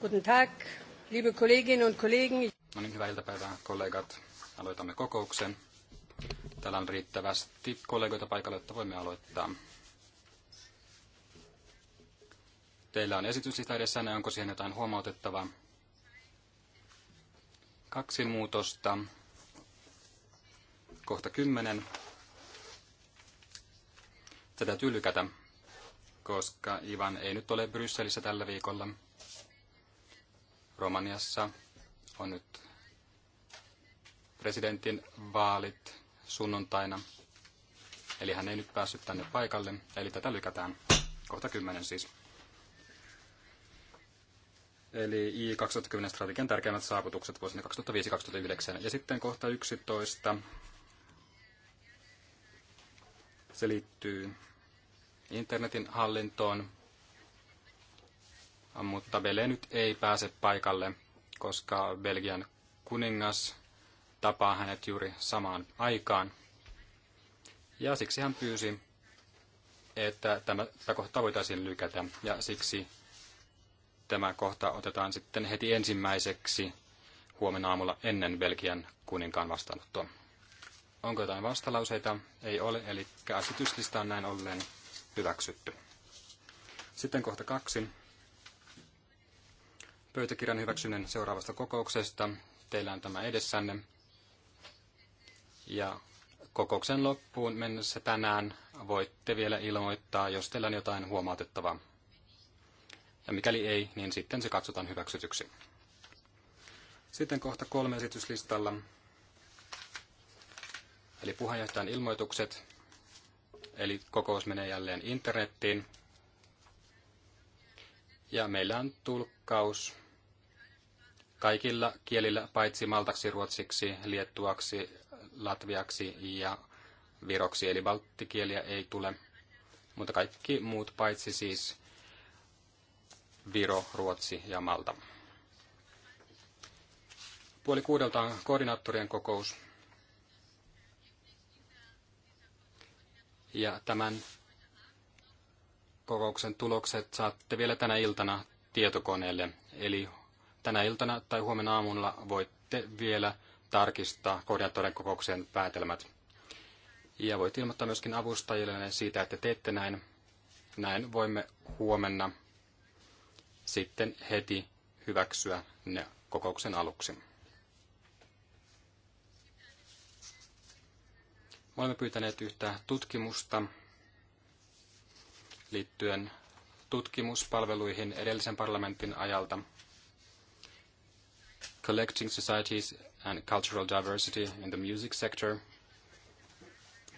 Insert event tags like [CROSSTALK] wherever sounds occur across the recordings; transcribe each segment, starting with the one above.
Guten Tag, liebe Kolleginnen und Kollegen. No niin, hyvää iltapäivää, kollegat. Aloitamme kokouksen. Täällä on riittävästi kollegoita paikalla, jotta voimme aloittaa. Teillä on esityslista edessänne, onko siihen jotain huomautettavaa? Kaksi muutosta. Kohta kymmenen. Tätä täytyy lykätä koska Ivan ei nyt ole Brysselissä tällä viikolla. Romaniassa on nyt presidentin vaalit sunnuntaina. Eli hän ei nyt päässyt tänne paikalle, eli tätä lykätään. Kohta kymmenen siis. Eli I2010 strategian tärkeimmät saavutukset vuosina 2005-2009. Ja sitten kohta 11. Se liittyy internetin hallintoon, mutta Bele nyt ei pääse paikalle, koska Belgian kuningas tapaa hänet juuri samaan aikaan. Ja siksi hän pyysi, että tämä, tätä kohtaa voitaisiin lykätä, ja siksi tämä kohta otetaan sitten heti ensimmäiseksi huomenna aamulla ennen Belgian kuninkaan vastaanottoa. Onko jotain vastalauseita? Ei ole, eli käsityslista on näin ollen hyväksytty. Sitten kohta kaksi. Pöytäkirjan hyväksyminen seuraavasta kokouksesta. Teillä on tämä edessänne. Ja kokouksen loppuun mennessä tänään voitte vielä ilmoittaa, jos teillä on jotain huomautettavaa. Ja mikäli ei, niin sitten se katsotaan hyväksytyksi. Sitten kohta kolme esityslistalla, eli puheenjohtajan ilmoitukset. Eli kokous menee jälleen internettiin. Ja meillä on tulkkaus kaikilla kielillä, paitsi maltaksi, ruotsiksi, liettuaksi, latviaksi ja viroksi, eli balttikieliä ei tule. Mutta kaikki muut paitsi siis Viro, Ruotsi ja Malta. Puoli kuudelta on koordinaattorien kokous. Ja tämän kokouksen tulokset saatte vielä tänä iltana tietokoneelle. Eli tänä iltana tai huomenna aamulla voitte vielä tarkistaa koordinaattorin kokouksen päätelmät. Ja voit ilmoittaa myöskin avustajille siitä, että teette näin. Näin voimme huomenna sitten heti hyväksyä ne kokouksen aluksi. olemme pyytäneet yhtä tutkimusta liittyen tutkimuspalveluihin edellisen parlamentin ajalta. Collecting Societies and Cultural Diversity in the Music Sector.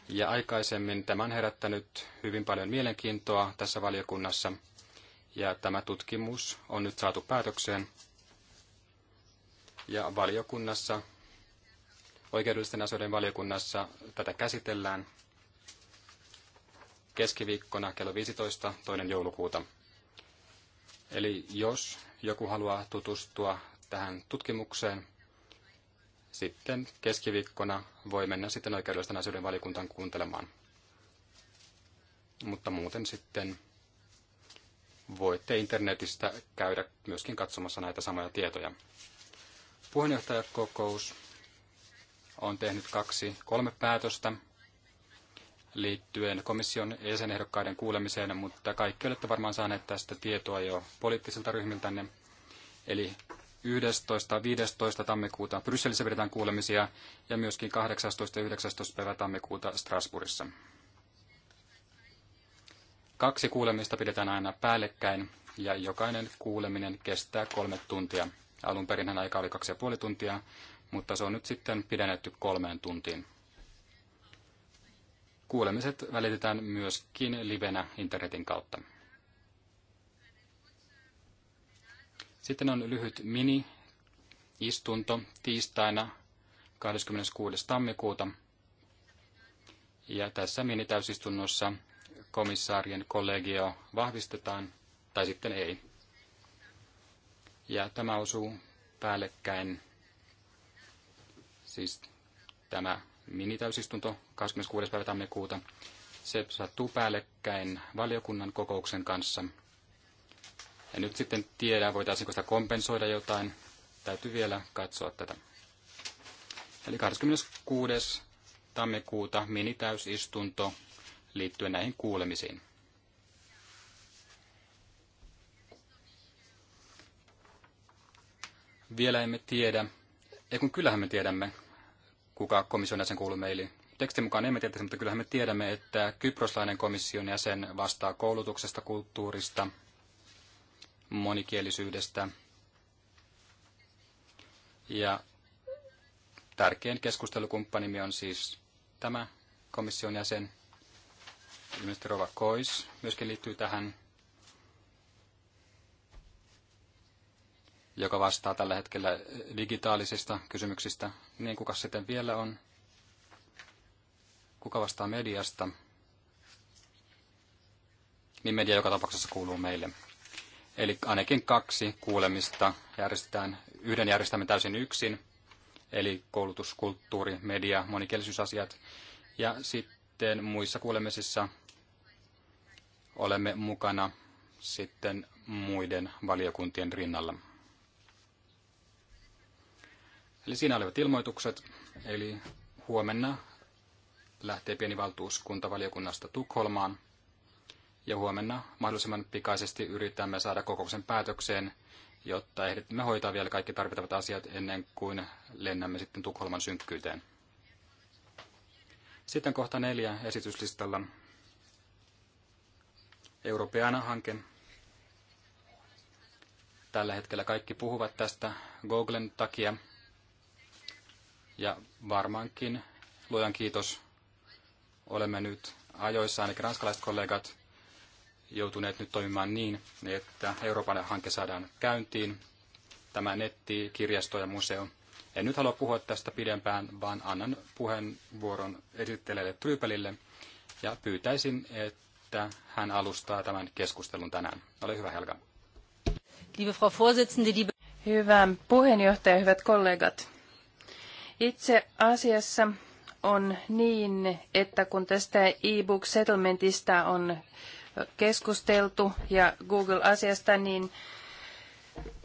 Ja aikaisemmin tämä on herättänyt hyvin paljon mielenkiintoa tässä valiokunnassa. Ja tämä tutkimus on nyt saatu päätökseen. Ja valiokunnassa Oikeudellisten asioiden valiokunnassa tätä käsitellään keskiviikkona kello 15. toinen joulukuuta. Eli jos joku haluaa tutustua tähän tutkimukseen, sitten keskiviikkona voi mennä sitten oikeudellisten asioiden valiokuntaan kuuntelemaan. Mutta muuten sitten voitte internetistä käydä myöskin katsomassa näitä samoja tietoja. Puheenjohtajakokous on tehnyt kaksi kolme päätöstä liittyen komission jäsenehdokkaiden kuulemiseen, mutta kaikki olette varmaan saaneet tästä tietoa jo poliittisilta ryhmiltänne. Eli yhdestoista viidestoista tammikuuta Brysselissä pidetään kuulemisia ja myöskin 18. ja 19. päivä tammikuuta Strasbourgissa. Kaksi kuulemista pidetään aina päällekkäin ja jokainen kuuleminen kestää kolme tuntia. Alun perinhän aika oli kaksi ja puoli tuntia, mutta se on nyt sitten pidennetty kolmeen tuntiin. Kuulemiset välitetään myöskin livenä internetin kautta. Sitten on lyhyt mini-istunto tiistaina 26. tammikuuta. Ja tässä minitäysistunnossa komissaarien kollegio vahvistetaan, tai sitten ei. Ja tämä osuu päällekkäin siis tämä minitäysistunto 26. päivä tammikuuta, se sattuu päällekkäin valiokunnan kokouksen kanssa. Ja nyt sitten tiedä, voitaisiinko sitä kompensoida jotain. Täytyy vielä katsoa tätä. Eli 26. tammikuuta minitäysistunto liittyen näihin kuulemisiin. Vielä emme tiedä, ei kun kyllähän me tiedämme, kuka komission jäsen kuuluu meille. Tekstin mukaan emme tiedä, mutta kyllähän me tiedämme, että kyproslainen komission jäsen vastaa koulutuksesta, kulttuurista, monikielisyydestä. Ja tärkein keskustelukumppanimi on siis tämä komission jäsen. Ilmeisesti Rova Kois myöskin liittyy tähän joka vastaa tällä hetkellä digitaalisista kysymyksistä, niin kuka sitten vielä on? Kuka vastaa mediasta? Niin media joka tapauksessa kuuluu meille. Eli ainakin kaksi kuulemista järjestetään. Yhden järjestämme täysin yksin, eli koulutus, kulttuuri, media, monikielisyysasiat. Ja sitten muissa kuulemisissa olemme mukana sitten muiden valiokuntien rinnalla. Eli siinä olivat ilmoitukset. Eli huomenna lähtee pieni valtuuskunta valiokunnasta Tukholmaan. Ja huomenna mahdollisimman pikaisesti yritämme saada kokouksen päätökseen, jotta ehdimme hoitaa vielä kaikki tarvittavat asiat ennen kuin lennämme sitten Tukholman synkkyyteen. Sitten kohta neljä esityslistalla. Europeana-hanke. Tällä hetkellä kaikki puhuvat tästä Googlen takia – ja varmaankin, luojan kiitos, olemme nyt ajoissa, ainakin ranskalaiset kollegat, joutuneet nyt toimimaan niin, että Euroopan hanke saadaan käyntiin. Tämä netti, kirjasto ja museo. En nyt halua puhua tästä pidempään, vaan annan puheenvuoron esittelijälle Trypelille ja pyytäisin, että hän alustaa tämän keskustelun tänään. Ole hyvä, Helga. Liebe Frau Vorsitzende, liebe... Hyvä puheenjohtaja, hyvät kollegat. Itse asiassa on niin, että kun tästä e-book settlementista on keskusteltu ja Google-asiasta, niin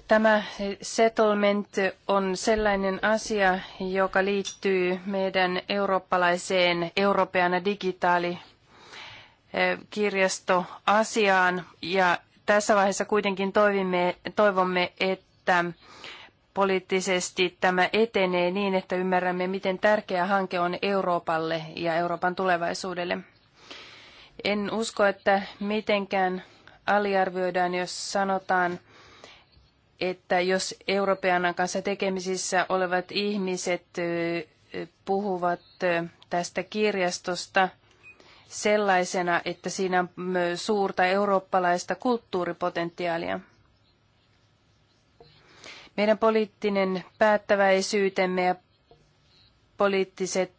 tämä settlement on sellainen asia, joka liittyy meidän eurooppalaiseen europeana digitaali kirjastoasiaan ja tässä vaiheessa kuitenkin toivomme, että poliittisesti tämä etenee niin, että ymmärrämme, miten tärkeä hanke on Euroopalle ja Euroopan tulevaisuudelle. En usko, että mitenkään aliarvioidaan, jos sanotaan, että jos Euroopan kanssa tekemisissä olevat ihmiset puhuvat tästä kirjastosta sellaisena, että siinä on suurta eurooppalaista kulttuuripotentiaalia. Meidän poliittinen päättäväisyytemme ja poliittiset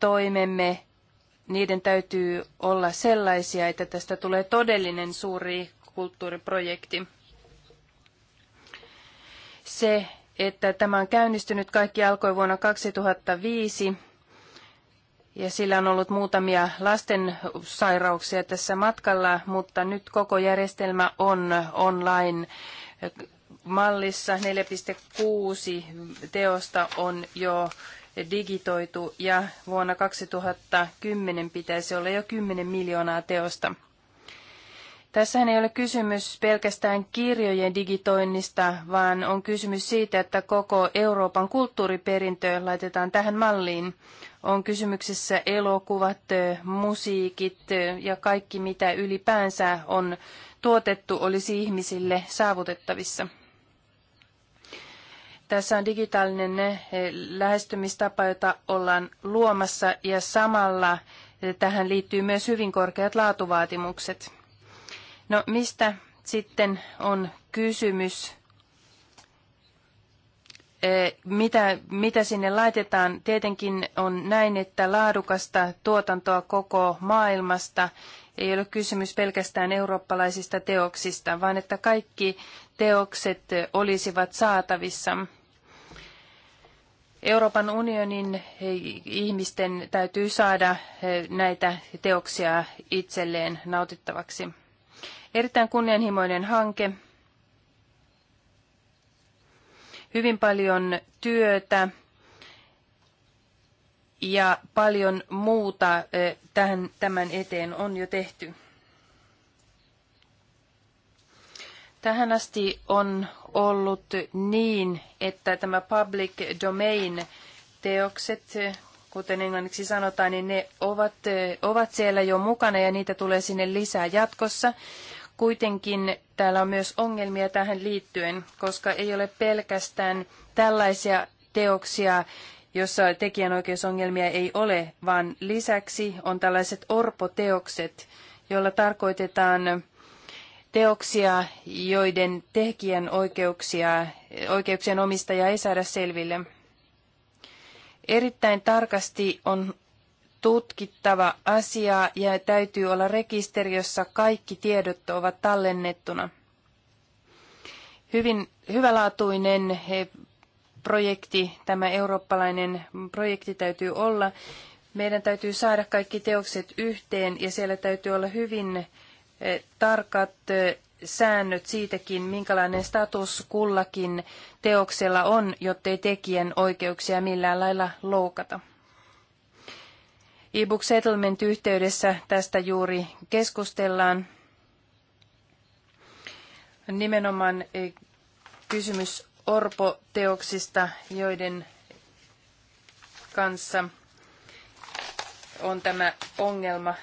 toimemme, niiden täytyy olla sellaisia, että tästä tulee todellinen suuri kulttuuriprojekti. Se, että tämä on käynnistynyt, kaikki alkoi vuonna 2005 ja sillä on ollut muutamia lasten sairauksia tässä matkalla, mutta nyt koko järjestelmä on online mallissa 4.6 teosta on jo digitoitu ja vuonna 2010 pitäisi olla jo 10 miljoonaa teosta. Tässä ei ole kysymys pelkästään kirjojen digitoinnista, vaan on kysymys siitä, että koko Euroopan kulttuuriperintö laitetaan tähän malliin. On kysymyksessä elokuvat, musiikit ja kaikki, mitä ylipäänsä on tuotettu, olisi ihmisille saavutettavissa. Tässä on digitaalinen eh, lähestymistapa, jota ollaan luomassa ja samalla eh, tähän liittyy myös hyvin korkeat laatuvaatimukset. No mistä sitten on kysymys? Eh, mitä, mitä sinne laitetaan? Tietenkin on näin, että laadukasta tuotantoa koko maailmasta ei ole kysymys pelkästään eurooppalaisista teoksista, vaan että kaikki teokset olisivat saatavissa. Euroopan unionin ihmisten täytyy saada näitä teoksia itselleen nautittavaksi. Erittäin kunnianhimoinen hanke. Hyvin paljon työtä ja paljon muuta e, tähän, tämän eteen on jo tehty. Tähän asti on ollut niin, että tämä public domain teokset, kuten englanniksi sanotaan, niin ne ovat, ovat siellä jo mukana ja niitä tulee sinne lisää jatkossa. Kuitenkin täällä on myös ongelmia tähän liittyen, koska ei ole pelkästään tällaisia teoksia, jossa tekijänoikeusongelmia ei ole, vaan lisäksi on tällaiset orpoteokset, joilla tarkoitetaan teoksia, joiden tekijän oikeuksia, oikeuksien omistaja ei saada selville. Erittäin tarkasti on tutkittava asia ja täytyy olla rekisteri, jossa kaikki tiedot ovat tallennettuna. Hyvin hyvälaatuinen projekti, tämä eurooppalainen projekti täytyy olla. Meidän täytyy saada kaikki teokset yhteen ja siellä täytyy olla hyvin tarkat säännöt siitäkin, minkälainen status kullakin teoksella on, jottei tekijän oikeuksia millään lailla loukata. E-book settlement yhteydessä tästä juuri keskustellaan. Nimenomaan kysymys orpoteoksista, joiden kanssa on tämä ongelma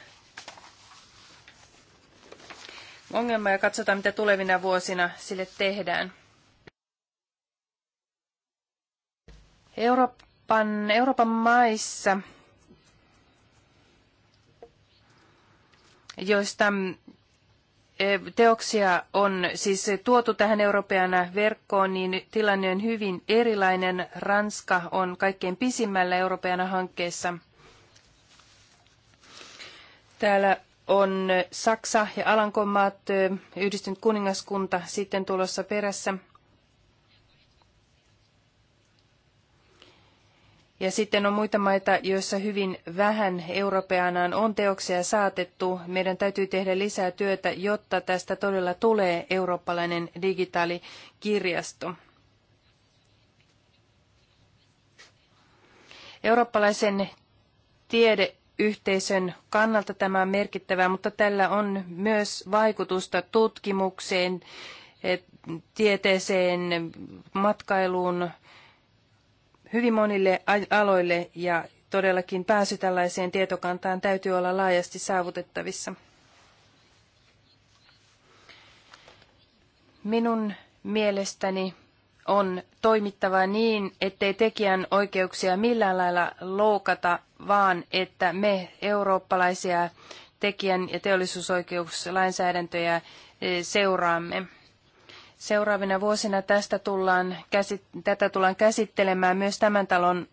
ongelma ja katsotaan, mitä tulevina vuosina sille tehdään. Euroopan, Euroopan maissa, joista e, teoksia on siis tuotu tähän Euroopeana verkkoon, niin tilanne on hyvin erilainen. Ranska on kaikkein pisimmällä Euroopeana hankkeessa. Täällä on Saksa ja Alankomaat, yhdistynyt kuningaskunta sitten tulossa perässä. Ja sitten on muita maita, joissa hyvin vähän europeanaan on teoksia saatettu. Meidän täytyy tehdä lisää työtä, jotta tästä todella tulee eurooppalainen digitaalikirjasto. Eurooppalaisen tiede yhteisön kannalta tämä on merkittävää, mutta tällä on myös vaikutusta tutkimukseen, eh, tieteeseen, matkailuun, hyvin monille aloille ja todellakin pääsy tällaiseen tietokantaan täytyy olla laajasti saavutettavissa. Minun mielestäni on toimittava niin, ettei tekijän oikeuksia millään lailla loukata vaan että me eurooppalaisia tekijän- ja teollisuusoikeuslainsäädäntöjä eh, seuraamme. Seuraavina vuosina tästä tullaan, tätä tullaan käsittelemään myös tämän talon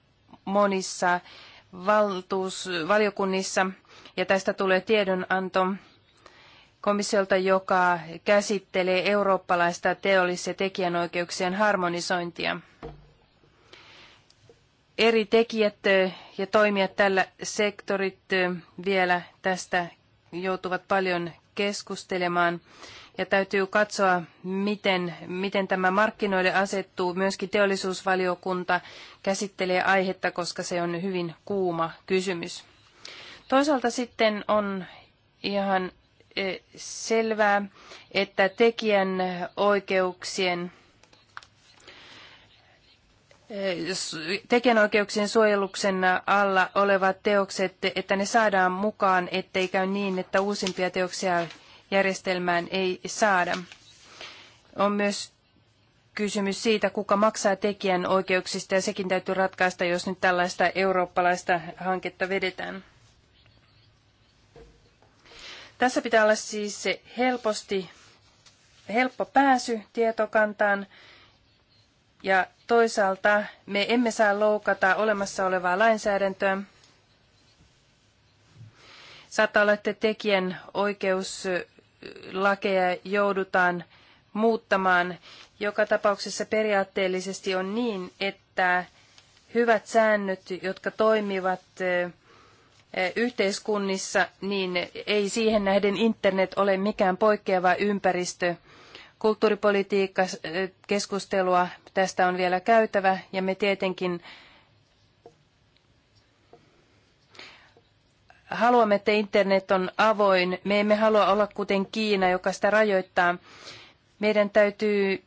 monissa valtuus, valiokunnissa, ja tästä tulee tiedonanto komissiolta, joka käsittelee eurooppalaista teollis- ja tekijänoikeuksien harmonisointia eri tekijät ja toimijat tällä sektorit vielä tästä joutuvat paljon keskustelemaan. Ja täytyy katsoa, miten, miten tämä markkinoille asettuu. Myöskin teollisuusvaliokunta käsittelee aihetta, koska se on hyvin kuuma kysymys. Toisaalta sitten on ihan selvää, että tekijän oikeuksien tekijänoikeuksien suojeluksen alla olevat teokset, että ne saadaan mukaan, ettei käy niin, että uusimpia teoksia järjestelmään ei saada. On myös kysymys siitä, kuka maksaa tekijänoikeuksista, ja sekin täytyy ratkaista, jos nyt tällaista eurooppalaista hanketta vedetään. Tässä pitää olla siis helposti, helppo pääsy tietokantaan ja toisaalta me emme saa loukata olemassa olevaa lainsäädäntöä. Saattaa olla, että tekijän oikeuslakeja joudutaan muuttamaan. Joka tapauksessa periaatteellisesti on niin, että hyvät säännöt, jotka toimivat yhteiskunnissa, niin ei siihen nähden internet ole mikään poikkeava ympäristö Kulttuuripolitiikkakeskustelua tästä on vielä käytävä ja me tietenkin haluamme, että internet on avoin. Me emme halua olla kuten Kiina, joka sitä rajoittaa. Meidän täytyy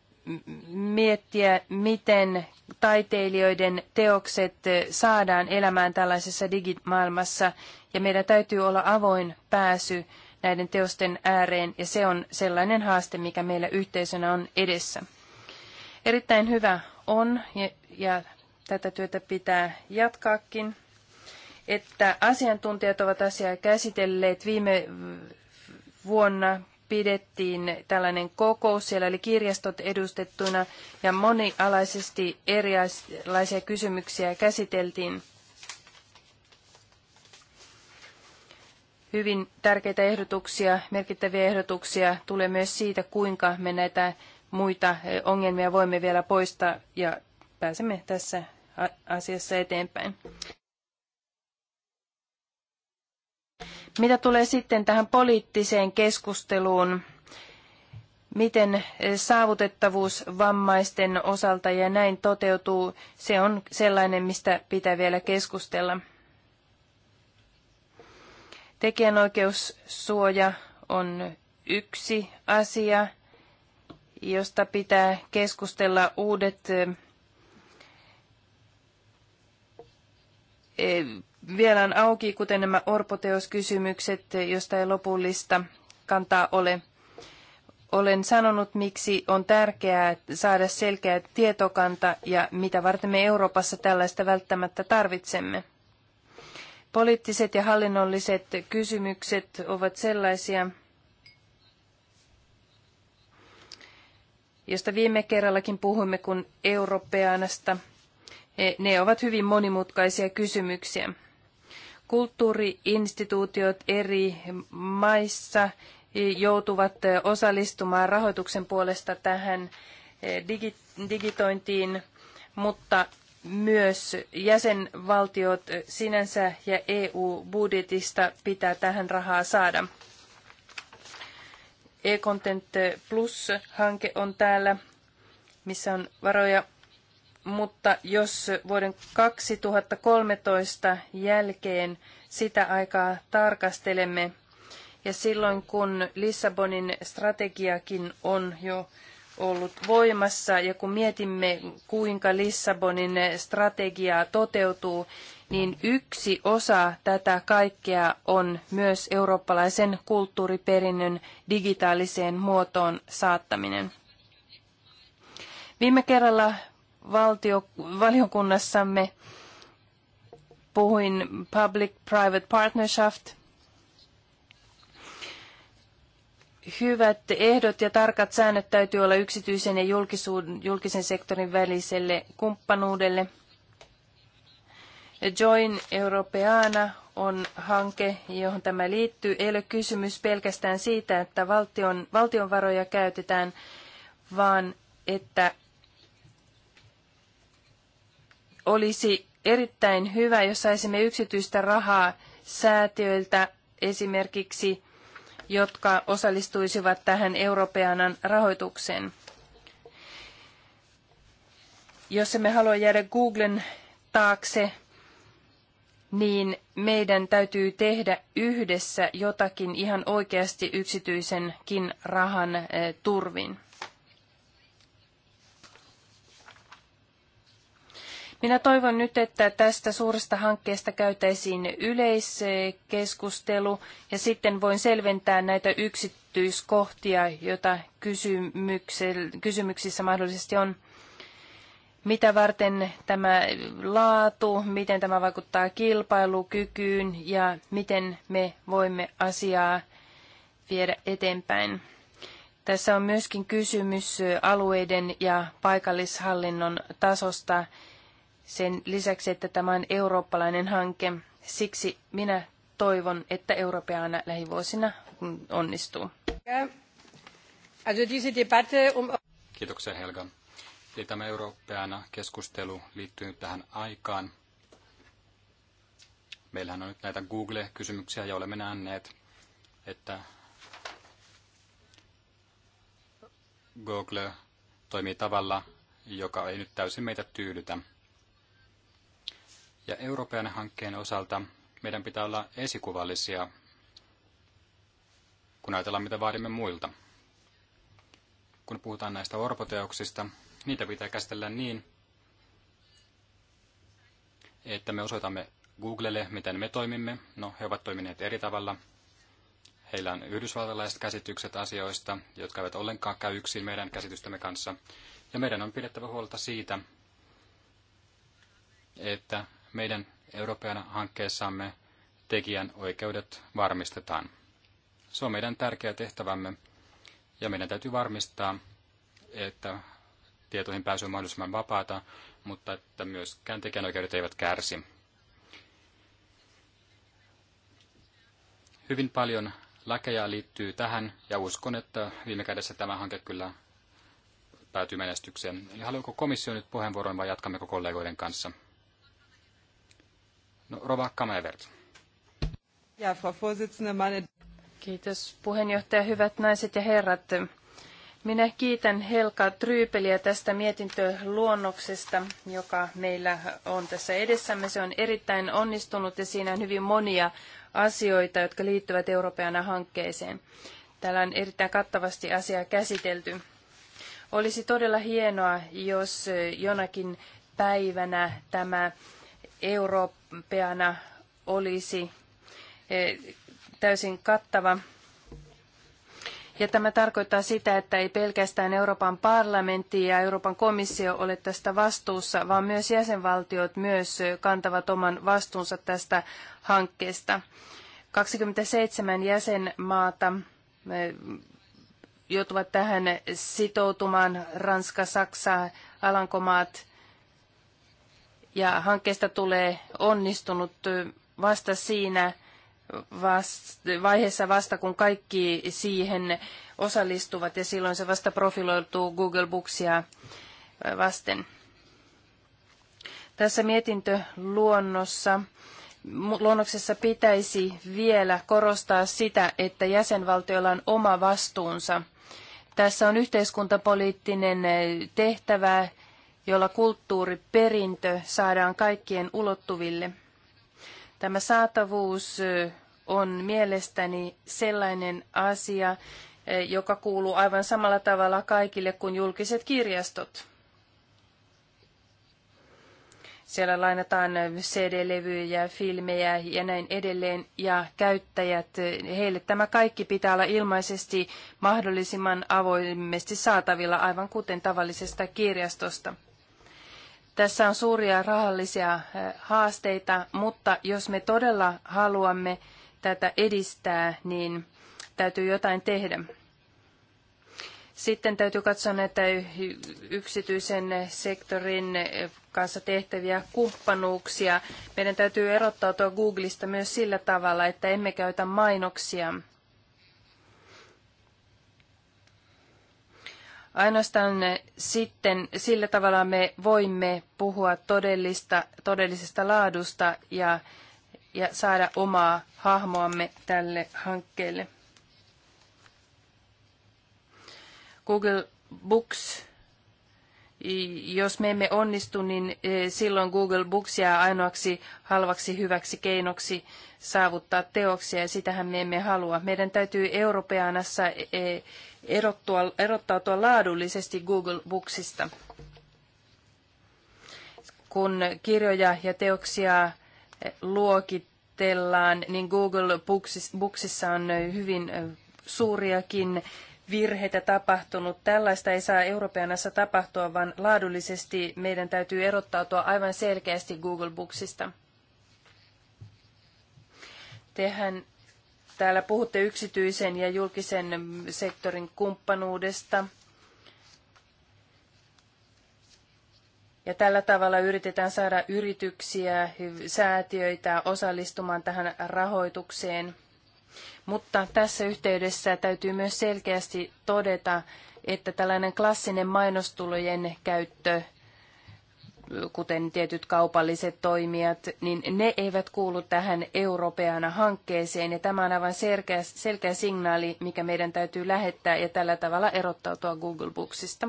miettiä, miten taiteilijoiden teokset saadaan elämään tällaisessa digimaailmassa, ja meidän täytyy olla avoin pääsy näiden teosten ääreen, ja se on sellainen haaste, mikä meillä yhteisönä on edessä. Erittäin hyvä on, ja, ja tätä työtä pitää jatkaakin, että asiantuntijat ovat asiaa käsitelleet. Viime vuonna pidettiin tällainen kokous, siellä oli kirjastot edustettuna ja monialaisesti erilaisia kysymyksiä käsiteltiin. hyvin tärkeitä ehdotuksia, merkittäviä ehdotuksia tulee myös siitä, kuinka me näitä muita eh, ongelmia voimme vielä poistaa ja pääsemme tässä asiassa eteenpäin. Mitä tulee sitten tähän poliittiseen keskusteluun, miten eh, saavutettavuus vammaisten osalta ja näin toteutuu, se on sellainen, mistä pitää vielä keskustella. Tekijänoikeussuoja on yksi asia, josta pitää keskustella uudet vielä on auki, kuten nämä orpoteoskysymykset, josta ei lopullista kantaa ole. Olen sanonut, miksi on tärkeää saada selkeä tietokanta ja mitä varten me Euroopassa tällaista välttämättä tarvitsemme. Poliittiset ja hallinnolliset kysymykset ovat sellaisia, josta viime kerrallakin puhuimme kun europeanasta. E, ne ovat hyvin monimutkaisia kysymyksiä. Kulttuuriinstituutiot eri maissa e, joutuvat osallistumaan rahoituksen puolesta tähän e, digitointiin, mutta myös jäsenvaltiot sinänsä ja EU-budjetista pitää tähän rahaa saada. E-Content Plus-hanke on täällä, missä on varoja, mutta jos vuoden 2013 jälkeen sitä aikaa tarkastelemme, ja silloin kun Lissabonin strategiakin on jo ollut voimassa ja kun mietimme, kuinka Lissabonin strategia toteutuu, niin yksi osa tätä kaikkea on myös eurooppalaisen kulttuuriperinnön digitaaliseen muotoon saattaminen. Viime kerralla valtio, valiokunnassamme puhuin Public-Private Partnership – hyvät ehdot ja tarkat säännöt täytyy olla yksityisen ja julkisen sektorin väliselle kumppanuudelle. Join Europeana on hanke, johon tämä liittyy. Ei ole kysymys pelkästään siitä, että valtion, valtion varoja käytetään, vaan että olisi erittäin hyvä, jos saisimme yksityistä rahaa säätiöiltä esimerkiksi – jotka osallistuisivat tähän Europeanan rahoitukseen. Jos emme halua jäädä Googlen taakse, niin meidän täytyy tehdä yhdessä jotakin ihan oikeasti yksityisenkin rahan eh, turvin. Minä toivon nyt, että tästä suuresta hankkeesta käytäisiin yleiskeskustelu ja sitten voin selventää näitä yksityiskohtia, joita kysymyksissä mahdollisesti on. Mitä varten tämä laatu, miten tämä vaikuttaa kilpailukykyyn ja miten me voimme asiaa viedä eteenpäin. Tässä on myöskin kysymys alueiden ja paikallishallinnon tasosta sen lisäksi, että tämä on eurooppalainen hanke. Siksi minä toivon, että europeana lähivuosina onnistuu. Kiitoksia Helga. Eli tämä europeana keskustelu liittyy nyt tähän aikaan. Meillähän on nyt näitä Google-kysymyksiä ja olemme nähneet, että Google toimii tavalla, joka ei nyt täysin meitä tyydytä. Ja Euroopan hankkeen osalta meidän pitää olla esikuvallisia, kun ajatellaan mitä vaadimme muilta. Kun puhutaan näistä orpoteoksista, niitä pitää käsitellä niin, että me osoitamme Googlelle, miten me toimimme. No, he ovat toimineet eri tavalla. Heillä on yhdysvaltalaiset käsitykset asioista, jotka eivät ollenkaan käy yksin meidän käsitystämme kanssa. Ja meidän on pidettävä huolta siitä, että meidän Euroopan hankkeessamme tekijän oikeudet varmistetaan. Se on meidän tärkeä tehtävämme ja meidän täytyy varmistaa, että tietoihin pääsy on mahdollisimman vapaata, mutta että myöskään tekijänoikeudet eivät kärsi. Hyvin paljon lakeja liittyy tähän ja uskon, että viime kädessä tämä hanke kyllä päätyy menestykseen. Eli haluanko komissio nyt puheenvuoron vai jatkammeko kollegoiden kanssa? No, Rova Kamevert. Ja, Frau Vorsitzende, meine... Kiitos puheenjohtaja, hyvät naiset ja herrat. Minä kiitän Helka Tryypeliä tästä mietintöluonnoksesta, joka meillä on tässä edessämme. Se on erittäin onnistunut ja siinä on hyvin monia asioita, jotka liittyvät Euroopan hankkeeseen. Täällä on erittäin kattavasti asiaa käsitelty. Olisi todella hienoa, jos jonakin päivänä tämä Eurooppa peana olisi e, täysin kattava. Ja tämä tarkoittaa sitä, että ei pelkästään Euroopan parlamentti ja Euroopan komissio ole tästä vastuussa, vaan myös jäsenvaltiot myös kantavat oman vastuunsa tästä hankkeesta. 27 jäsenmaata e, joutuvat tähän sitoutumaan, Ranska, Saksa, Alankomaat, ja hankkeesta tulee onnistunut vasta siinä vast, vaiheessa vasta, kun kaikki siihen osallistuvat ja silloin se vasta profiloituu Google Booksia vasten. Tässä mietintöluonnossa luonnoksessa pitäisi vielä korostaa sitä, että jäsenvaltioilla on oma vastuunsa. Tässä on yhteiskuntapoliittinen tehtävä jolla kulttuuriperintö saadaan kaikkien ulottuville. Tämä saatavuus on mielestäni sellainen asia, joka kuuluu aivan samalla tavalla kaikille kuin julkiset kirjastot. Siellä lainataan CD-levyjä, filmejä ja näin edelleen. Ja käyttäjät, heille tämä kaikki pitää olla ilmaisesti mahdollisimman avoimesti saatavilla, aivan kuten tavallisesta kirjastosta. Tässä on suuria rahallisia haasteita, mutta jos me todella haluamme tätä edistää, niin täytyy jotain tehdä. Sitten täytyy katsoa näitä yksityisen sektorin kanssa tehtäviä kumppanuuksia. Meidän täytyy erottautua Googlista myös sillä tavalla, että emme käytä mainoksia Ainoastaan sitten sillä tavalla me voimme puhua todellista, todellisesta laadusta ja, ja saada omaa hahmoamme tälle hankkeelle. Google Books jos me emme onnistu, niin eh, silloin Google Books jää ainoaksi halvaksi hyväksi keinoksi saavuttaa teoksia, ja sitähän me emme halua. Meidän täytyy europeanassa eh, erottua, erottautua laadullisesti Google Booksista. Kun kirjoja ja teoksia eh, luokitellaan, niin Google Booksissa on hyvin suuriakin virheitä tapahtunut. Tällaista ei saa Europeanassa tapahtua, vaan laadullisesti meidän täytyy erottautua aivan selkeästi Google Booksista. Tehän täällä puhutte yksityisen ja julkisen sektorin kumppanuudesta. Ja tällä tavalla yritetään saada yrityksiä, säätiöitä osallistumaan tähän rahoitukseen – mutta tässä yhteydessä täytyy myös selkeästi todeta, että tällainen klassinen mainostulojen käyttö, kuten tietyt kaupalliset toimijat, niin ne eivät kuulu tähän europeana hankkeeseen. Ja tämä on aivan selkeä, selkeä signaali, mikä meidän täytyy lähettää ja tällä tavalla erottautua Google Booksista.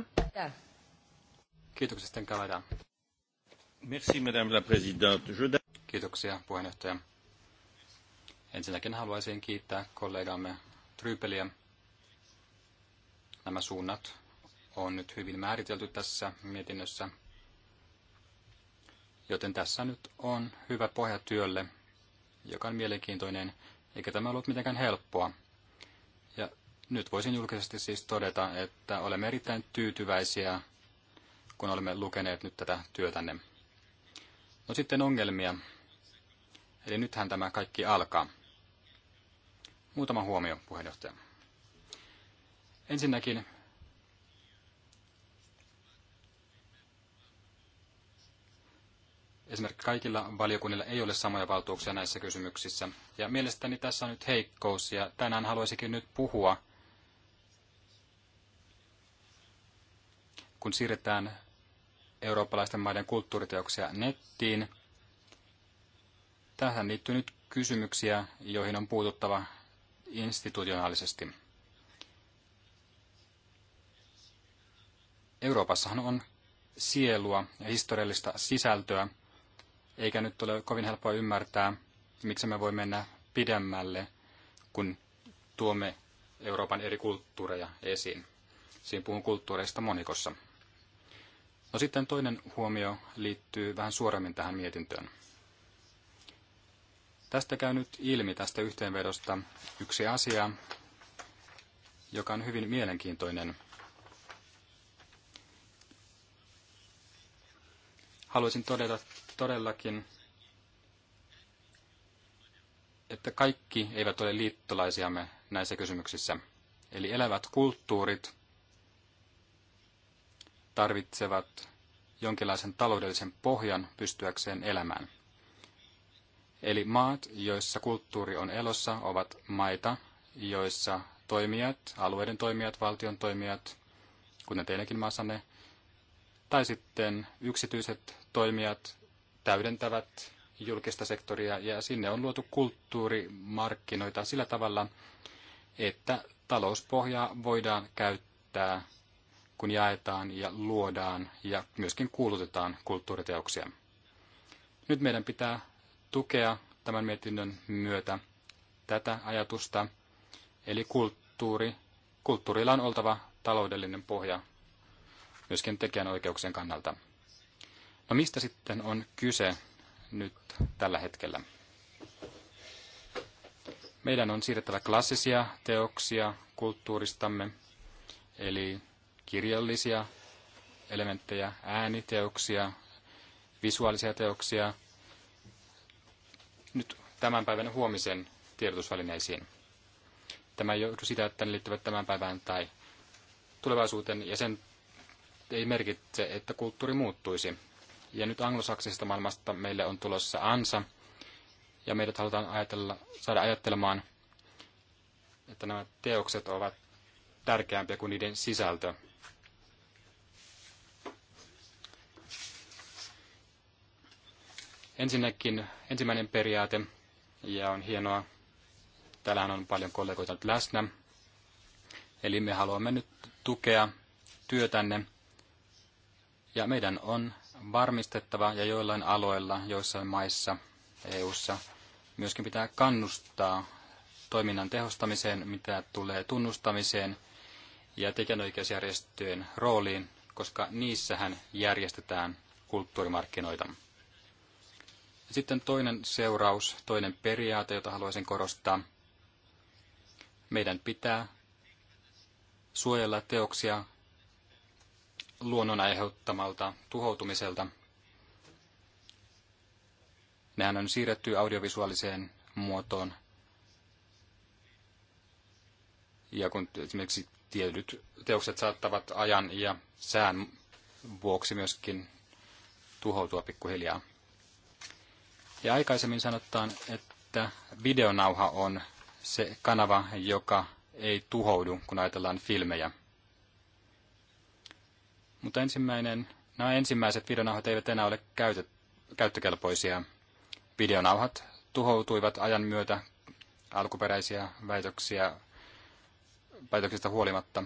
Kiitoksia, Merci, Madame la Présidente. Kiitoksia, puheenjohtaja. Ensinnäkin haluaisin kiittää kollegamme Trypeliä. Nämä suunnat on nyt hyvin määritelty tässä mietinnössä, joten tässä nyt on hyvä pohja työlle, joka on mielenkiintoinen, eikä tämä ollut mitenkään helppoa. Ja nyt voisin julkisesti siis todeta, että olemme erittäin tyytyväisiä, kun olemme lukeneet nyt tätä työtänne. No sitten ongelmia. Eli nythän tämä kaikki alkaa. Muutama huomio, puheenjohtaja. Ensinnäkin esimerkiksi kaikilla valiokunnilla ei ole samoja valtuuksia näissä kysymyksissä. Ja mielestäni tässä on nyt heikkous, ja tänään haluaisikin nyt puhua, kun siirretään eurooppalaisten maiden kulttuuriteoksia nettiin – Tähän liittyy nyt kysymyksiä, joihin on puututtava institutionaalisesti. Euroopassahan on sielua ja historiallista sisältöä, eikä nyt ole kovin helppoa ymmärtää, miksi me voi mennä pidemmälle, kun tuomme Euroopan eri kulttuureja esiin. Siinä puhun kulttuureista monikossa. No sitten toinen huomio liittyy vähän suoremmin tähän mietintöön. Tästä käy nyt ilmi tästä yhteenvedosta yksi asia, joka on hyvin mielenkiintoinen. Haluaisin todeta todellakin, että kaikki eivät ole liittolaisiamme näissä kysymyksissä. Eli elävät kulttuurit tarvitsevat jonkinlaisen taloudellisen pohjan pystyäkseen elämään. Eli maat, joissa kulttuuri on elossa, ovat maita, joissa toimijat, alueiden toimijat, valtion toimijat, kuten teidänkin maassanne, tai sitten yksityiset toimijat täydentävät julkista sektoria ja sinne on luotu kulttuurimarkkinoita sillä tavalla, että talouspohjaa voidaan käyttää, kun jaetaan ja luodaan ja myöskin kuulutetaan kulttuuriteoksia. Nyt meidän pitää tukea tämän mietinnön myötä tätä ajatusta. Eli kulttuuri, kulttuurilla on oltava taloudellinen pohja myöskin tekijänoikeuksien kannalta. No mistä sitten on kyse nyt tällä hetkellä? Meidän on siirrettävä klassisia teoksia kulttuuristamme, eli kirjallisia elementtejä, ääniteoksia, visuaalisia teoksia – nyt tämän päivän huomisen tiedotusvälineisiin. Tämä ei johdu sitä, että ne liittyvät tämän päivään tai tulevaisuuteen, ja sen ei merkitse, että kulttuuri muuttuisi. Ja nyt anglosaksisesta maailmasta meille on tulossa ansa, ja meidät halutaan ajatella, saada ajattelemaan, että nämä teokset ovat tärkeämpiä kuin niiden sisältö. Ensinnäkin ensimmäinen periaate, ja on hienoa, täällähän on paljon kollegoita nyt läsnä, eli me haluamme nyt tukea työtänne, ja meidän on varmistettava, ja joillain aloilla, joissain maissa, EU-ssa, myöskin pitää kannustaa toiminnan tehostamiseen, mitä tulee tunnustamiseen ja tekijänoikeusjärjestöjen rooliin, koska niissähän järjestetään kulttuurimarkkinoita. Sitten toinen seuraus, toinen periaate, jota haluaisin korostaa. Meidän pitää suojella teoksia luonnon aiheuttamalta tuhoutumiselta. Nehän on siirretty audiovisuaaliseen muotoon. Ja kun esimerkiksi tietyt teokset saattavat ajan ja sään vuoksi myöskin tuhoutua pikkuhiljaa. Ja aikaisemmin sanotaan, että videonauha on se kanava, joka ei tuhoudu, kun ajatellaan filmejä. Mutta ensimmäinen, nämä ensimmäiset videonauhat eivät enää ole käytet, käyttökelpoisia. Videonauhat tuhoutuivat ajan myötä alkuperäisiä väitöksiä, väitöksistä huolimatta.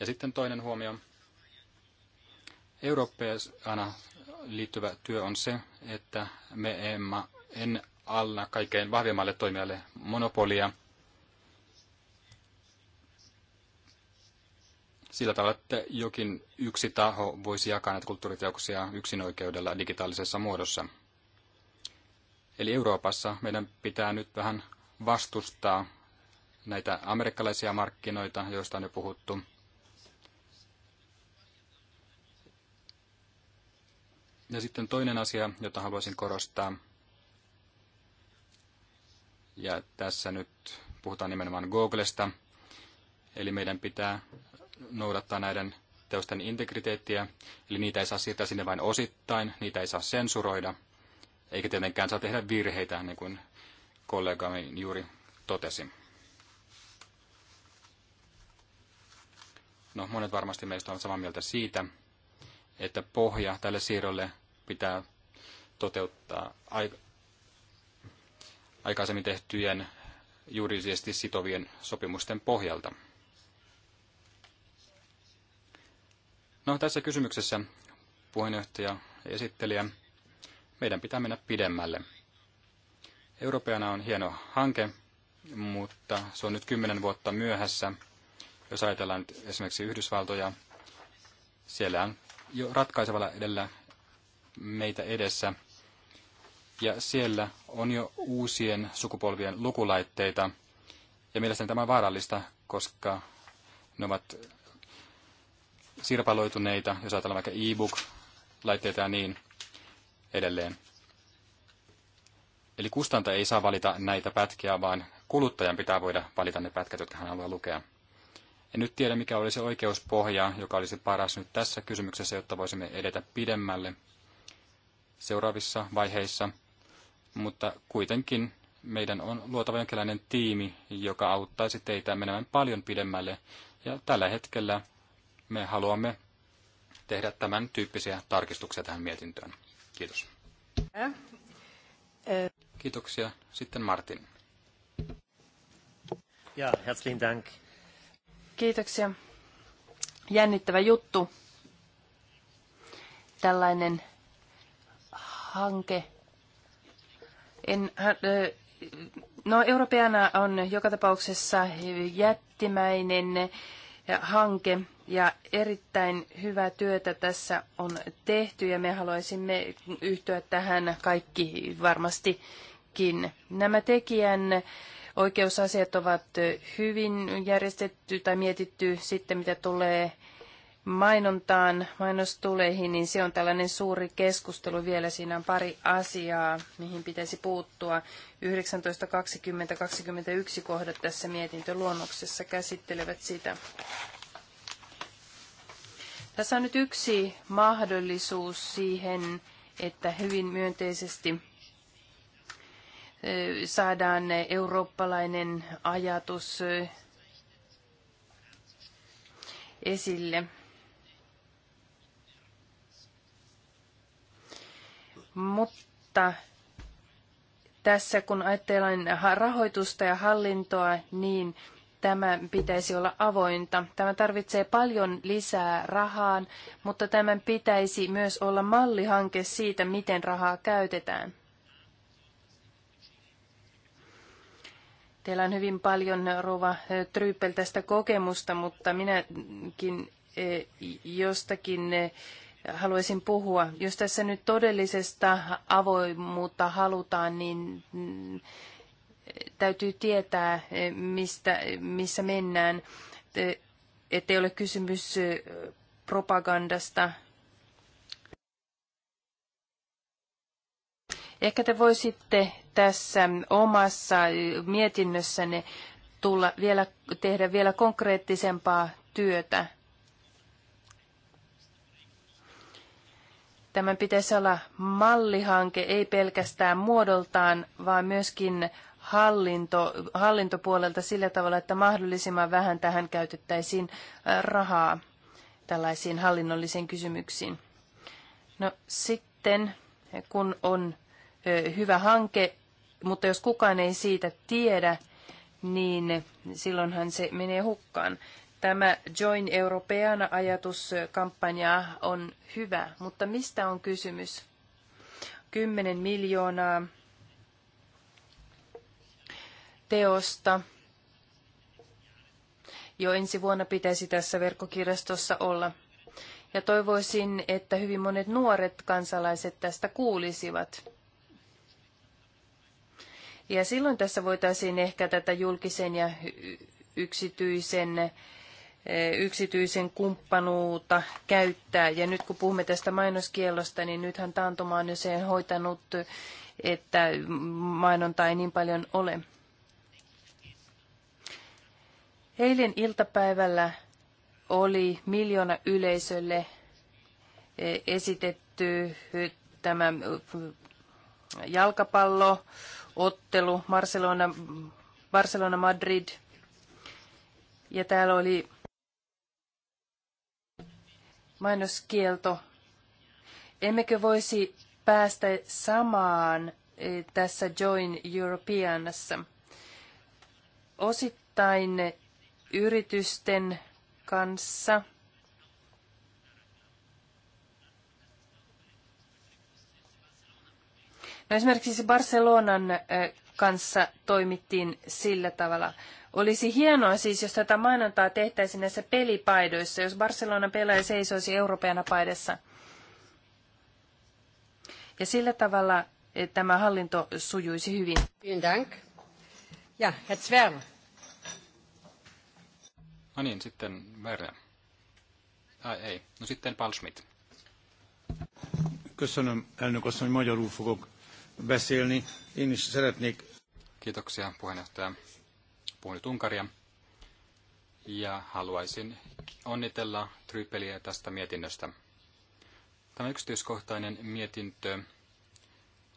Ja sitten toinen huomio. Eurooppeana liittyvä työ on se, että me emme, en alla kaikkein vahvimmalle toimijalle monopolia. Sillä tavalla, että jokin yksi taho voisi jakaa näitä kulttuuriteoksia yksinoikeudella digitaalisessa muodossa. Eli Euroopassa meidän pitää nyt vähän vastustaa näitä amerikkalaisia markkinoita, joista on jo puhuttu. Ja sitten toinen asia, jota haluaisin korostaa, ja tässä nyt puhutaan nimenomaan Googlesta, eli meidän pitää noudattaa näiden teosten integriteettiä, eli niitä ei saa siirtää sinne vain osittain, niitä ei saa sensuroida, eikä tietenkään saa tehdä virheitä, niin kuin kollegani juuri totesi. No, monet varmasti meistä on samaa mieltä siitä, että pohja tälle siirrolle pitää toteuttaa aikaisemmin tehtyjen juridisesti sitovien sopimusten pohjalta. No, tässä kysymyksessä puheenjohtaja ja esittelijä, meidän pitää mennä pidemmälle. Europeana on hieno hanke, mutta se on nyt kymmenen vuotta myöhässä. Jos ajatellaan nyt esimerkiksi Yhdysvaltoja, siellä on jo ratkaisevalla edellä meitä edessä. Ja siellä on jo uusien sukupolvien lukulaitteita. Ja mielestäni tämä on vaarallista, koska ne ovat sirpaloituneita, jos ajatellaan vaikka e-book-laitteita ja niin edelleen. Eli kustanta ei saa valita näitä pätkiä, vaan kuluttajan pitää voida valita ne pätkät, jotka hän haluaa lukea. En nyt tiedä, mikä olisi oikeuspohja, joka olisi paras nyt tässä kysymyksessä, jotta voisimme edetä pidemmälle seuraavissa vaiheissa. Mutta kuitenkin meidän on luotava jonkinlainen tiimi, joka auttaisi teitä menemään paljon pidemmälle. Ja tällä hetkellä me haluamme tehdä tämän tyyppisiä tarkistuksia tähän mietintöön. Kiitos. Kiitoksia. Sitten Martin. Ja, herzlichen Dank. Kiitoksia. Jännittävä juttu. Tällainen hanke. En, äh, no, Europeana on joka tapauksessa jättimäinen hanke ja erittäin hyvää työtä tässä on tehty ja me haluaisimme yhtyä tähän kaikki varmastikin. Nämä tekijän Oikeusasiat ovat hyvin järjestetty tai mietitty sitten, mitä tulee mainontaan, mainostuleihin, niin se on tällainen suuri keskustelu vielä. Siinä on pari asiaa, mihin pitäisi puuttua. 19, 20, 21 kohdat tässä mietintöluonnoksessa käsittelevät sitä. Tässä on nyt yksi mahdollisuus siihen, että hyvin myönteisesti saadaan eurooppalainen ajatus esille. Mutta tässä kun ajatellaan rahoitusta ja hallintoa, niin tämä pitäisi olla avointa. Tämä tarvitsee paljon lisää rahaa, mutta tämän pitäisi myös olla mallihanke siitä, miten rahaa käytetään. Teillä on hyvin paljon, Rova Tryyppel, tästä kokemusta, mutta minäkin e, jostakin e, haluaisin puhua. Jos tässä nyt todellisesta avoimuutta halutaan, niin mm, täytyy tietää, e, mistä, missä mennään, ettei ole kysymys propagandasta Ehkä te voisitte tässä omassa mietinnössänne tulla vielä, tehdä vielä konkreettisempaa työtä. Tämän pitäisi olla mallihanke, ei pelkästään muodoltaan, vaan myöskin hallinto, hallintopuolelta sillä tavalla, että mahdollisimman vähän tähän käytettäisiin rahaa tällaisiin hallinnollisiin kysymyksiin. No sitten, kun on hyvä hanke, mutta jos kukaan ei siitä tiedä, niin silloinhan se menee hukkaan. Tämä Join Europeana ajatuskampanja on hyvä, mutta mistä on kysymys? 10 miljoonaa teosta. Jo ensi vuonna pitäisi tässä verkkokirjastossa olla. Ja toivoisin, että hyvin monet nuoret kansalaiset tästä kuulisivat. Ja silloin tässä voitaisiin ehkä tätä julkisen ja yksityisen, eh, yksityisen kumppanuutta käyttää. Ja nyt kun puhumme tästä mainoskielosta, niin nythän taantuma on jo sen hoitanut, että mainontaa ei niin paljon ole. Eilen iltapäivällä oli miljoona yleisölle eh, esitetty eh, tämä jalkapallo ottelu Barcelona, Barcelona Madrid. Ja täällä oli mainoskielto. Emmekö voisi päästä samaan eh, tässä Join Europeanassa? Osittain yritysten kanssa – No esimerkiksi Barcelonan kanssa toimittiin sillä tavalla. Olisi hienoa siis, jos tätä maanantaa tehtäisiin näissä pelipaidoissa, jos Barcelona pelaaja seisoisi europeana paidassa. Ja sillä tavalla tämä hallinto sujuisi hyvin. Vielen dank. Ja, Herr No niin, sitten Werner. Ai ei, no sitten Paul Schmidt. Köszönöm, elnök asszony, magyarul fogok beszélni. Én is szeretnék. Kiitoksia puheenjohtaja. Puhun nyt Unkaria. Ja haluaisin onnitella Trypeliä tästä mietinnöstä. Tämä yksityiskohtainen mietintö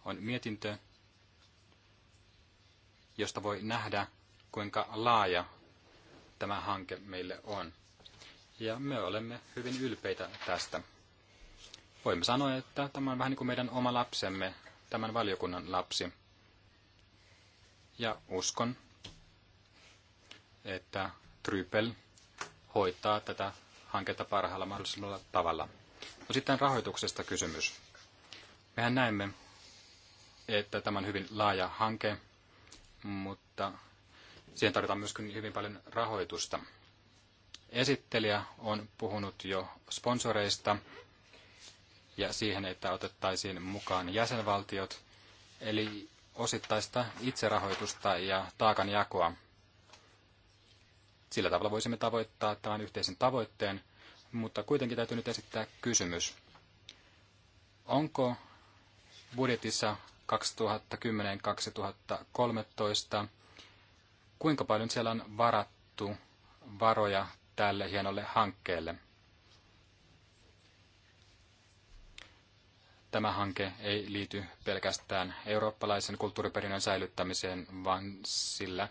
on mietintö, josta voi nähdä, kuinka laaja tämä hanke meille on. Ja me olemme hyvin ylpeitä tästä. Voimme sanoa, että tämä on vähän niin kuin meidän oma lapsemme tämän valiokunnan lapsi. Ja uskon, että Trypel hoitaa tätä hanketta parhaalla mahdollisella tavalla. No sitten rahoituksesta kysymys. Mehän näemme, että tämä on hyvin laaja hanke, mutta siihen tarvitaan myöskin hyvin paljon rahoitusta. Esittelijä on puhunut jo sponsoreista ja siihen, että otettaisiin mukaan jäsenvaltiot, eli osittaista itserahoitusta ja taakanjakoa. Sillä tavalla voisimme tavoittaa tämän yhteisen tavoitteen, mutta kuitenkin täytyy nyt esittää kysymys. Onko budjetissa 2010-2013, kuinka paljon siellä on varattu varoja tälle hienolle hankkeelle? Tämä hanke ei liity pelkästään eurooppalaisen kulttuuriperinnön säilyttämiseen, vaan sillä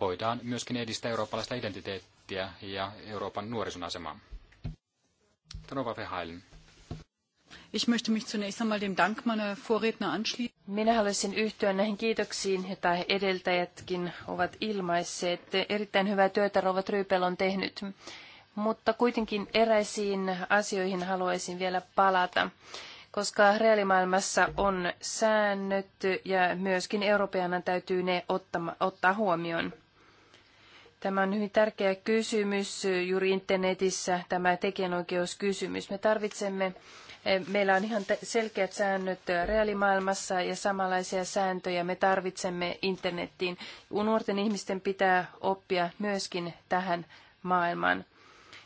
voidaan myöskin edistää eurooppalaista identiteettiä ja Euroopan nuorison asemaa. Tanova Verheilen. Ich möchte mich zunächst einmal dem Dank meiner Vorredner anschließen. Minä haluaisin yhtyä näihin kiitoksiin, joita edeltäjätkin ovat ilmaisseet. Erittäin hyvää työtä Rova Trypel on tehnyt. Mutta kuitenkin eräisiin asioihin haluaisin vielä palata koska reaalimaailmassa on säännöt ja myöskin europeana täytyy ne ottama, ottaa huomioon. Tämä on hyvin tärkeä kysymys juuri internetissä, tämä tekijänoikeuskysymys. Me tarvitsemme, eh, meillä on ihan selkeät säännöt reaalimaailmassa ja samanlaisia sääntöjä me tarvitsemme internettiin. Nuorten ihmisten pitää oppia myöskin tähän maailmaan.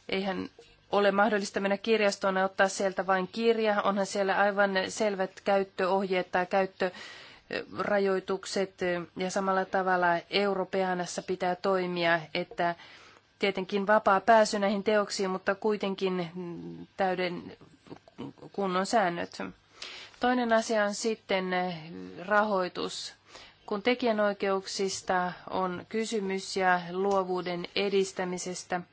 Eihän ole mahdollista mennä kirjastoon ja ottaa sieltä vain kirja. Onhan siellä aivan selvät käyttöohjeet tai käyttörajoitukset ja samalla tavalla Europeanassa pitää toimia, että tietenkin vapaa pääsy näihin teoksiin, mutta kuitenkin täyden kunnon säännöt. Toinen asia on sitten rahoitus. Kun tekijänoikeuksista on kysymys ja luovuuden edistämisestä –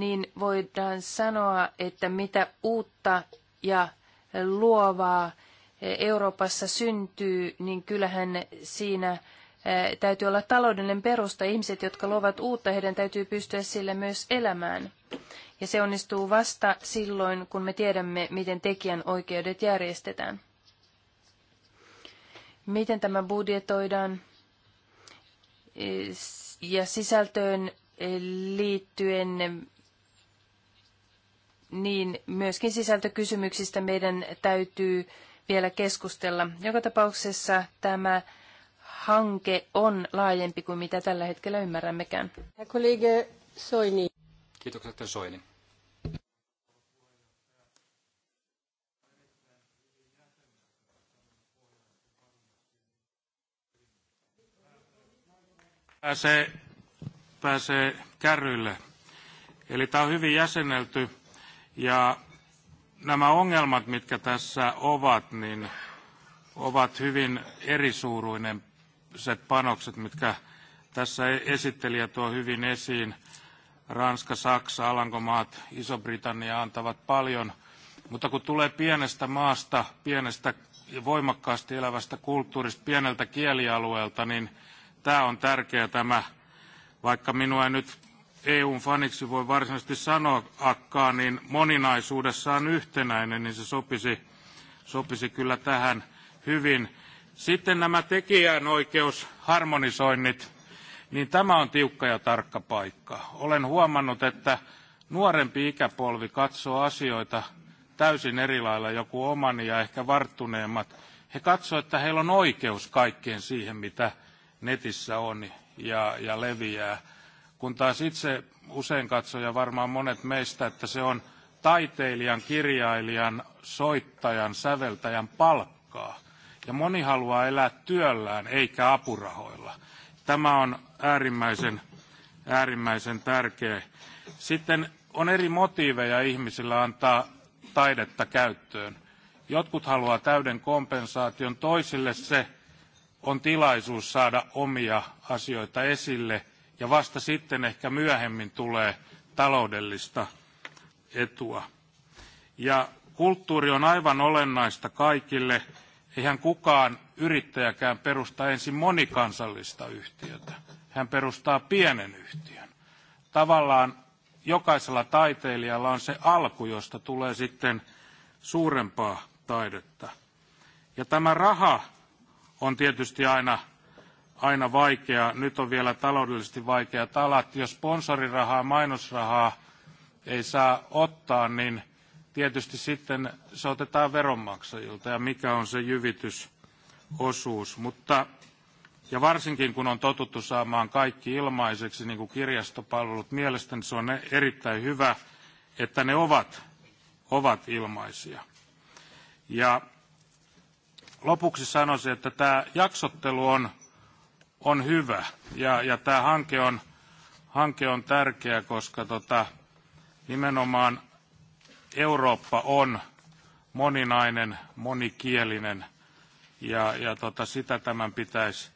niin voidaan sanoa, että mitä uutta ja luovaa Euroopassa syntyy, niin kyllähän siinä eh, täytyy olla taloudellinen perusta. Ihmiset, jotka luovat uutta, heidän täytyy pystyä sillä myös elämään. Ja se onnistuu vasta silloin, kun me tiedämme, miten tekijän oikeudet järjestetään. Miten tämä budjetoidaan eh, ja sisältöön eh, liittyen niin myöskin sisältökysymyksistä meidän täytyy vielä keskustella. Joka tapauksessa tämä hanke on laajempi kuin mitä tällä hetkellä ymmärrämmekään. Kollega Soini. Kiitokset Soini. Pääsee, pääsee kärryille. Eli tämä on hyvin jäsennelty ja nämä ongelmat, mitkä tässä ovat, niin ovat hyvin erisuuruinen se panokset, mitkä tässä e- esittelijä tuo hyvin esiin. Ranska, Saksa, Alankomaat, Iso-Britannia antavat paljon, mutta kun tulee pienestä maasta, pienestä ja voimakkaasti elävästä kulttuurista, pieneltä kielialueelta, niin tämä on tärkeä tämä, vaikka minua ei nyt EUn faniksi voi varsinaisesti sanoakaan, niin moninaisuudessaan yhtenäinen, niin se sopisi, sopisi kyllä tähän hyvin. Sitten nämä tekijänoikeusharmonisoinnit, niin tämä on tiukka ja tarkka paikka. Olen huomannut, että nuorempi ikäpolvi katsoo asioita täysin eri lailla, joku omani ja ehkä varttuneemmat. He katsovat, että heillä on oikeus kaikkeen siihen, mitä netissä on ja, ja leviää kun taas itse usein katsoja, varmaan monet meistä, että se on taiteilijan, kirjailijan, soittajan, säveltäjän palkkaa. Ja moni haluaa elää työllään eikä apurahoilla. Tämä on äärimmäisen, äärimmäisen tärkeä. Sitten on eri motiiveja ihmisillä antaa taidetta käyttöön. Jotkut haluaa täyden kompensaation, toisille se on tilaisuus saada omia asioita esille – ja vasta sitten ehkä myöhemmin tulee taloudellista etua. Ja kulttuuri on aivan olennaista kaikille. Eihän kukaan yrittäjäkään perusta ensin monikansallista yhtiötä. Hän perustaa pienen yhtiön. Tavallaan jokaisella taiteilijalla on se alku, josta tulee sitten suurempaa taidetta. Ja tämä raha on tietysti aina aina vaikeaa. Nyt on vielä taloudellisesti vaikea talat. Jos sponsorirahaa, mainosrahaa ei saa ottaa, niin tietysti sitten se otetaan veronmaksajilta ja mikä on se jyvitysosuus. Mutta, ja varsinkin kun on totuttu saamaan kaikki ilmaiseksi, niin kuin kirjastopalvelut, mielestäni se on erittäin hyvä, että ne ovat, ovat ilmaisia. Ja lopuksi sanoisin, että tämä jaksottelu on on hyvä. Ja, ja tämä hanke on, hanke on tärkeä, koska tota, nimenomaan Eurooppa on moninainen, monikielinen ja, ja tota, sitä tämän pitäisi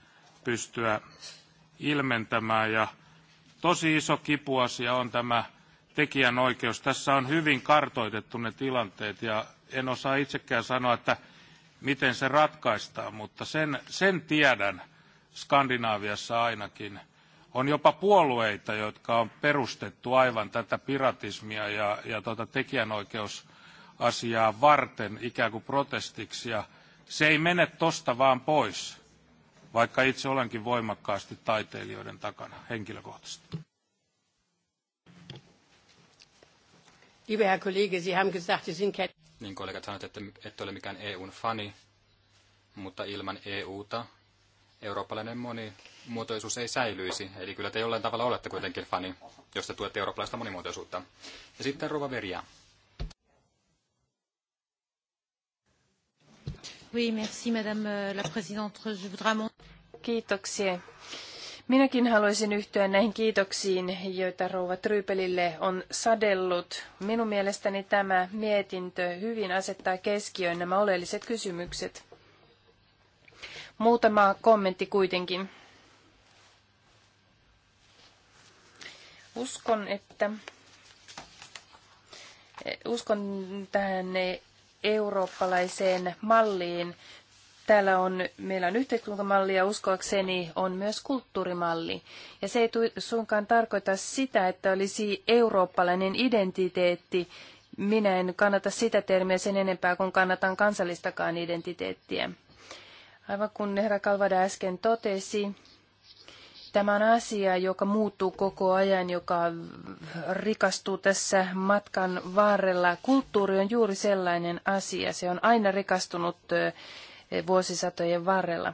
pystyä ilmentämään. Ja tosi iso kipuasia on tämä tekijänoikeus. Tässä on hyvin kartoitettu ne tilanteet ja en osaa itsekään sanoa, että miten se ratkaistaan, mutta sen, sen tiedän – Skandinaaviassa ainakin, on jopa puolueita, jotka on perustettu aivan tätä piratismia ja, ja tuota tekijänoikeusasiaa varten ikään kuin protestiksi. Ja se ei mene tosta vaan pois, vaikka itse olenkin voimakkaasti taiteilijoiden takana henkilökohtaisesti. Lieber Herr Kollege, Sie haben gesagt, Sie sind kein... Niin kollegat sanoivat, että ette ole mikään EUn fani, mutta ilman EUta eurooppalainen monimuotoisuus ei säilyisi. Eli kyllä te jollain tavalla olette kuitenkin fani, jos te tuette eurooppalaista monimuotoisuutta. Ja sitten Rova Veria. Oui, merci, madame euh, la présidente. Je voudrais... Kiitoksia. Minäkin haluaisin yhtyä näihin kiitoksiin, joita rouva Trypelille on sadellut. Minun mielestäni tämä mietintö hyvin asettaa keskiöön nämä oleelliset kysymykset. Muutama kommentti kuitenkin. Uskon, että uskon tähän eurooppalaiseen malliin. Täällä on, meillä on yhteiskuntamalli ja uskoakseni on myös kulttuurimalli. Ja se ei suinkaan tarkoita sitä, että olisi eurooppalainen identiteetti. Minä en kannata sitä termiä sen enempää kuin kannatan kansallistakaan identiteettiä. Aivan kun herra Kalvada äsken totesi, tämä on asia, joka muuttuu koko ajan, joka rikastuu tässä matkan varrella. Kulttuuri on juuri sellainen asia. Se on aina rikastunut vuosisatojen varrella.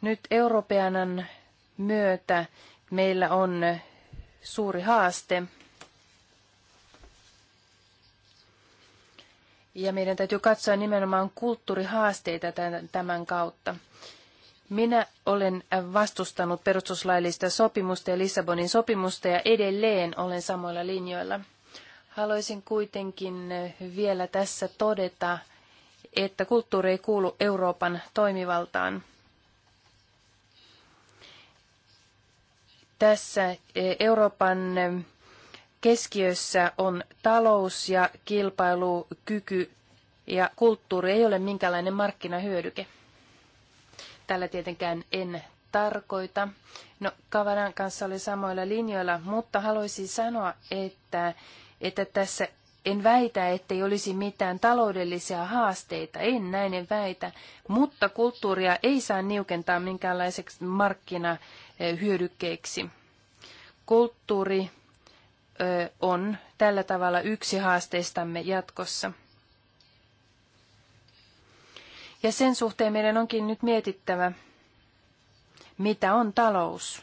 Nyt Europeanan myötä meillä on suuri haaste Ja meidän täytyy katsoa nimenomaan kulttuurihaasteita tämän kautta. Minä olen vastustanut perustuslaillista sopimusta ja Lissabonin sopimusta ja edelleen olen samoilla linjoilla. Haluaisin kuitenkin vielä tässä todeta, että kulttuuri ei kuulu Euroopan toimivaltaan. Tässä Euroopan Keskiössä on talous ja kilpailukyky ja kulttuuri ei ole minkäänlainen markkinahyödyke. Tällä tietenkään en tarkoita. No, Kavaran kanssa oli samoilla linjoilla, mutta haluaisin sanoa, että, että tässä en väitä, ettei olisi mitään taloudellisia haasteita, en näin en väitä, mutta kulttuuria ei saa niukentaa minkäänlaiseksi markkinahyödykkeeksi. Kulttuuri on tällä tavalla yksi haasteistamme jatkossa. Ja sen suhteen meidän onkin nyt mietittävä, mitä on talous.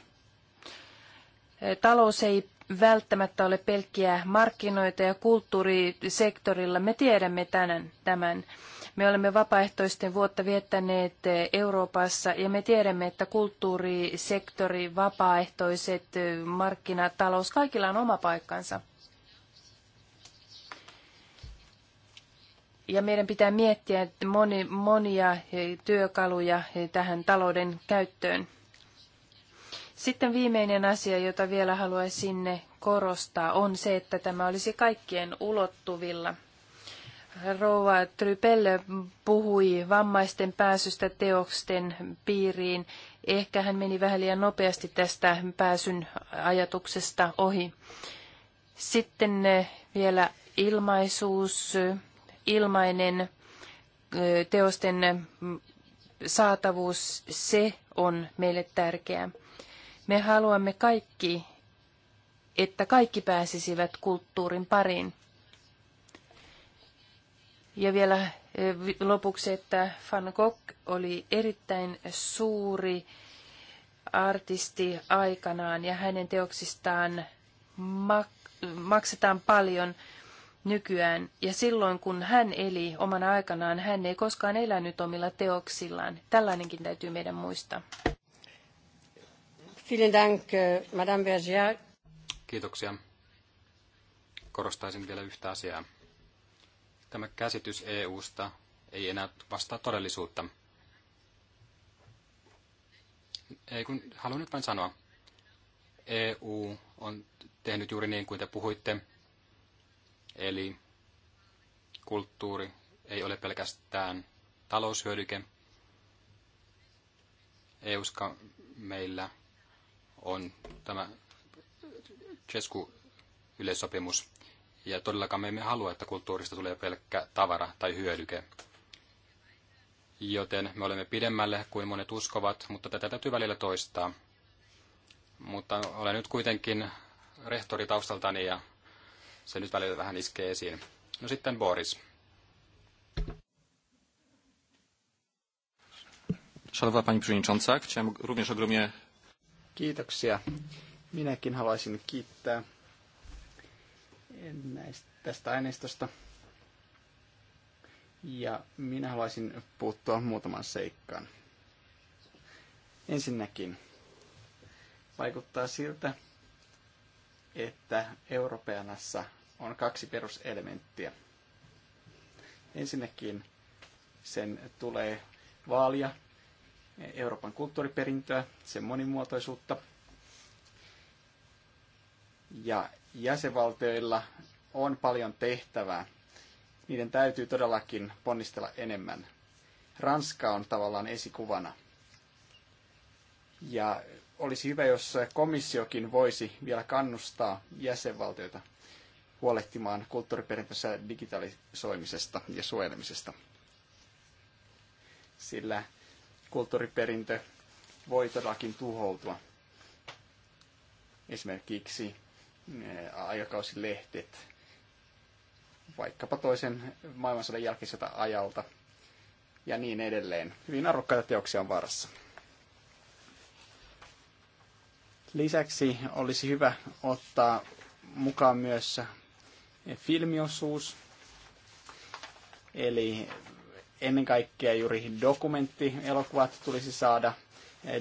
Talous ei välttämättä ole pelkkiä markkinoita ja kulttuurisektorilla me tiedämme tänään tämän. Me olemme vapaaehtoisten vuotta viettäneet Euroopassa ja me tiedämme, että kulttuurisektori, vapaaehtoiset, markkinatalous, kaikilla on oma paikkansa. ja meidän pitää miettiä moni, monia työkaluja tähän talouden käyttöön. Sitten viimeinen asia, jota vielä haluaisin korostaa, on se, että tämä olisi kaikkien ulottuvilla – Rouva Trypelle puhui vammaisten pääsystä teoksten piiriin. Ehkä hän meni vähän liian nopeasti tästä pääsyn ajatuksesta ohi. Sitten eh, vielä ilmaisuus, ilmainen eh, teosten mm, saatavuus, se on meille tärkeää. Me haluamme kaikki, että kaikki pääsisivät kulttuurin pariin. Ja vielä eh, lopuksi, että Van Gogh oli erittäin suuri artisti aikanaan ja hänen teoksistaan mak- maksetaan paljon nykyään. Ja silloin kun hän eli omana aikanaan, hän ei koskaan elänyt omilla teoksillaan. Tällainenkin täytyy meidän muistaa. Dank, eh, Madame Berger. Kiitoksia. Korostaisin vielä yhtä asiaa. Tämä käsitys EUsta ei enää vastaa todellisuutta. Ei kun, haluan nyt vain sanoa. EU on tehnyt juuri niin kuin te puhuitte. Eli kulttuuri ei ole pelkästään taloushyödyke. EUska meillä on tämä Chesku-yleissopimus. Ja todellakaan me emme halua, että kulttuurista tulee pelkkä tavara tai hyödyke. Joten me olemme pidemmälle kuin monet uskovat, mutta tätä täytyy välillä toistaa. Mutta olen nyt kuitenkin rehtori taustaltani ja se nyt välillä vähän iskee esiin. No sitten Boris. Szanowna Pani Przewodnicząca, chciałem również ogromnie... Kiitoksia. Minäkin haluaisin kiittää näistä, tästä aineistosta. Ja minä haluaisin puuttua muutaman seikkaan. Ensinnäkin vaikuttaa siltä, että Europeanassa on kaksi peruselementtiä. Ensinnäkin sen tulee vaalia Euroopan kulttuuriperintöä, sen monimuotoisuutta. Ja jäsenvaltioilla on paljon tehtävää. Niiden täytyy todellakin ponnistella enemmän. Ranska on tavallaan esikuvana. Ja olisi hyvä, jos komissiokin voisi vielä kannustaa jäsenvaltioita huolehtimaan kulttuuriperintössä digitalisoimisesta ja suojelemisesta. Sillä kulttuuriperintö voi todellakin tuhoutua. Esimerkiksi aikakausilehdet, vaikkapa toisen maailmansodan jälkeiseltä ajalta ja niin edelleen. Hyvin arvokkaita teoksia on varassa. Lisäksi olisi hyvä ottaa mukaan myös filmiosuus, eli ennen kaikkea juuri dokumenttielokuvat tulisi saada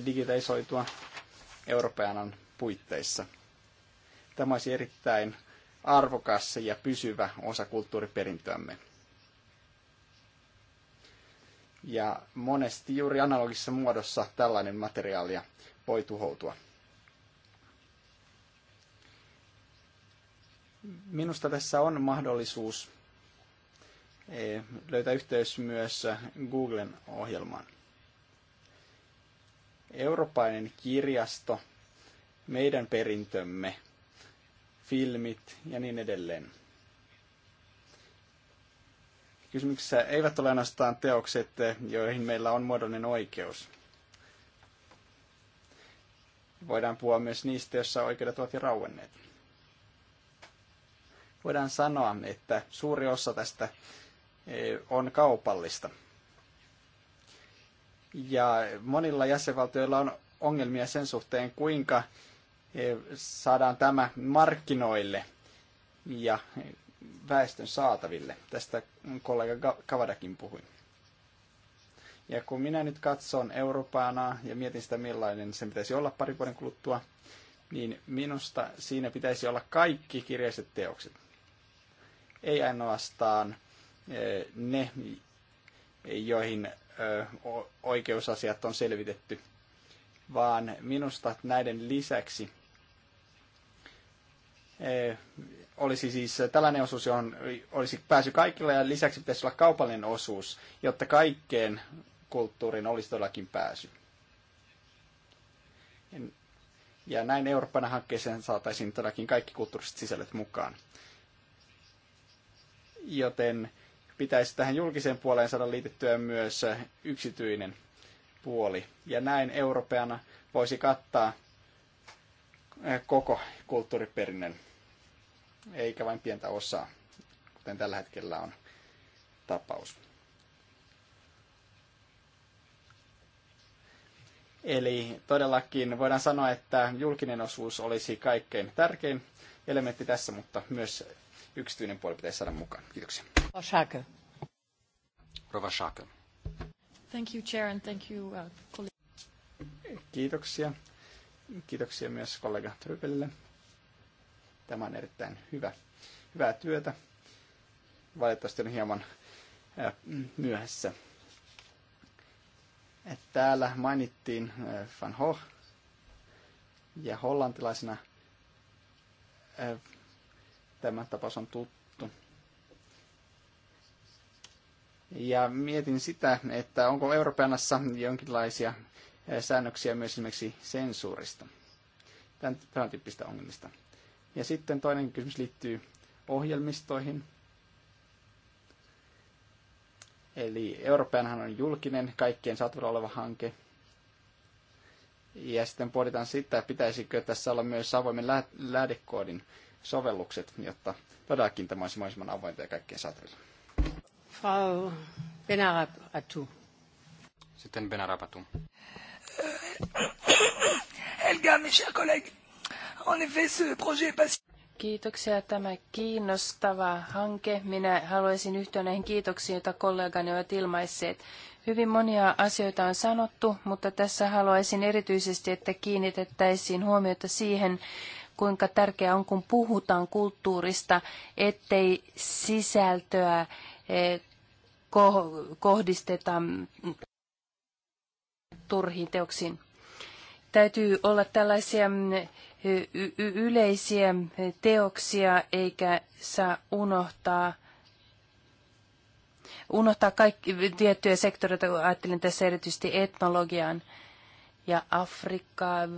digitalisoitua Euroopan puitteissa – Tämä olisi erittäin arvokas ja pysyvä osa kulttuuriperintöämme. Ja monesti juuri analogisessa muodossa tällainen materiaalia voi tuhoutua. Minusta tässä on mahdollisuus eh, löytää yhteys myös Googlen ohjelmaan. Eurooppainen kirjasto, meidän perintömme – filmit ja niin edelleen. Kysymyksessä eivät ole ainoastaan teokset, joihin meillä on muodollinen oikeus. Voidaan puhua myös niistä, joissa oikeudet ovat jo rauenneet. Voidaan sanoa, että suuri osa tästä e, on kaupallista. Ja monilla jäsenvaltioilla on ongelmia sen suhteen, kuinka E, saadaan tämä markkinoille ja väestön saataville. Tästä kollega Kavadakin puhui. Ja kun minä nyt katson Euroopana ja mietin sitä, millainen se pitäisi olla pari vuoden kuluttua, niin minusta siinä pitäisi olla kaikki kirjalliset teokset. Ei ainoastaan e, ne, joihin e, oikeusasiat on selvitetty, vaan minusta näiden lisäksi Eh, olisi siis eh, tällainen osuus, johon olisi pääsy kaikilla ja lisäksi pitäisi olla kaupallinen osuus, jotta kaikkeen kulttuuriin olisi todellakin pääsy. Ja näin Euroopan hankkeeseen saataisiin todellakin kaikki kulttuuriset sisällöt mukaan. Joten pitäisi tähän julkiseen puoleen saada liitettyä myös eh, yksityinen puoli. Ja näin Euroopana voisi kattaa koko kulttuuriperinnön eikä vain pientä osaa, kuten tällä hetkellä on tapaus. Eli todellakin voidaan sanoa, että julkinen osuus olisi kaikkein tärkein elementti tässä, mutta myös yksityinen puoli pitäisi saada mukaan. Kiitoksia. Rova Schake. Thank you, Chair, and thank you, uh, Kiitoksia. Kiitoksia myös kollega Trypelille Tämä on erittäin hyvä, hyvää työtä. Valitettavasti on hieman myöhässä. Täällä mainittiin Van Gogh ja hollantilaisena tämä tapaus on tuttu. Ja mietin sitä, että onko Euroopanassa jonkinlaisia säännöksiä myös esimerkiksi sensuurista, tämän, tämän tyyppistä ongelmista. Ja sitten toinen kysymys liittyy ohjelmistoihin. Eli Euroopanhan on julkinen, kaikkien saatavilla oleva hanke. Ja sitten pohditaan sitä, pitäisikö tässä olla myös avoimen lähdekoodin sovellukset, jotta todellakin tämä olisi mahdollisimman avointa ja kaikkien saatavilla. Frau Benarabatu. Sitten Benarabatu. Helga, mes chers collègues, Kiitoksia. Tämä kiinnostava hanke. Minä haluaisin yhtyä näihin kiitoksiin, joita kollegani ovat ilmaisseet. Hyvin monia asioita on sanottu, mutta tässä haluaisin erityisesti, että kiinnitettäisiin huomiota siihen, kuinka tärkeää on, kun puhutaan kulttuurista, ettei sisältöä eh, kohdisteta turhiin teoksiin täytyy olla tällaisia mm, yleisiä teoksia eikä saa unohtaa unohtaa kaikki tiettyjä sektoreita, ajattelin tässä erityisesti etnologian ja Afrikkaa, mm,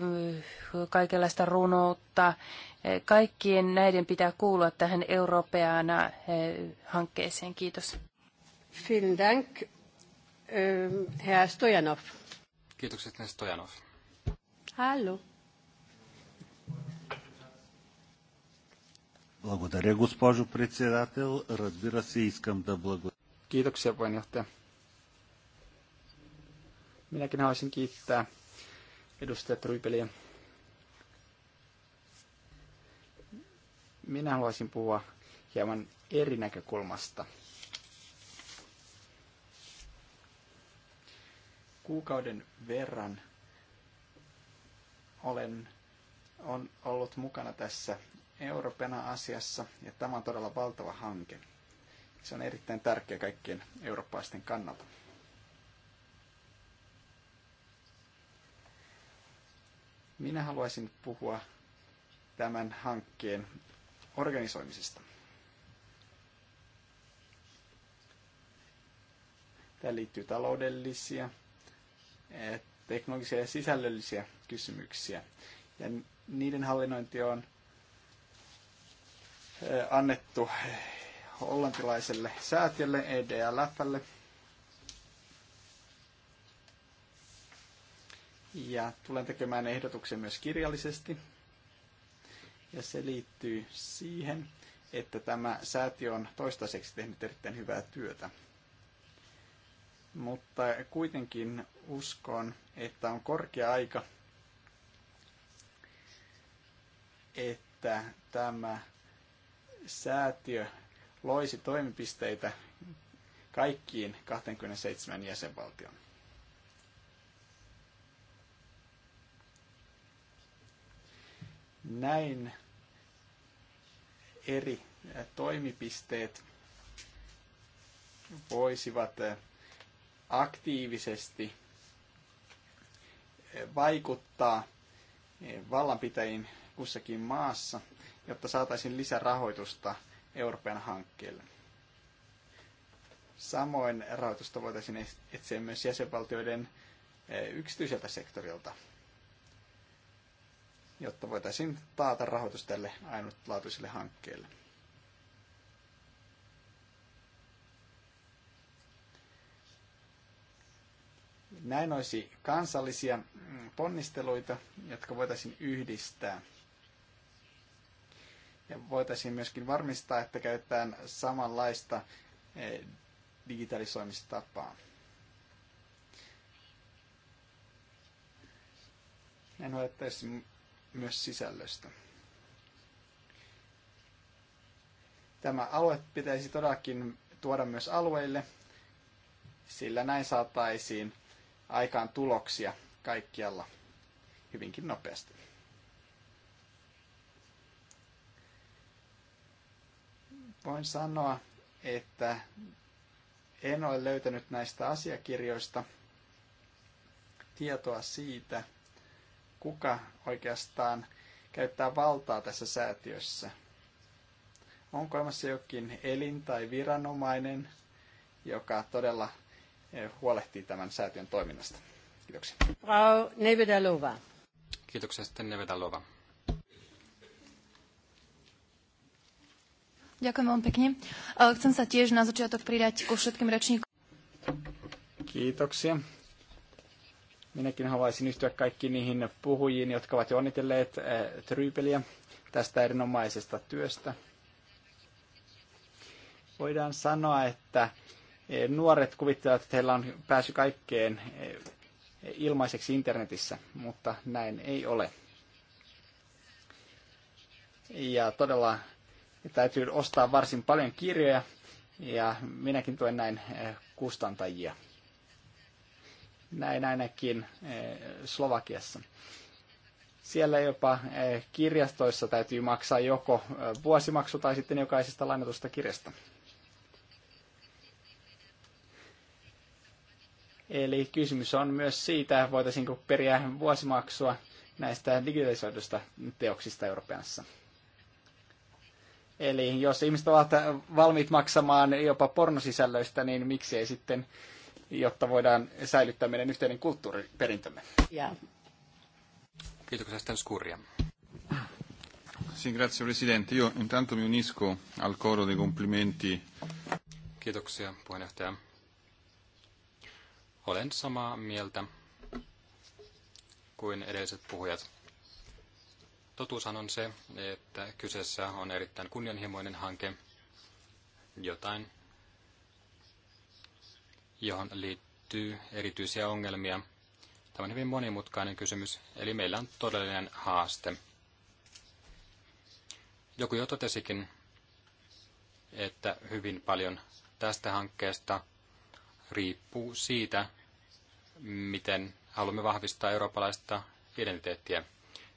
kaikenlaista runoutta. Kaikkien näiden pitää kuulua tähän europeana eh, hankkeeseen. Kiitos. Vielen Dank, eh, Herr Stojanov. Kiitokset, Stojanov. Алло. Благодаря, госпожо председател. Разбира се, искам да благодаря. Kiitoksia, puheenjohtaja. Minäkin haluaisin kiittää edustaja Trypeliä. Minä haluaisin puhua hieman eri näkökulmasta. Kuukauden verran olen on ollut mukana tässä Europena-asiassa ja tämä on todella valtava hanke. Se on erittäin tärkeä kaikkien eurooppalaisten kannalta. Minä haluaisin puhua tämän hankkeen organisoimisesta. Tämä liittyy taloudellisia teknologisia ja sisällöllisiä kysymyksiä. Ja niiden hallinnointi on annettu hollantilaiselle säätiölle EDLFlle. Ja tulen tekemään ehdotuksen myös kirjallisesti. Ja se liittyy siihen, että tämä säätiö on toistaiseksi tehnyt erittäin hyvää työtä mutta kuitenkin uskon, että on korkea aika, että tämä säätiö loisi toimipisteitä kaikkiin 27 jäsenvaltion. Näin eri toimipisteet voisivat aktiivisesti vaikuttaa vallanpitäjiin kussakin maassa, jotta saataisiin lisärahoitusta Euroopan hankkeelle. Samoin rahoitusta voitaisiin etsiä myös jäsenvaltioiden eh, yksityiseltä sektorilta, jotta voitaisiin taata rahoitus tälle ainutlaatuiselle hankkeelle. Näin olisi kansallisia mm, ponnisteluita, jotka voitaisiin yhdistää. Ja voitaisiin myöskin varmistaa, että käytetään samanlaista eh, digitalisoimistapaa. Näin huolehtaisiin myös sisällöstä. Tämä alue pitäisi todellakin tuoda myös alueille, sillä näin saataisiin aikaan tuloksia kaikkialla hyvinkin nopeasti. Voin sanoa, että en ole löytänyt näistä asiakirjoista tietoa siitä, kuka oikeastaan käyttää valtaa tässä säätiössä. Onko olemassa jokin elin tai viranomainen, joka todella Eh, huolehtii tämän säätiön toiminnasta. Kiitoksia. Frau Nevedalova. Kiitoksia sitten Nevedalova. Ďakujem veľmi pekne. E, chcem sa tiež na začiatok pridať ku všetkým rečníkom. Kiitoksia. Minäkin haluaisin yhtyä kaikkiin niihin puhujiin, jotka ovat jo onnitelleet e, Trypeliä tästä erinomaisesta työstä. Voidaan sanoa, että Nuoret kuvittelevat, että heillä on pääsy kaikkeen eh, ilmaiseksi internetissä, mutta näin ei ole. Ja todella täytyy ostaa varsin paljon kirjoja, ja minäkin tuen näin eh, kustantajia. Näin ainakin eh, Slovakiassa. Siellä jopa kirjastoissa täytyy maksaa joko vuosimaksu tai sitten jokaisesta lainatusta kirjasta. Eli kysymys on myös siitä, voitaisiinko periä vuosimaksua näistä digitalisoidusta teoksista Euroopassa. Eli jos ihmiset ovat valmiit maksamaan jopa pornosisällöistä, niin miksi ei sitten, jotta voidaan säilyttää meidän yhteinen kulttuuriperintömme. Yeah. Kiitoksia sitten Skurja. Sì, grazie Presidente. Io intanto mi unisco al coro dei complimenti. Kiitoksia puheenjohtaja. Olen samaa mieltä kuin edelliset puhujat. Totuushan on se, että kyseessä on erittäin kunnianhimoinen hanke, jotain, johon liittyy erityisiä ongelmia. Tämä on hyvin monimutkainen kysymys, eli meillä on todellinen haaste. Joku jo totesikin, että hyvin paljon tästä hankkeesta riippuu siitä, miten haluamme vahvistaa eurooppalaista identiteettiä.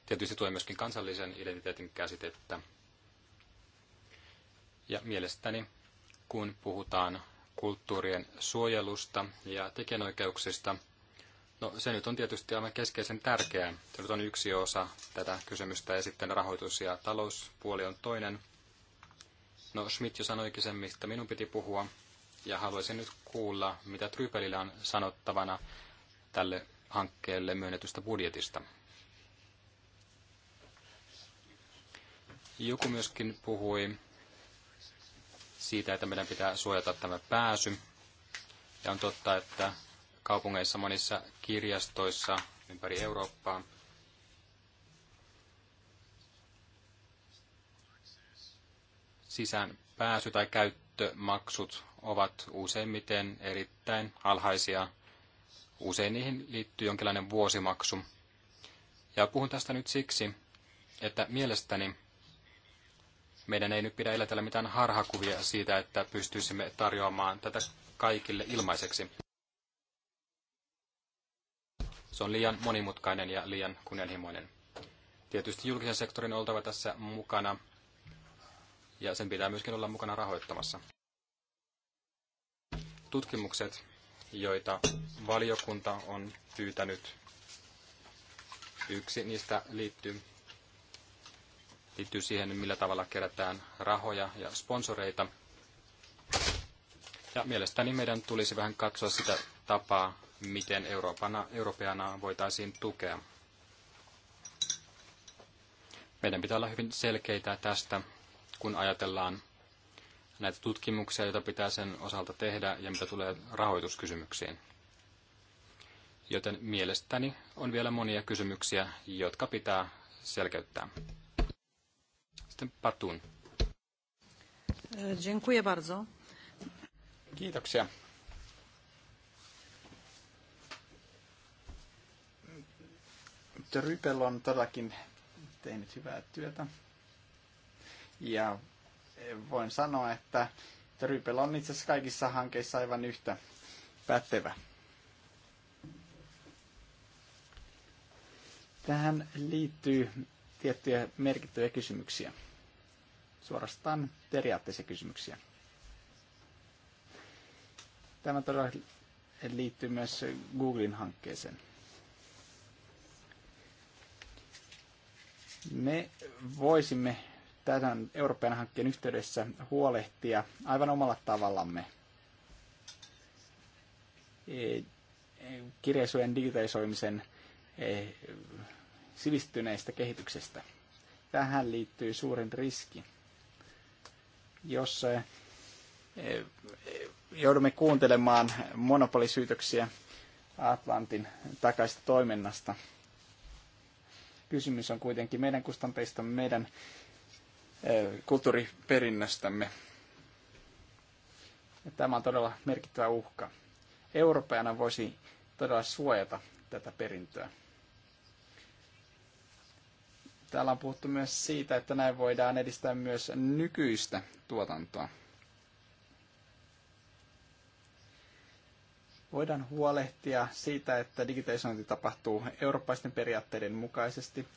Tietysti tulee myöskin kansallisen identiteetin käsitettä. Ja mielestäni, kun puhutaan kulttuurien suojelusta ja tekijänoikeuksista, no se nyt on tietysti aivan keskeisen tärkeää. Se nyt on yksi osa tätä kysymystä ja sitten rahoitus- ja talouspuoli on toinen. No Schmidt jo sanoikin sen, mistä minun piti puhua ja haluaisin nyt kuulla, mitä Trypelillä on sanottavana tälle hankkeelle myönnetystä budjetista. Joku myöskin puhui siitä, että meidän pitää suojata tämä pääsy. Ja on totta, että kaupungeissa monissa kirjastoissa ympäri Eurooppaa sisään pääsy tai käyttö käyttömaksut ovat useimmiten erittäin alhaisia. Usein niihin liittyy jonkinlainen vuosimaksu. Ja puhun tästä nyt siksi, että mielestäni meidän ei nyt pidä elätellä mitään harhakuvia siitä, että pystyisimme tarjoamaan tätä kaikille ilmaiseksi. Se on liian monimutkainen ja liian kunnianhimoinen. Tietysti julkisen sektorin oltava tässä mukana ja sen pitää myöskin olla mukana rahoittamassa. Tutkimukset, joita valiokunta on pyytänyt, yksi niistä liittyy, liittyy siihen, millä tavalla kerätään rahoja ja sponsoreita. Ja mielestäni meidän tulisi vähän katsoa sitä tapaa, miten Euroopana, Europeana voitaisiin tukea. Meidän pitää olla hyvin selkeitä tästä kun ajatellaan näitä tutkimuksia, joita pitää sen osalta tehdä ja mitä tulee rahoituskysymyksiin. Joten mielestäni on vielä monia kysymyksiä, jotka pitää selkeyttää. Sitten Patun. Dziękuję bardzo. Kiitoksia. Rypel on todellakin tehnyt hyvää työtä ja voin sanoa, että, että Rypel on itse asiassa kaikissa hankkeissa aivan yhtä pätevä. Tähän liittyy tiettyjä merkittyjä kysymyksiä, suorastaan periaatteisia kysymyksiä. Tämä todella liittyy myös Googlen hankkeeseen. Me voisimme tämän Euroopan hankkeen yhteydessä huolehtia aivan omalla tavallamme e, e, kirjaisujen digitalisoimisen e, sivistyneestä kehityksestä. Tähän liittyy suurin riski. Jos joudumme kuuntelemaan monopolisyytöksiä Atlantin takaisesta toiminnasta, kysymys on kuitenkin meidän kustanteista, meidän Eh, kulttuuriperinnöstämme. Tämä on todella merkittävä uhka. Eurooppaana voisi todella suojata tätä perintöä. Täällä on puhuttu myös siitä, että näin voidaan edistää myös nykyistä tuotantoa. Voidaan huolehtia siitä, että digitalisointi tapahtuu eurooppaisten periaatteiden mukaisesti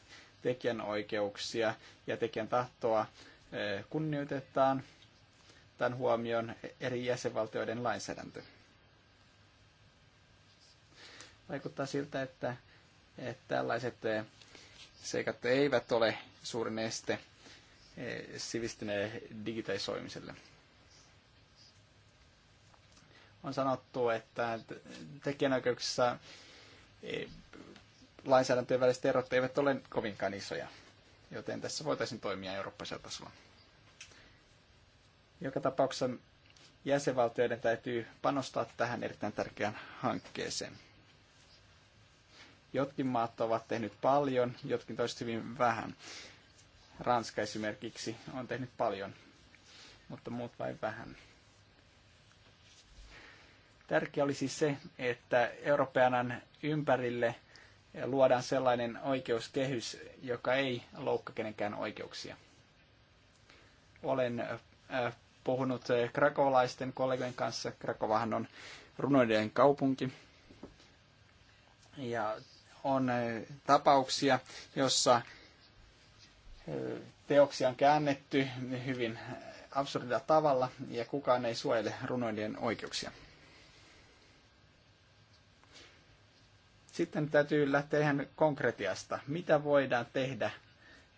tekijänoikeuksia ja tekijän tahtoa eh, kunnioitetaan tämän huomion eri jäsenvaltioiden lainsäädäntö. Vaikuttaa siltä, että, että tällaiset eh, seikat eivät ole suurin este eh, sivistyneen digitalisoimiselle. On sanottu, että tekijänoikeuksissa lainsäädäntöjen väliset erot eivät ole kovinkaan isoja, joten tässä voitaisiin toimia eurooppaisella tasolla. Joka tapauksessa jäsenvaltioiden täytyy panostaa tähän erittäin tärkeään hankkeeseen. Jotkin maat ovat tehneet paljon, jotkin toiset hyvin vähän. Ranska esimerkiksi on tehnyt paljon, mutta muut vain vähän. Tärkeää oli siis se, että Euroopan ympärille – luodaan sellainen oikeuskehys, joka ei loukka kenenkään oikeuksia. Olen äh, puhunut äh, krakolaisten kollegojen kanssa. Krakovahan on runoiden kaupunki. Ja on äh, tapauksia, jossa teoksia on käännetty hyvin absurdilla tavalla ja kukaan ei suojele runoiden oikeuksia. Sitten täytyy lähteä ihan konkretiasta. Mitä voidaan tehdä,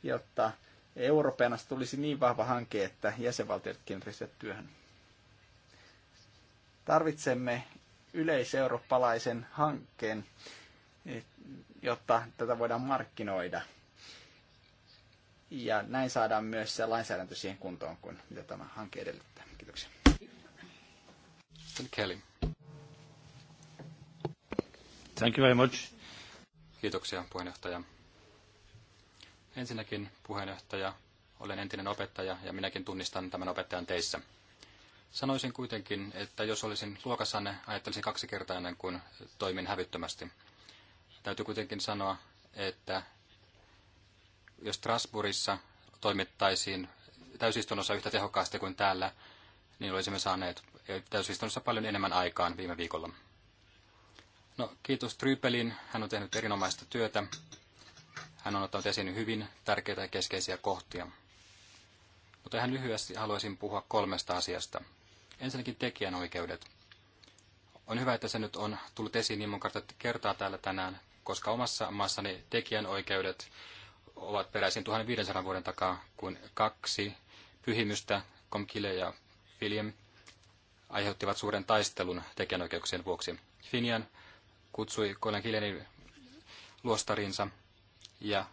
jotta Euroopan tulisi niin vahva hanke, että jäsenvaltiotkin ryhtyvät työhön? Tarvitsemme yleiseurooppalaisen hankkeen, jotta tätä voidaan markkinoida. Ja näin saadaan myös se lainsäädäntö siihen kuntoon, kun mitä tämä hanke edellyttää. Kiitoksia. Kelly. Thank you very much. Kiitoksia puheenjohtaja. Ensinnäkin puheenjohtaja, olen entinen opettaja ja minäkin tunnistan tämän opettajan teissä. Sanoisin kuitenkin, että jos olisin luokassanne, ajattelisin kaksi kertaa ennen kuin toimin hävyttömästi. Täytyy kuitenkin sanoa, että jos Strasbourgissa toimittaisiin täysistunnossa yhtä tehokkaasti kuin täällä, niin olisimme saaneet täysistunnossa paljon enemmän aikaan viime viikolla. No, kiitos Trypelin. Hän on tehnyt erinomaista työtä. Hän on ottanut esiin hyvin tärkeitä ja keskeisiä kohtia. Mutta ihan lyhyesti haluaisin puhua kolmesta asiasta. Ensinnäkin tekijänoikeudet. On hyvä, että se nyt on tullut esiin niin monta kertaa täällä tänään, koska omassa maassani tekijänoikeudet ovat peräisin 1500 vuoden takaa, kun kaksi pyhimystä, Komkile ja Filjem, aiheuttivat suuren taistelun tekijänoikeuksien vuoksi. Finian kutsui Colin Killenin luostarinsa ja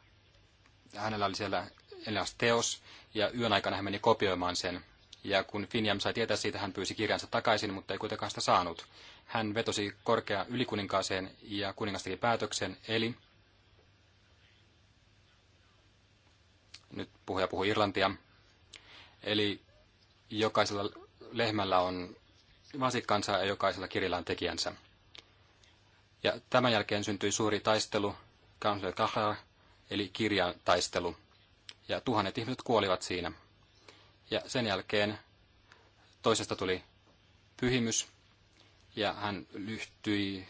hänellä oli siellä eräs teos ja yön aikana hän meni kopioimaan sen. Ja kun Finjam sai tietää siitä, hän pyysi kirjansa takaisin, mutta ei kuitenkaan sitä saanut. Hän vetosi korkea ylikuninkaaseen ja kuningas teki päätöksen, eli nyt puhuja puhuu Irlantia. Eli jokaisella lehmällä on vasikkansa ja jokaisella kirjalla on tekijänsä. Ja tämän jälkeen syntyi suuri taistelu, Kansel Kahar, eli kirjataistelu. Ja tuhannet ihmiset kuolivat siinä. Ja sen jälkeen toisesta tuli pyhimys, ja hän lyhtyi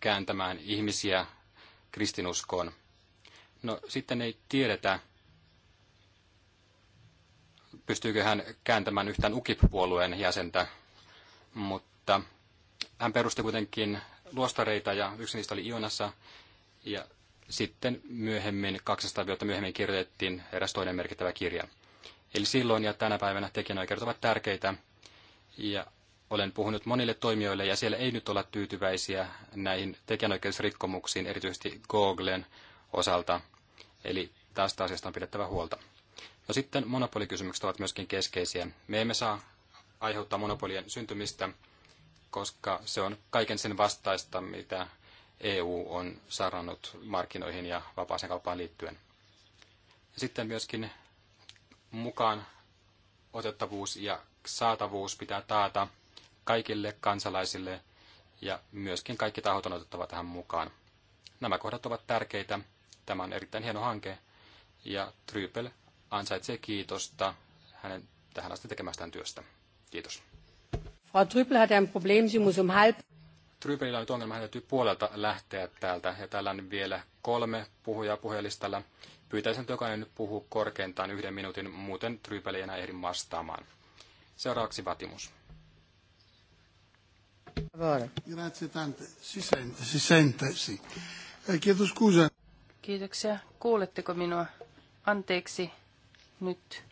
kääntämään ihmisiä kristinuskoon. No sitten ei tiedetä, pystyykö hän kääntämään yhtään UKIP-puolueen jäsentä, mutta hän perusti kuitenkin luostareita ja yksi niistä oli Ionassa. Ja sitten myöhemmin, 200 vuotta myöhemmin kirjoitettiin eräs toinen merkittävä kirja. Eli silloin ja tänä päivänä tekijänoikeudet ovat tärkeitä ja olen puhunut monille toimijoille ja siellä ei nyt olla tyytyväisiä näihin tekijänoikeusrikkomuksiin, erityisesti Googlen osalta. Eli tästä asiasta on pidettävä huolta. No sitten monopolikysymykset ovat myöskin keskeisiä. Me emme saa aiheuttaa monopolien syntymistä, koska se on kaiken sen vastaista, mitä EU on sarannut markkinoihin ja vapaaseen kauppaan liittyen. sitten myöskin mukaan otettavuus ja saatavuus pitää taata kaikille kansalaisille ja myöskin kaikki tahot on otettava tähän mukaan. Nämä kohdat ovat tärkeitä. Tämä on erittäin hieno hanke ja Trypel ansaitsee kiitosta hänen tähän asti tekemästään työstä. Kiitos. Frau Trüppel hat ein Problem, sie muss um halb... Trüppelillä on ongelma, hän täytyy puolelta lähteä täältä. Ja täällä on vielä kolme puhujaa puhelistalla. Pyytäisin, että jokainen nyt puhuu korkeintaan yhden minuutin, muuten Trüppel ei enää ehdi vastaamaan. Seuraavaksi vaatimus. Grazie tante. Si sente, si sente, si. Eh, Kiitoksia. Kuuletteko minua? Anteeksi nyt.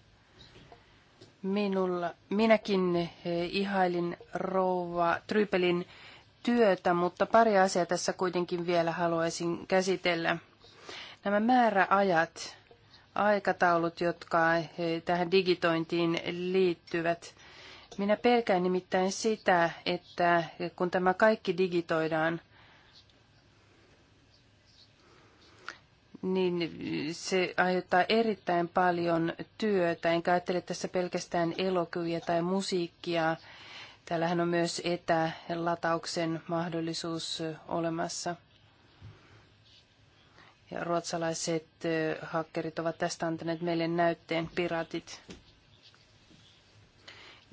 Minulla, minäkin eh, ihailin rouva Trypelin työtä, mutta pari asiaa tässä kuitenkin vielä haluaisin käsitellä. Nämä määräajat, aikataulut, jotka eh, tähän digitointiin liittyvät. Minä pelkään nimittäin sitä, että eh, kun tämä kaikki digitoidaan, niin se aiheuttaa erittäin paljon työtä. En ajattele tässä pelkästään elokuvia tai musiikkia. Täällähän on myös etälatauksen mahdollisuus olemassa. Ja ruotsalaiset hakkerit ovat tästä antaneet meille näytteen piratit.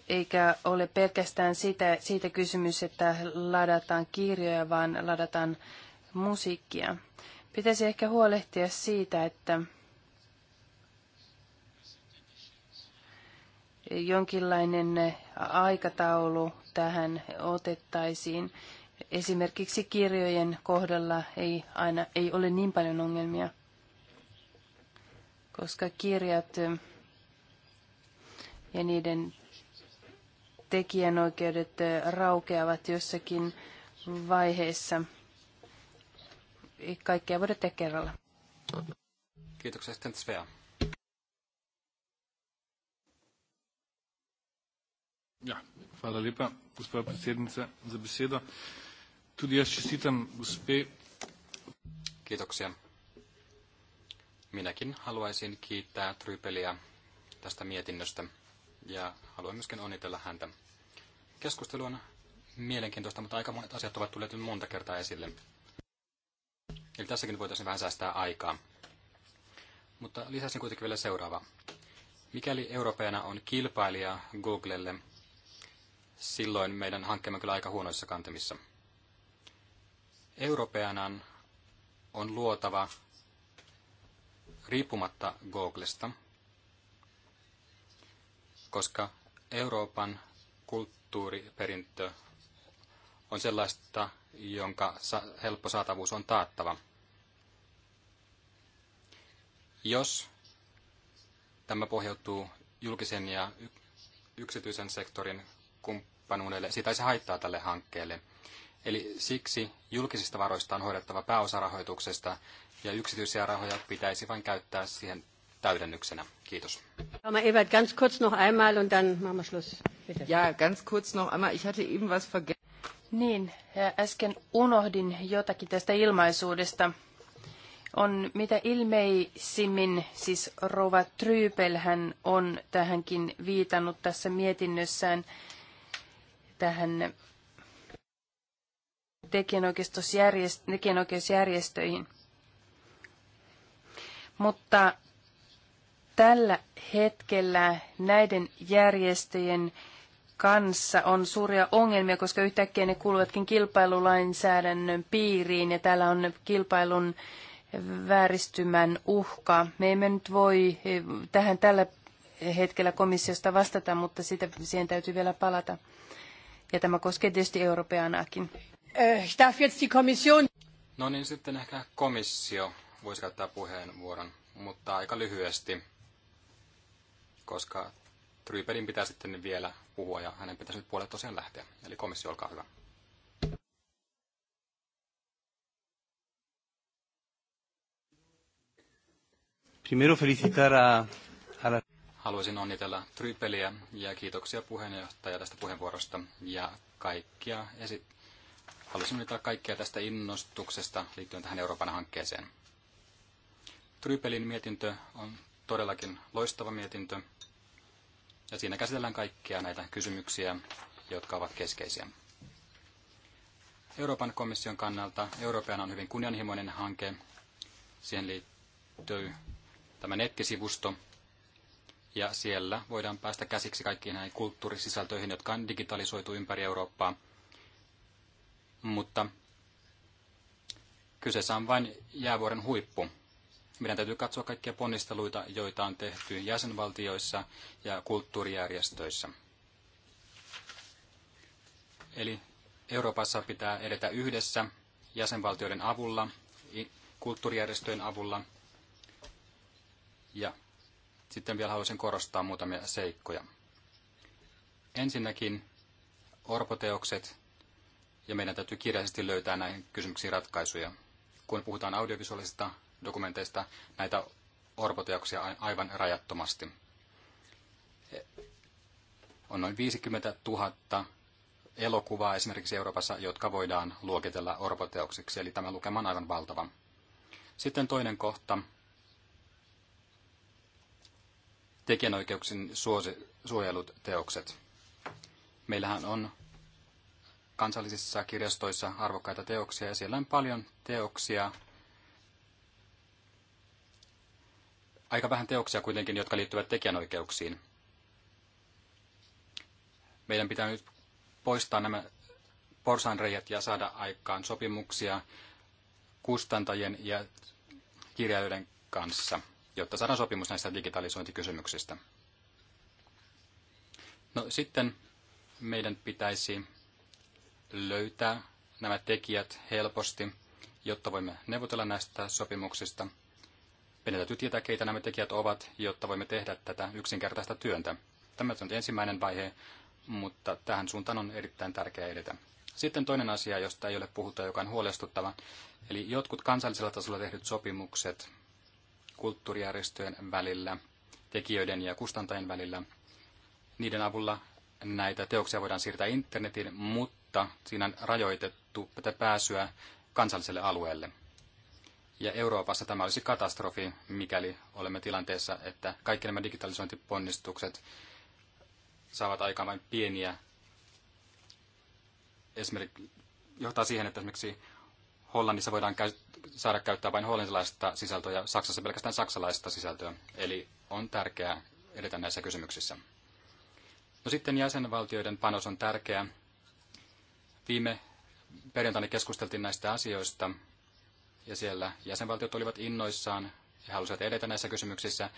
Eikä ole pelkästään sitä, siitä kysymys, että ladataan kirjoja, vaan ladataan musiikkia. Pitäisi ehkä huolehtia siitä, että jonkinlainen aikataulu tähän otettaisiin. Esimerkiksi kirjojen kohdalla ei aina ei ole niin paljon ongelmia, koska kirjat ja niiden tekijänoikeudet raukeavat jossakin vaiheessa ei kaikkea voida tehdä kerralla. Kiitoksia sitten Svea. Ja, hvala lepa, gospa predsednica, za besedo. Tudi jaz čestitam gospe. Kiitoksia. Minäkin haluaisin kiittää Trypeliä tästä mietinnöstä ja haluan myöskin onnitella häntä. Keskustelu on mielenkiintoista, mutta aika monet asiat ovat tulleet monta kertaa esille. Eli tässäkin voitaisiin vähän säästää aikaa. Mutta lisäsin kuitenkin vielä seuraava. Mikäli europeana on kilpailija Googlelle, silloin meidän hankkeemme kyllä aika huonoissa kantamissa. Europeanan on luotava riippumatta Googlesta, koska Euroopan kulttuuriperintö on sellaista, jonka helppo saatavuus on taattava – jos tämä pohjautuu julkisen ja yksityisen sektorin kumppanuudelle, sitä ei se haittaa tälle hankkeelle. Eli siksi julkisista varoista on hoidettava pääosarahoituksesta ja yksityisiä rahoja pitäisi vain käyttää siihen täydennyksenä. Kiitos. Evert, ganz kurz noch einmal und dann machen wir Schluss. Bitte. Ja, ganz kurz noch einmal. Ich hatte eben was vergessen. Niin, äh, äsken unohdin jotakin tästä ilmaisuudesta on mitä ilmeisimmin, siis Rova Trypel hän on tähänkin viitannut tässä mietinnössään tähän tekijänoikeusjärjestöihin. Mutta tällä hetkellä näiden järjestöjen kanssa on suuria ongelmia, koska yhtäkkiä ne kuuluvatkin kilpailulainsäädännön piiriin ja täällä on kilpailun vääristymän uhka. Me emme nyt voi eh, tähän tällä hetkellä komissiosta vastata, mutta sitä, siihen täytyy vielä palata. Ja tämä koskee tietysti europeanaakin. Eh, no niin, sitten ehkä komissio voisi käyttää puheenvuoron, mutta aika lyhyesti, koska Trypelin pitää sitten vielä puhua ja hänen pitäisi nyt puolet tosiaan lähteä. Eli komissio, olkaa hyvä. Primero felicitar a, a la... Haluaisin onnitella Trypeliä ja kiitoksia puheenjohtaja tästä puheenvuorosta ja kaikkia esit. Haluaisin onnitella kaikkia tästä innostuksesta liittyen tähän Euroopan hankkeeseen. Trypelin mietintö on todellakin loistava mietintö ja siinä käsitellään kaikkia näitä kysymyksiä, jotka ovat keskeisiä. Euroopan komission kannalta Euroopan on hyvin kunnianhimoinen hanke. Siihen liittyy tämä nettisivusto, ja siellä voidaan päästä käsiksi kaikkiin näihin kulttuurisisältöihin, jotka on digitalisoitu ympäri Eurooppaa. Mutta kyseessä on vain jäävuoren huippu. Meidän täytyy katsoa kaikkia ponnisteluita, joita on tehty jäsenvaltioissa ja kulttuurijärjestöissä. Eli Euroopassa pitää edetä yhdessä jäsenvaltioiden avulla, kulttuurijärjestöjen avulla – ja sitten vielä haluaisin korostaa muutamia seikkoja. Ensinnäkin orpoteokset, ja meidän täytyy kirjallisesti löytää näihin kysymyksiin ratkaisuja. Kun puhutaan audiovisuaalisista dokumenteista, näitä orpoteoksia aivan rajattomasti. On noin 50 000 elokuvaa esimerkiksi Euroopassa, jotka voidaan luokitella orpoteoksiksi, eli tämä lukema on aivan valtava. Sitten toinen kohta, tekijänoikeuksin suojelut teokset. Meillähän on kansallisissa kirjastoissa arvokkaita teoksia ja siellä on paljon teoksia. Aika vähän teoksia kuitenkin, jotka liittyvät tekijänoikeuksiin. Meidän pitää nyt poistaa nämä porsanreijät ja saada aikaan sopimuksia kustantajien ja kirjailijoiden kanssa jotta saadaan sopimus näistä digitalisointikysymyksistä. No sitten meidän pitäisi löytää nämä tekijät helposti, jotta voimme neuvotella näistä sopimuksista. Meidän täytyy tietää, keitä nämä tekijät ovat, jotta voimme tehdä tätä yksinkertaista työntä. Tämä on ensimmäinen vaihe, mutta tähän suuntaan on erittäin tärkeää edetä. Sitten toinen asia, josta ei ole puhuttu, joka on huolestuttava, eli jotkut kansallisella tasolla tehdyt sopimukset kulttuurijärjestöjen välillä, tekijöiden ja kustantajien välillä. Niiden avulla näitä teoksia voidaan siirtää internetin, mutta siinä on rajoitettu tätä pääsyä kansalliselle alueelle. Ja Euroopassa tämä olisi katastrofi, mikäli olemme tilanteessa, että kaikki nämä digitalisointiponnistukset saavat aikaan vain pieniä. Esimerkiksi johtaa siihen, että esimerkiksi Hollannissa voidaan saada käyttää vain hollantilaista sisältöä ja Saksassa pelkästään saksalaista sisältöä. Eli on tärkeää edetä näissä kysymyksissä. No sitten jäsenvaltioiden panos on tärkeä. Viime perjantaina keskusteltiin näistä asioista ja siellä jäsenvaltiot olivat innoissaan ja halusivat edetä näissä kysymyksissä.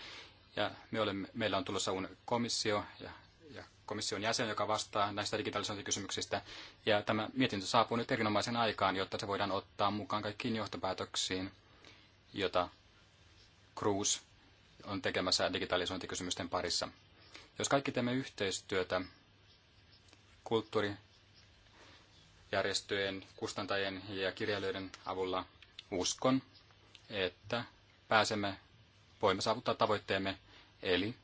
Ja me olemme, meillä on tulossa uuden komissio ja, ja komission jäsen, joka vastaa näistä digitalisointikysymyksistä. Ja tämä mietintö saapuu nyt erinomaisen aikaan, jotta se voidaan ottaa mukaan kaikkiin johtopäätöksiin, jota Cruz on tekemässä digitalisointikysymysten parissa. Jos kaikki teemme yhteistyötä kulttuurijärjestöjen, kustantajien ja kirjailijoiden avulla, uskon, että pääsemme, voimme saavuttaa tavoitteemme, eli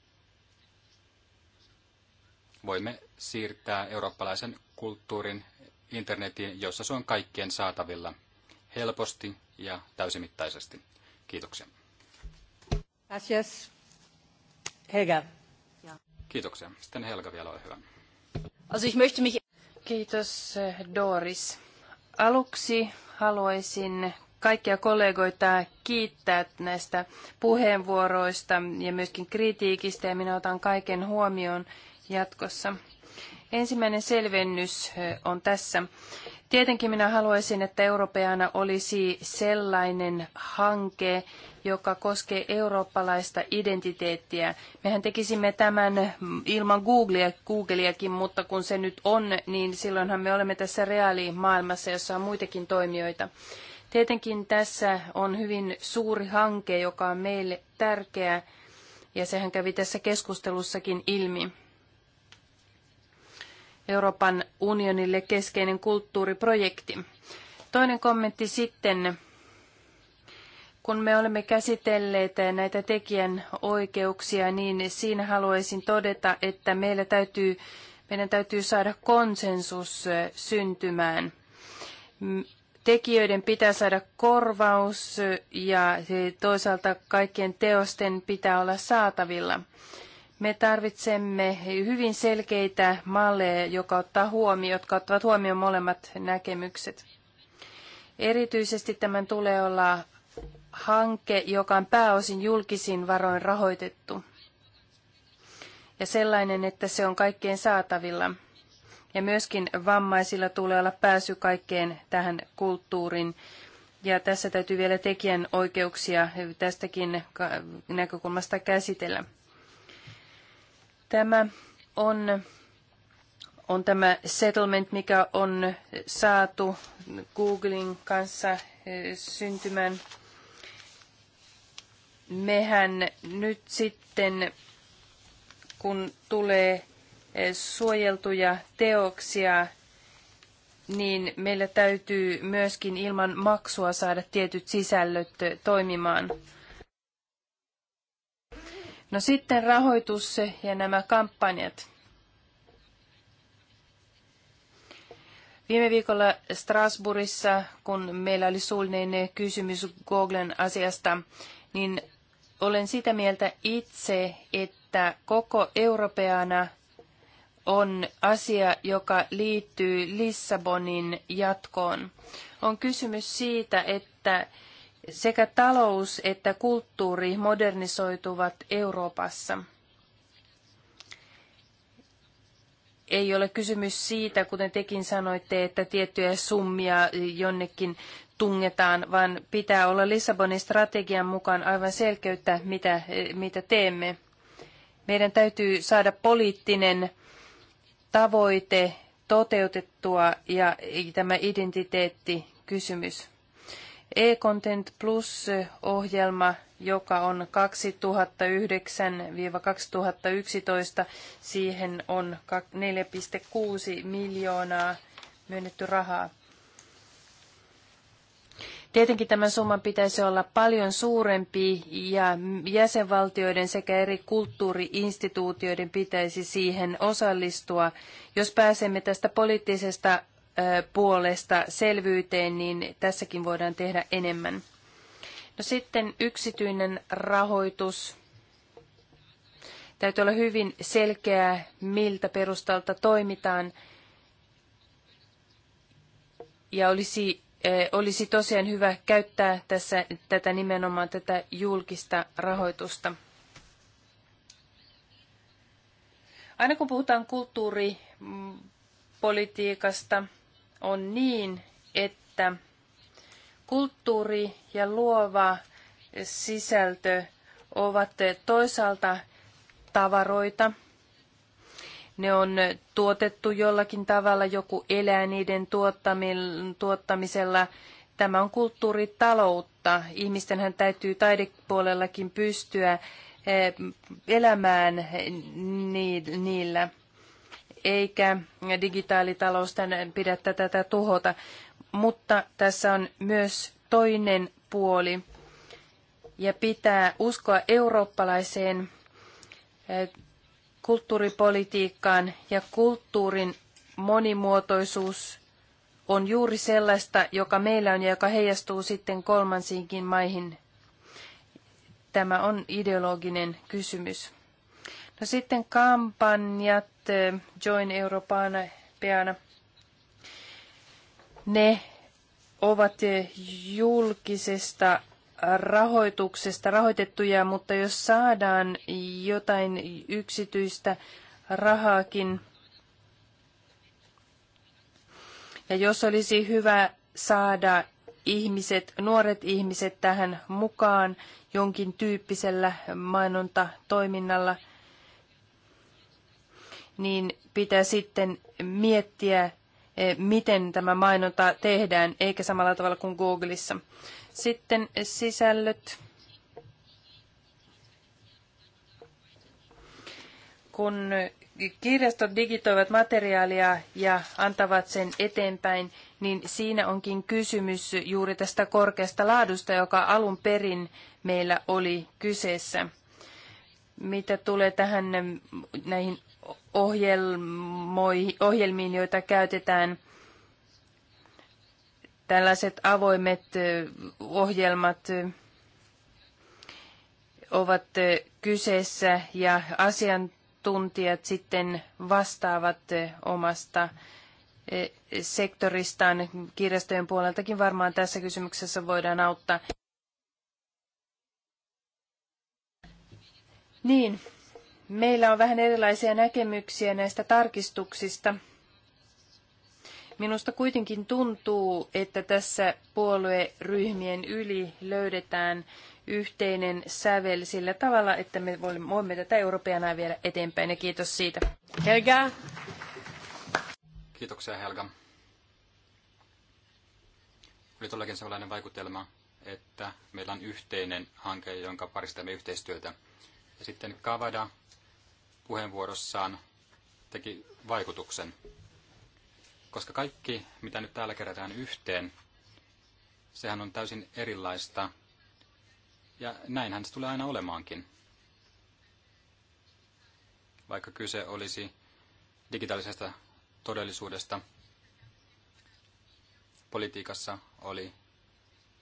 voimme siirtää eurooppalaisen kulttuurin internetiin, jossa se on kaikkien saatavilla helposti ja täysimittaisesti. Kiitoksia. Gracias. Helga. Kiitoksia. Sitten Helga vielä, ole hyvä. Also ich möchte mich... Kiitos eh, Doris. Aluksi haluaisin kaikkia kollegoita kiittää näistä puheenvuoroista ja myöskin kritiikistä ja minä otan kaiken huomioon jatkossa. Ensimmäinen selvennys on tässä. Tietenkin minä haluaisin, että europeana olisi sellainen hanke, joka koskee eurooppalaista identiteettiä. Mehän tekisimme tämän ilman Googlea, Googleakin, mutta kun se nyt on, niin silloinhan me olemme tässä reaalimaailmassa, jossa on muitakin toimijoita. Tietenkin tässä on hyvin suuri hanke, joka on meille tärkeä, ja sehän kävi tässä keskustelussakin ilmi. Euroopan unionille keskeinen kulttuuriprojekti. Toinen kommentti sitten, kun me olemme käsitelleet näitä tekijän oikeuksia, niin siinä haluaisin todeta, että meillä täytyy, meidän täytyy saada konsensus syntymään. Tekijöiden pitää saada korvaus ja toisaalta kaikkien teosten pitää olla saatavilla. Me tarvitsemme hyvin selkeitä malleja, joka ottaa huomioon, jotka ottavat huomioon molemmat näkemykset. Erityisesti tämän tulee olla hanke, joka on pääosin julkisin varoin rahoitettu ja sellainen, että se on kaikkien saatavilla. Ja myöskin vammaisilla tulee olla pääsy kaikkeen tähän kulttuuriin. Ja tässä täytyy vielä tekijän oikeuksia tästäkin näkökulmasta käsitellä. Tämä on, on tämä settlement, mikä on saatu Googlein kanssa eh, syntymään. Mehän nyt sitten, kun tulee eh, suojeltuja teoksia, niin meillä täytyy myöskin ilman maksua saada tietyt sisällöt eh, toimimaan. No sitten rahoitus ja nämä kampanjat. Viime viikolla Strasbourgissa, kun meillä oli suullinen kysymys Googlen asiasta, niin olen sitä mieltä itse, että koko europeana on asia, joka liittyy Lissabonin jatkoon. On kysymys siitä, että sekä talous että kulttuuri modernisoituvat Euroopassa. Ei ole kysymys siitä, kuten tekin sanoitte, että tiettyjä summia jonnekin tungetaan, vaan pitää olla Lissabonin strategian mukaan aivan selkeyttä, mitä, mitä teemme. Meidän täytyy saada poliittinen tavoite toteutettua ja tämä identiteettikysymys. E-Content Plus-ohjelma, joka on 2009-2011, siihen on 4,6 miljoonaa myönnetty rahaa. Tietenkin tämän summan pitäisi olla paljon suurempi ja jäsenvaltioiden sekä eri kulttuuriinstituutioiden pitäisi siihen osallistua. Jos pääsemme tästä poliittisesta puolesta selvyyteen, niin tässäkin voidaan tehdä enemmän. No sitten yksityinen rahoitus. Täytyy olla hyvin selkeää, miltä perustalta toimitaan. Ja olisi, olisi tosiaan hyvä käyttää tässä tätä nimenomaan tätä julkista rahoitusta. Aina kun puhutaan kulttuuripolitiikasta, on niin, että kulttuuri ja luova sisältö ovat toisaalta tavaroita. Ne on tuotettu jollakin tavalla, joku elää niiden tuottamisella. Tämä on kulttuuritaloutta. Ihmistenhän täytyy taidepuolellakin pystyä eh, elämään niillä eikä digitaalitalous pidä tätä tuhota. Mutta tässä on myös toinen puoli ja pitää uskoa eurooppalaiseen eh, kulttuuripolitiikkaan ja kulttuurin monimuotoisuus on juuri sellaista, joka meillä on ja joka heijastuu sitten kolmansiinkin maihin. Tämä on ideologinen kysymys. No sitten kampanjat Join peana, ne ovat julkisesta rahoituksesta rahoitettuja, mutta jos saadaan jotain yksityistä rahaakin, ja jos olisi hyvä saada ihmiset, nuoret ihmiset tähän mukaan jonkin tyyppisellä mainontatoiminnalla – niin pitää sitten miettiä, eh, miten tämä mainonta tehdään, eikä samalla tavalla kuin Googlissa. Sitten sisällöt. Kun kirjastot digitoivat materiaalia ja antavat sen eteenpäin, niin siinä onkin kysymys juuri tästä korkeasta laadusta, joka alun perin meillä oli kyseessä. Mitä tulee tähän mm, näihin ohjelmiin, joita käytetään, tällaiset avoimet ohjelmat ovat kyseessä ja asiantuntijat sitten vastaavat omasta sektoristaan. Kirjastojen puoleltakin varmaan tässä kysymyksessä voidaan auttaa. Niin, meillä on vähän erilaisia näkemyksiä näistä tarkistuksista. Minusta kuitenkin tuntuu, että tässä puolueryhmien yli löydetään yhteinen sävel sillä tavalla, että me voimme tätä europeanaa viedä eteenpäin ja kiitos siitä. Helga. Kiitoksia Helga. Oli todellakin sellainen vaikutelma, että meillä on yhteinen hanke, jonka parissa teemme yhteistyötä. Ja sitten Kavada puheenvuorossaan teki vaikutuksen. Koska kaikki, mitä nyt täällä kerätään yhteen, sehän on täysin erilaista. Ja näinhän se tulee aina olemaankin. Vaikka kyse olisi digitaalisesta todellisuudesta, politiikassa oli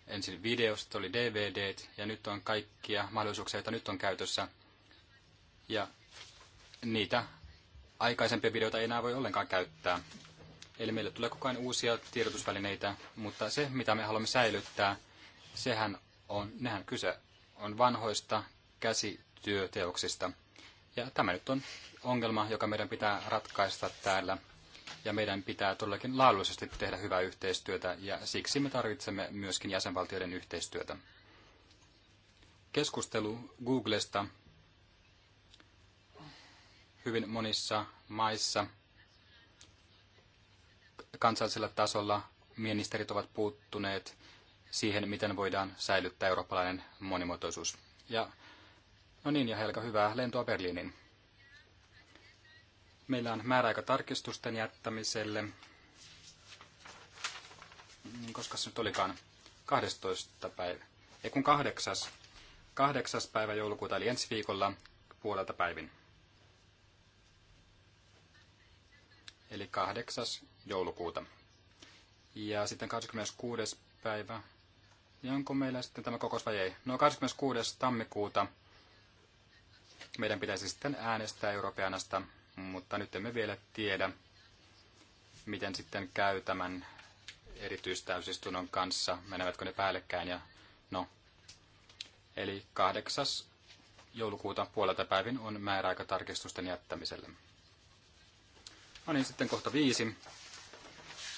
ensin videosta, oli DVD, ja nyt on kaikkia mahdollisuuksia, joita nyt on käytössä – ja niitä aikaisempia videoita ei enää voi ollenkaan käyttää. Eli meille tulee koko ajan uusia tiedotusvälineitä, mutta se, mitä me haluamme säilyttää, sehän on, nehän kyse on vanhoista käsityöteoksista. Ja tämä nyt on ongelma, joka meidän pitää ratkaista täällä. Ja meidän pitää todellakin laadullisesti tehdä hyvää yhteistyötä, ja siksi me tarvitsemme myöskin jäsenvaltioiden yhteistyötä. Keskustelu Googlesta hyvin monissa maissa kansallisella tasolla ministerit ovat puuttuneet siihen, miten voidaan säilyttää eurooppalainen monimuotoisuus. Ja, no niin, ja Helka, hyvää lentoa Berliiniin. Meillä on määräaika tarkistusten jättämiselle. Niin koska se nyt olikaan 12. päivä, ei kun 8. 8. päivä joulukuuta, eli ensi viikolla puolelta päivin. eli 8. joulukuuta. Ja sitten 26. päivä, Ja onko meillä sitten tämä kokous vai ei? No 26. tammikuuta meidän pitäisi sitten äänestää Europeanasta, mutta nyt emme vielä tiedä, miten sitten käy tämän erityistäysistunnon kanssa, menevätkö ne päällekkäin ja no. Eli 8. joulukuuta puolelta päivin on määräaika tarkistusten jättämiselle. No niin, sitten kohta viisi.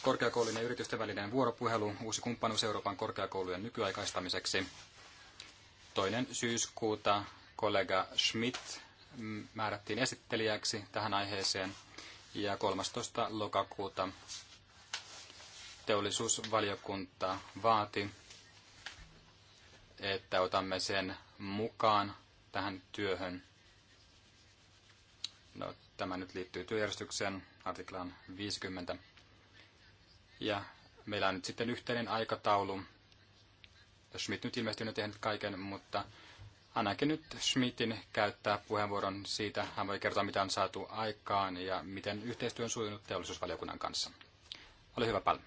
Korkeakoulujen ja yritysten välinen vuoropuhelu, uusi kumppanuus Euroopan korkeakoulujen nykyaikaistamiseksi. Toinen syyskuuta kollega Schmidt määrättiin esittelijäksi tähän aiheeseen ja 13. lokakuuta teollisuusvaliokunta vaati, että otamme sen mukaan tähän työhön. No, tämä nyt liittyy työjärjestykseen artiklaan 50. Ja meillä on nyt sitten yhteinen aikataulu. Schmidt nyt ilmeisesti on tehnyt kaiken, mutta ainakin nyt Schmidtin käyttää puheenvuoron siitä. Hän voi kertoa, mitä on saatu aikaan ja miten yhteistyö on sujunut teollisuusvaliokunnan kanssa. Ole hyvä, Pal.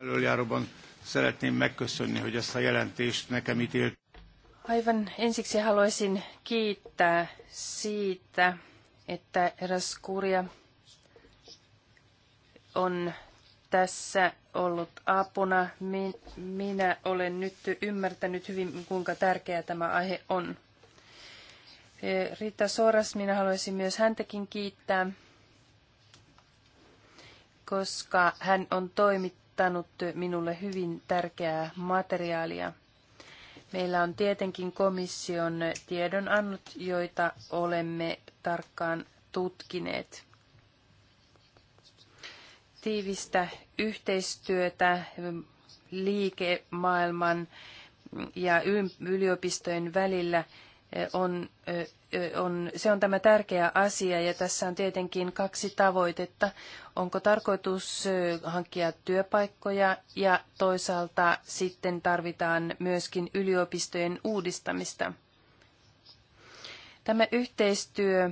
Elöljáróban szeretném megköszönni, hogy ezt a jelentést nekem ítélt. Aivan ensiksi haluaisin kiittää siitä, että eräs kurja on tässä ollut apuna. Minä olen nyt ymmärtänyt hyvin, kuinka tärkeä tämä aihe on. E, Rita Soras, minä haluaisin myös häntäkin kiittää, koska hän on toimittanut minulle hyvin tärkeää materiaalia. Meillä on tietenkin komission tiedonannot, joita olemme tarkkaan tutkineet tiivistä yhteistyötä liikemaailman ja yliopistojen välillä eh, on, eh, eh, on, se on tämä tärkeä asia ja tässä on tietenkin kaksi tavoitetta. Onko tarkoitus hankkia työpaikkoja ja toisaalta sitten tarvitaan myöskin yliopistojen uudistamista. Tämä yhteistyö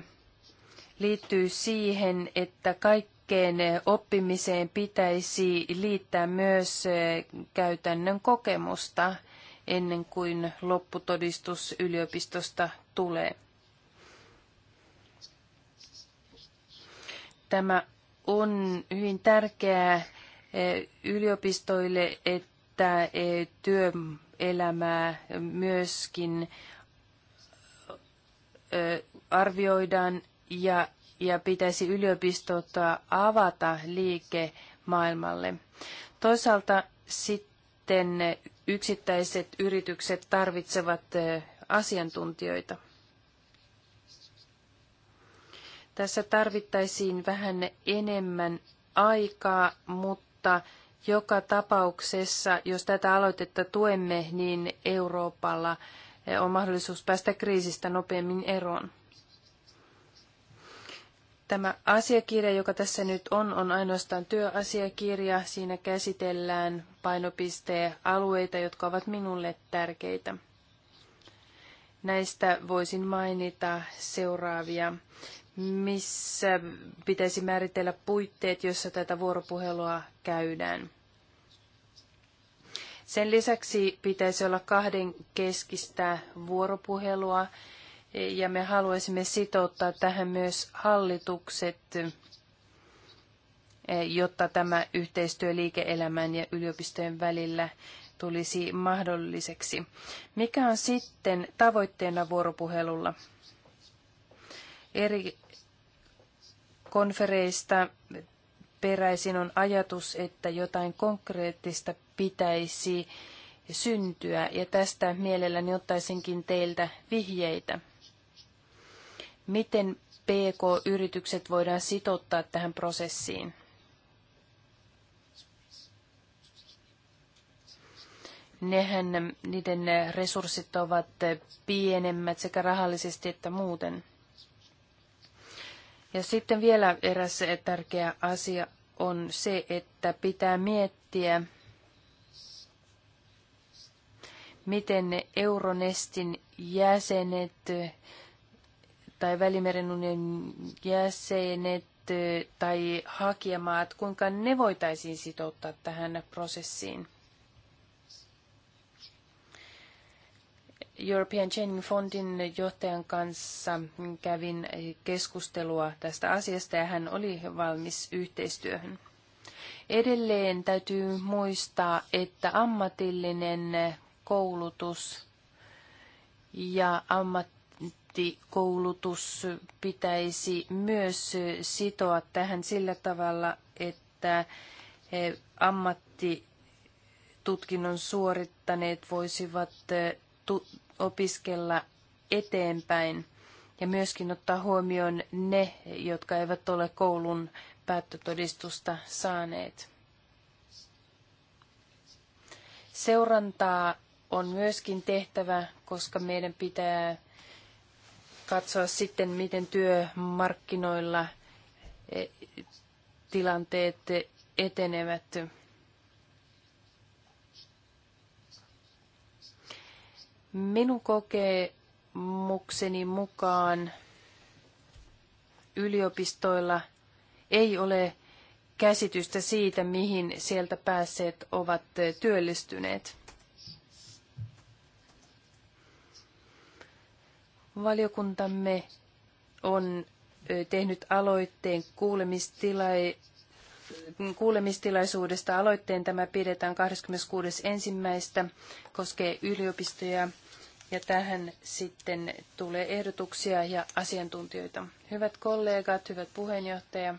liittyy siihen, että kaikki hankkeen oppimiseen pitäisi liittää myös eh, käytännön kokemusta ennen kuin lopputodistus yliopistosta tulee. Tämä on hyvin tärkeää eh, yliopistoille, että eh, työelämää myöskin arvioidaan ja ja pitäisi yliopistot avata liikemaailmalle. Toisaalta sitten yksittäiset yritykset tarvitsevat asiantuntijoita. Tässä tarvittaisiin vähän enemmän aikaa, mutta joka tapauksessa, jos tätä aloitetta tuemme, niin Euroopalla on mahdollisuus päästä kriisistä nopeammin eroon. Tämä asiakirja, joka tässä nyt on, on ainoastaan työasiakirja. Siinä käsitellään painopistealueita, jotka ovat minulle tärkeitä. Näistä voisin mainita seuraavia, missä pitäisi määritellä puitteet, jossa tätä vuoropuhelua käydään. Sen lisäksi pitäisi olla kahden keskistä vuoropuhelua ja me haluaisimme sitouttaa tähän myös hallitukset, eh, jotta tämä yhteistyö liike-elämän ja yliopistojen välillä tulisi mahdolliseksi. Mikä on sitten tavoitteena vuoropuhelulla? Eri konfereista peräisin on ajatus, että jotain konkreettista pitäisi syntyä, ja tästä mielelläni ottaisinkin teiltä vihjeitä. Miten PK-yritykset voidaan sitouttaa tähän prosessiin? Nehän, niiden resurssit ovat pienemmät sekä rahallisesti että muuten. Ja sitten vielä eräs tärkeä asia on se, että pitää miettiä, miten Euronestin jäsenet tai Välimeren unionin jäsenet tai hakijamaat, kuinka ne voitaisiin sitouttaa tähän prosessiin. European Chaining Fondin johtajan kanssa kävin keskustelua tästä asiasta ja hän oli valmis yhteistyöhön. Edelleen täytyy muistaa, että ammatillinen koulutus ja ammat ammattikoulutus pitäisi myös sitoa tähän sillä tavalla, että eh, ammattitutkinnon suorittaneet voisivat eh, opiskella eteenpäin ja myöskin ottaa huomioon ne, jotka eivät ole koulun päättötodistusta saaneet. Seurantaa on myöskin tehtävä, koska meidän pitää katsoa sitten, miten työmarkkinoilla e, tilanteet etenevät. Minun kokemukseni mukaan yliopistoilla ei ole käsitystä siitä, mihin sieltä päässeet ovat työllistyneet. Valiokuntamme on tehnyt aloitteen kuulemistilaisuudesta. Aloitteen tämä pidetään 26.1. koskee yliopistoja ja tähän sitten tulee ehdotuksia ja asiantuntijoita. Hyvät kollegat, hyvät puheenjohtaja,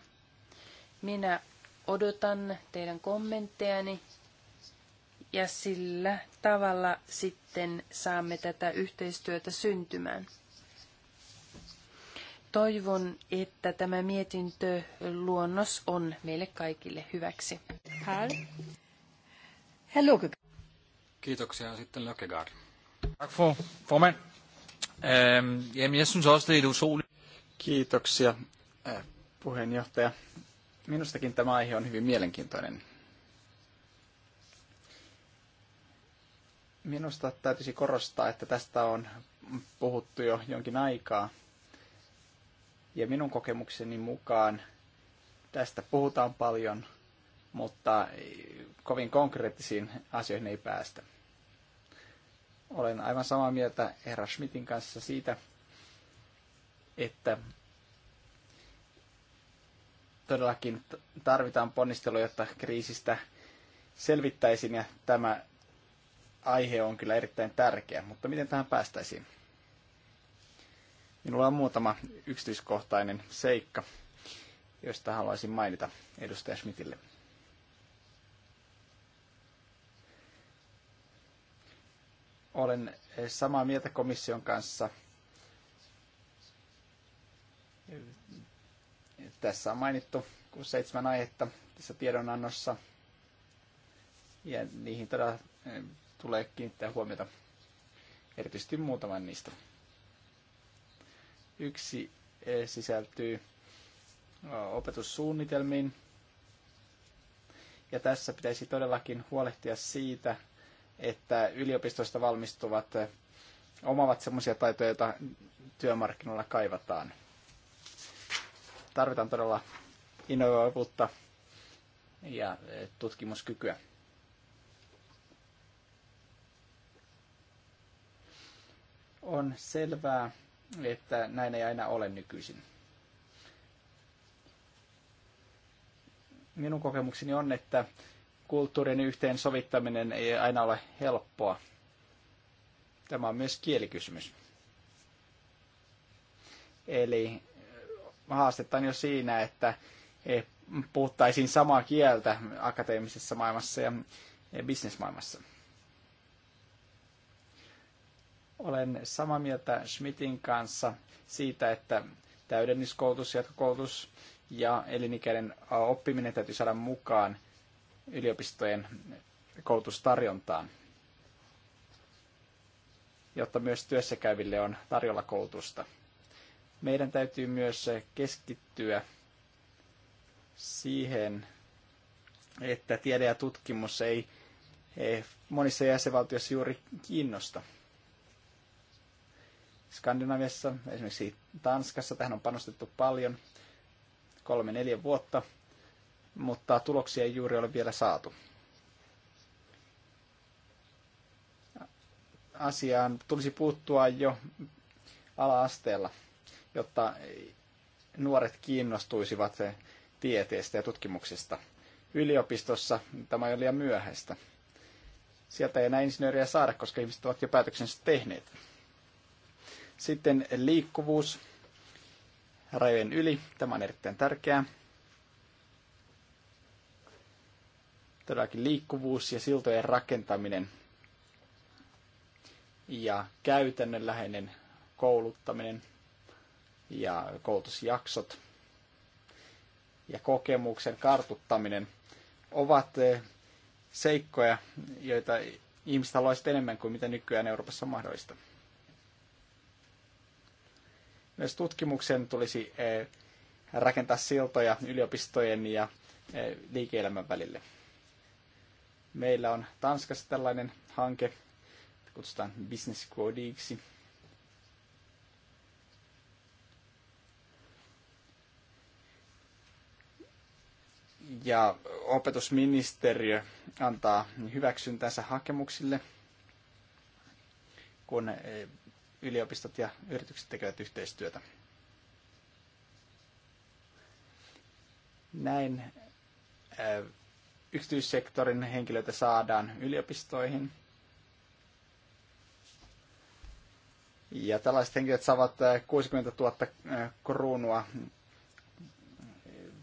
minä odotan teidän kommenttejani ja sillä tavalla sitten saamme tätä yhteistyötä syntymään. Toivon, että tämä mietintö luonnos on meille kaikille hyväksi. Hello. Kiitoksia. Sitten Lökegaard. Tak for, formand. Øhm, jamen, jeg synes det er Kiitoksia, äh, puheenjohtaja. Minustakin tämä aihe on hyvin mielenkiintoinen. Minusta täytyisi korostaa, että tästä on puhuttu jo jonkin aikaa – ja minun kokemukseni mukaan tästä puhutaan paljon, mutta kovin konkreettisiin asioihin ei päästä. Olen aivan samaa mieltä herra Schmidtin kanssa siitä, että todellakin tarvitaan ponnistelua, jotta kriisistä selvittäisiin ja tämä aihe on kyllä erittäin tärkeä, mutta miten tähän päästäisiin? Minulla on muutama yksityiskohtainen seikka, josta haluaisin mainita edustaja Schmidtille. Olen samaa mieltä komission kanssa. Tässä on mainittu seitsemän aihetta tässä tiedonannossa. Ja niihin todella eh, tulee kiinnittää huomiota erityisesti muutaman niistä. Yksi eh, sisältyy opetussuunnitelmiin. Ja tässä pitäisi todellakin huolehtia siitä, että yliopistosta valmistuvat eh, omavat sellaisia taitoja, joita työmarkkinoilla kaivataan. Tarvitaan todella innovoivuutta ja eh, tutkimuskykyä. On selvää, että näin ei aina ole nykyisin. Minun kokemukseni on, että kulttuurin yhteensovittaminen ei aina ole helppoa. Tämä on myös kielikysymys. Eli haastetaan jo siinä, että e, puhuttaisiin samaa kieltä akateemisessa maailmassa ja e, bisnesmaailmassa. Olen samaa mieltä Schmidtin kanssa siitä, että täydennyskoulutus, jatkokoulutus ja elinikäinen oppiminen täytyy saada mukaan yliopistojen koulutustarjontaan, jotta myös työssäkäyville on tarjolla koulutusta. Meidän täytyy myös keskittyä siihen, että tiede ja tutkimus ei monissa jäsenvaltioissa juuri kiinnosta Skandinaviassa, esimerkiksi Tanskassa, tähän on panostettu paljon, kolme neljä vuotta, mutta tuloksia ei juuri ole vielä saatu. Asiaan tulisi puuttua jo ala-asteella, jotta nuoret kiinnostuisivat tieteestä ja tutkimuksista. Yliopistossa tämä oli liian myöhäistä. Sieltä ei enää insinööriä saada, koska ihmiset ovat jo päätöksensä tehneet sitten liikkuvuus rajojen yli. Tämä on erittäin tärkeää. Todellakin liikkuvuus ja siltojen rakentaminen ja käytännönläheinen kouluttaminen ja koulutusjaksot ja kokemuksen kartuttaminen ovat eh, seikkoja, joita ihmiset haluaisivat enemmän kuin mitä nykyään Euroopassa on mahdollista. Myös tutkimuksen tulisi eh, rakentaa siltoja yliopistojen ja eh, liike-elämän välille. Meillä on Tanskassa tällainen hanke, kutsutaan Business Codeiksi. Ja opetusministeriö antaa hyväksyntänsä hakemuksille, kun eh, yliopistot ja yritykset tekevät yhteistyötä. Näin äh, yksityissektorin henkilöitä saadaan yliopistoihin. Ja tällaiset henkilöt saavat 60 äh, 000 äh, kruunua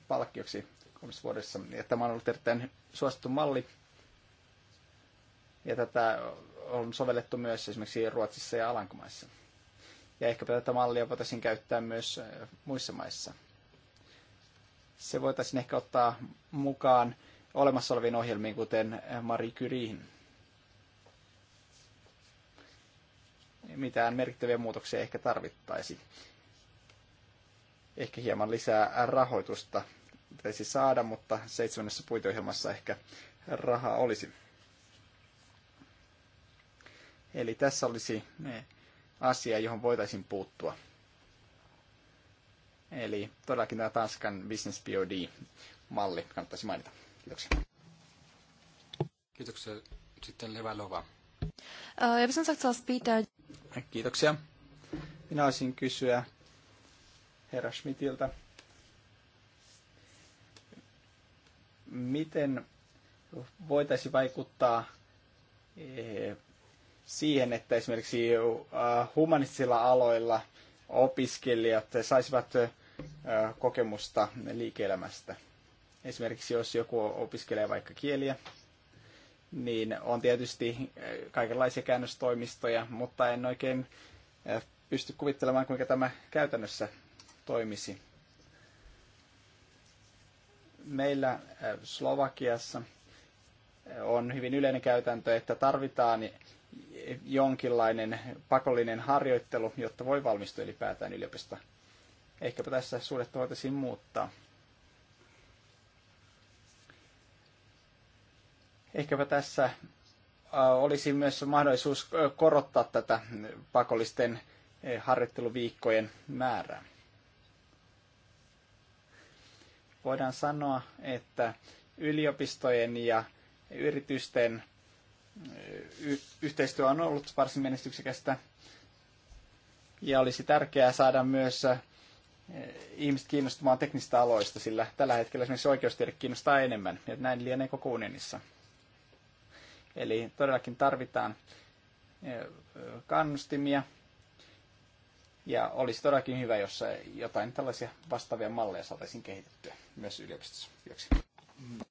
palkkioksi kolmessa vuodessa. Ja tämä on ollut erittäin suosittu malli. Ja tätä on sovellettu myös esimerkiksi Ruotsissa ja Alankomaissa. Ja ehkä tätä mallia voitaisiin käyttää myös äh, muissa maissa. Se voitaisiin ehkä ottaa mukaan olemassa oleviin ohjelmiin, kuten äh, Marie Curiehin. Mitään merkittäviä muutoksia ehkä tarvittaisi. Ehkä hieman lisää rahoitusta pitäisi saada, mutta seitsemännessä puiteohjelmassa ehkä rahaa olisi. Eli tässä olisi asia, johon voitaisiin puuttua. Eli todellakin tämä Tanskan Business BOD-malli kannattaisi mainita. Kiitoksia. Kiitoksia. Sitten Levälova. Lova. Äh, Kiitoksia. Minä olisin kysyä herra Schmidtiltä, miten voitaisiin vaikuttaa eh, siihen, että esimerkiksi äh, humanistisilla aloilla opiskelijat saisivat äh, kokemusta liike-elämästä. Esimerkiksi jos joku opiskelee vaikka kieliä, niin on tietysti äh, kaikenlaisia käännöstoimistoja, mutta en oikein pysty kuvittelemaan, kuinka tämä käytännössä toimisi. Meillä Slovakiassa on hyvin yleinen käytäntö, että tarvitaan jonkinlainen pakollinen harjoittelu, jotta voi valmistua ylipäätään yliopista. Ehkäpä tässä suhdetta voitaisiin muuttaa. Ehkäpä tässä äh, olisi myös mahdollisuus äh, korottaa tätä pakollisten äh, harjoitteluviikkojen määrää. Voidaan sanoa, että yliopistojen ja yritysten yhteistyö on ollut varsin menestyksekästä ja olisi tärkeää saada myös ihmiset kiinnostumaan teknistä aloista, sillä tällä hetkellä esimerkiksi oikeustiede kiinnostaa enemmän, ja näin lienee koko unionissa. Eli todellakin tarvitaan kannustimia, ja olisi todellakin hyvä, jos jotain tällaisia vastaavia malleja saataisiin kehitettyä myös yliopistossa.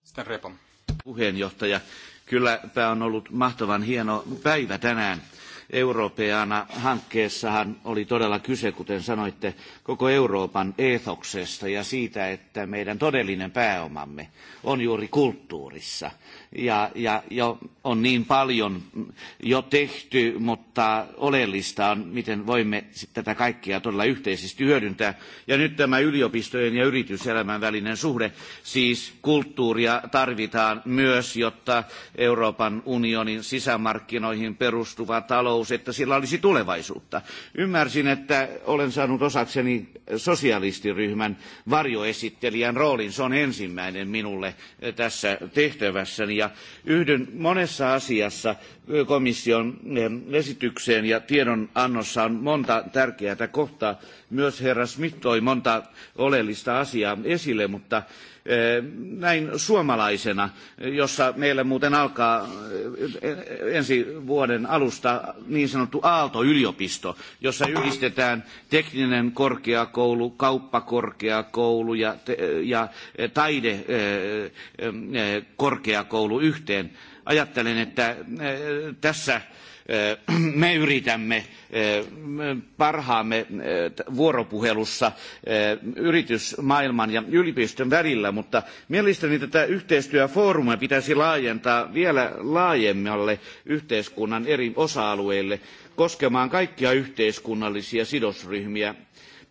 Sitten Repon. Puheenjohtaja, kyllä tämä on ollut mahtavan hieno päivä tänään. Europeana hankkeessahan oli todella kyse, kuten sanoitte, koko Euroopan eetoksesta ja siitä, että meidän todellinen pääomamme on juuri kulttuurissa ja, ja, on niin paljon jo tehty, mutta oleellista on, miten voimme tätä kaikkea todella yhteisesti hyödyntää. Ja nyt tämä yliopistojen ja yrityselämän välinen suhde, siis kulttuuria tarvitaan myös, jotta Euroopan unionin sisämarkkinoihin perustuva talous, että sillä olisi tulevaisuutta. Ymmärsin, että olen saanut osakseni sosialistiryhmän varjoesittelijän roolin. Se on ensimmäinen minulle tässä tehtävässäni ja yhdyn monessa asiassa komission esitykseen ja tiedonannossa on monta tärkeää kohtaa. Myös herra Smith toi monta oleellista asiaa esille, mutta näin suomalaisena, jossa meillä muuten alkaa ensi vuoden alusta niin sanottu Aalto-yliopisto, jossa yhdistetään tekninen korkeakoulu, kauppakorkeakoulu ja, ja taidekorkeakoulu eh, eh, yhteen. Ajattelen, että eh, tässä [CLEARS THROAT] me yritämme parhaamme vuoropuhelussa yritysmaailman ja yliopiston välillä, mutta mielestäni tätä yhteistyöfoorumia pitäisi laajentaa vielä laajemmalle yhteiskunnan eri osa-alueille koskemaan kaikkia yhteiskunnallisia sidosryhmiä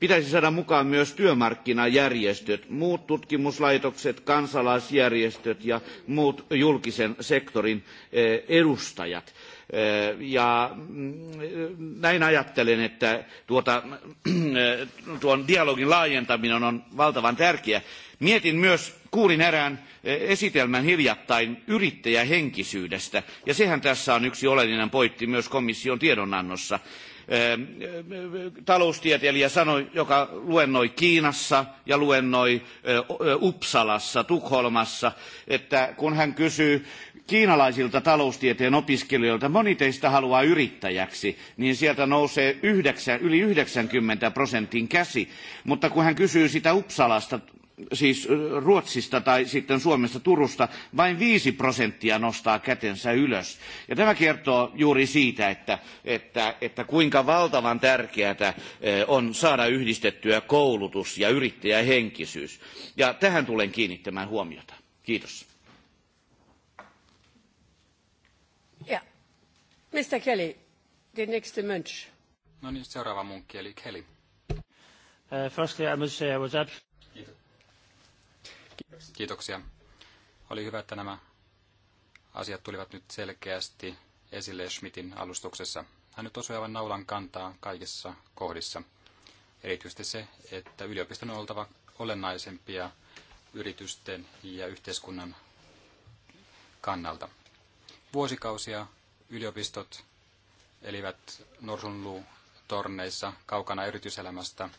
pitäisi saada mukaan myös työmarkkinajärjestöt muut tutkimuslaitokset kansalaisjärjestöt ja muut julkisen sektorin edustajat. Ja mm, näin ajattelen, että tuota, tuon dialogin laajentaminen on valtavan tärkeä. Mietin myös, kuulin erään esitelmän hiljattain yrittäjähenkisyydestä, ja sehän tässä on yksi oleellinen pointti myös komission tiedonannossa. Ehm, taloustieteilijä sanoi, joka luennoi Kiinassa ja luennoi Uppsalassa, Tukholmassa, että kun hän kysyy kiinalaisilta taloustieteen opiskelijoilta, moni teistä haluaa yrittäjäksi, niin sieltä nousee 9, yli 90 prosentin käsi. Mutta kun hän kysyy sitä Uppsalasta siis Ruotsista tai sitten Suomesta Turusta, vain viisi prosenttia nostaa kätensä ylös. Ja tämä kertoo juuri siitä, että, että, että kuinka valtavan tärkeää on saada yhdistettyä koulutus ja yrittäjähenkisyys. Ja tähän tulen kiinnittämään huomiota. Kiitos. Ja. Mr. Kelly, the next mensch. No niin, seuraava munkki, eli Kelly. Uh, firstly, I must say I was absolutely Kiitoksia. Oli hyvä, että nämä asiat tulivat nyt selkeästi esille Schmidtin alustuksessa. Hän nyt osui aivan naulan kantaa kaikissa kohdissa. Erityisesti se, että yliopiston on oltava olennaisempia yritysten ja yhteiskunnan kannalta. Vuosikausia yliopistot elivät torneissa kaukana yrityselämästä –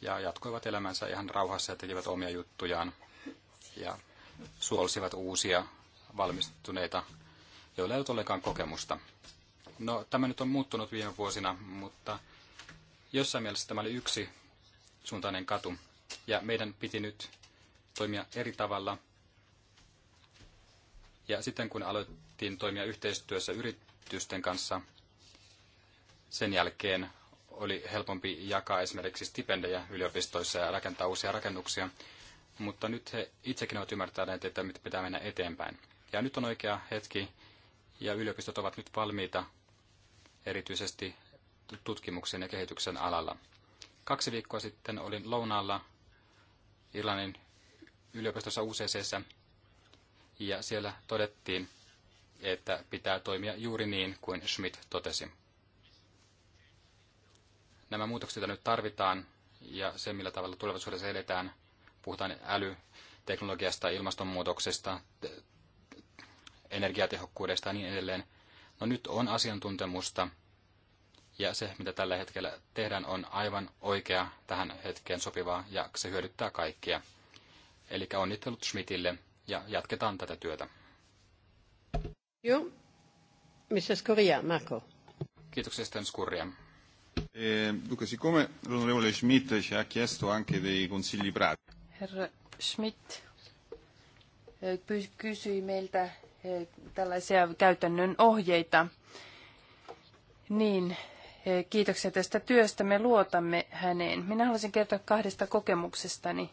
ja jatkoivat elämänsä ihan rauhassa ja tekivät omia juttujaan ja suolsivat uusia valmistuneita, joilla ei ollut ollenkaan kokemusta. No, tämä nyt on muuttunut viime vuosina, mutta jossain mielessä tämä oli yksi suuntainen katu. Ja meidän piti nyt toimia eri tavalla. Ja sitten kun aloittiin toimia yhteistyössä yritysten kanssa, sen jälkeen oli helpompi jakaa esimerkiksi stipendejä yliopistoissa ja rakentaa uusia rakennuksia, mutta nyt he itsekin ovat ymmärtäneet, että nyt pitää mennä eteenpäin. Ja nyt on oikea hetki, ja yliopistot ovat nyt valmiita erityisesti tutkimuksen ja kehityksen alalla. Kaksi viikkoa sitten olin lounaalla Irlannin yliopistossa UCCssä, ja siellä todettiin, että pitää toimia juuri niin kuin Schmidt totesi. Nämä muutokset nyt tarvitaan ja se, millä tavalla tulevaisuudessa edetään, puhutaan älyteknologiasta, ilmastonmuutoksesta, energiatehokkuudesta ja niin edelleen. No nyt on asiantuntemusta ja se, mitä tällä hetkellä tehdään, on aivan oikea tähän hetkeen sopivaa ja se hyödyttää kaikkia. Eli onnittelut Schmidtille ja jatketaan tätä työtä. Joo. missä Correa, Marco. Kiitoksia, Sten Skurria. E, dunque, siccome l'onorevole Schmidt ci ha chiesto anche dei consigli pratici. Schmidt eh, kysyi meiltä eh, tällaisia käytännön ohjeita. Niin, eh, kiitoksia tästä työstä. Me luotamme häneen. Minä haluaisin kertoa kahdesta kokemuksestani.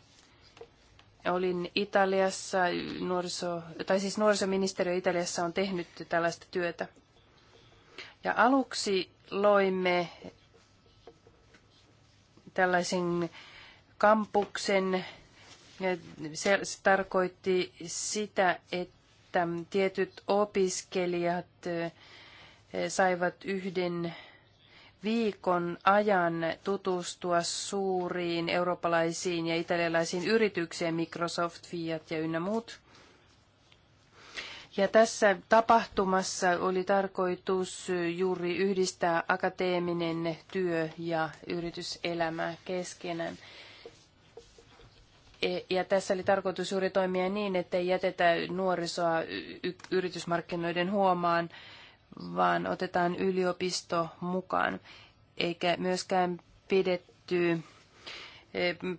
Olin Italiassa, nuoriso, tai siis nuorisoministeriö Italiassa on tehnyt tällaista työtä. Ja aluksi loimme tällaisen kampuksen. Se tarkoitti sitä, että tietyt opiskelijat saivat yhden viikon ajan tutustua suuriin eurooppalaisiin ja italialaisiin yrityksiin, Microsoft, Fiat ja ynnä muut. Ja tässä tapahtumassa oli tarkoitus juuri yhdistää akateeminen työ ja yrityselämä keskenään. E, ja tässä oli tarkoitus juuri toimia niin, että ei jätetä nuorisoa yritysmarkkinoiden huomaan, vaan otetaan yliopisto mukaan, eikä myöskään pidetty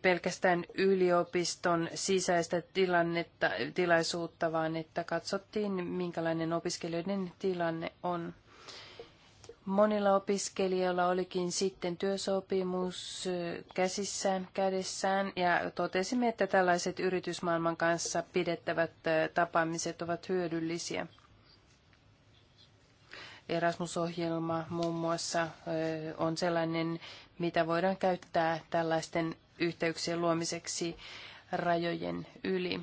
pelkästään yliopiston sisäistä tilannetta, tilaisuutta, vaan että katsottiin, minkälainen opiskelijoiden tilanne on. Monilla opiskelijoilla olikin sitten työsopimus käsissään, kädessään, ja totesimme, että tällaiset yritysmaailman kanssa pidettävät tapaamiset ovat hyödyllisiä. Erasmus-ohjelma muun muassa on sellainen, mitä voidaan käyttää tällaisten yhteyksien luomiseksi rajojen yli.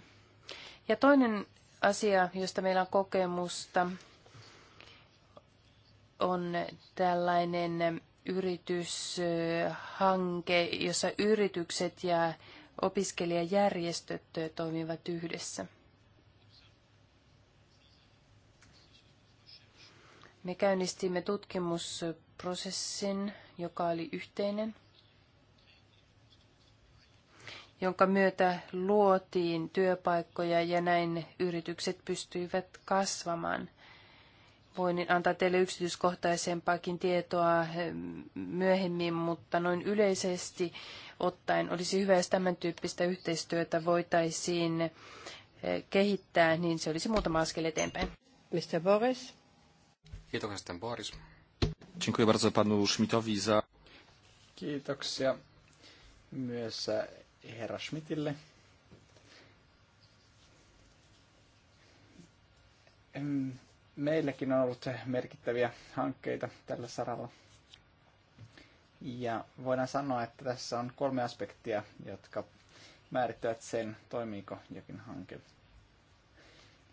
Ja toinen asia, josta meillä on kokemusta, on tällainen yrityshanke, jossa yritykset ja opiskelijajärjestöt toimivat yhdessä. Me käynnistimme tutkimusprosessin, joka oli yhteinen jonka myötä luotiin työpaikkoja ja näin yritykset pystyivät kasvamaan. Voin antaa teille yksityiskohtaisempaakin tietoa ehm, myöhemmin, mutta noin yleisesti ottaen olisi hyvä, jos tämän tyyppistä yhteistyötä voitaisiin eh, kehittää, niin se olisi muutama askel eteenpäin. Mr. Boris. Kiitoksia Boris. Dziękuję bardzo panu Schmidtowi za... Kiitoksia myös eh, herra Schmidtille. Meilläkin on ollut merkittäviä hankkeita tällä saralla. Ja voidaan sanoa, että tässä on kolme aspektia, jotka määrittävät sen, toimiiko jokin hanke.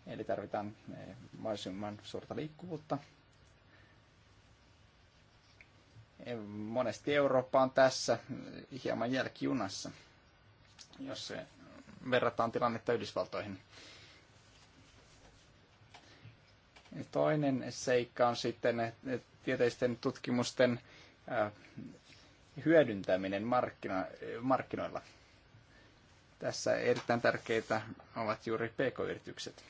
Eli tarvitaan eh, mahdollisimman suurta liikkuvuutta. Eh, monesti Eurooppa on tässä eh, hieman jälkijunassa jos se verrataan tilannetta Yhdysvaltoihin. Toinen seikka on sitten tieteisten tutkimusten hyödyntäminen markkino- markkinoilla. Tässä erittäin tärkeitä ovat juuri pk-yritykset.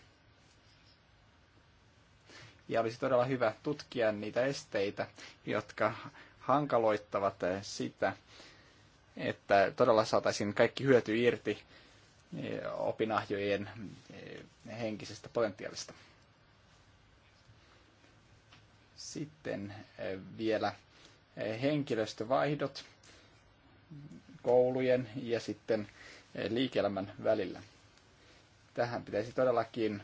Ja olisi todella hyvä tutkia niitä esteitä, jotka hankaloittavat sitä, että todella saataisiin kaikki hyöty irti eh, opinahjojen eh, henkisestä potentiaalista. Sitten eh, vielä henkilöstövaihdot koulujen ja sitten liike-elämän välillä. Tähän pitäisi todellakin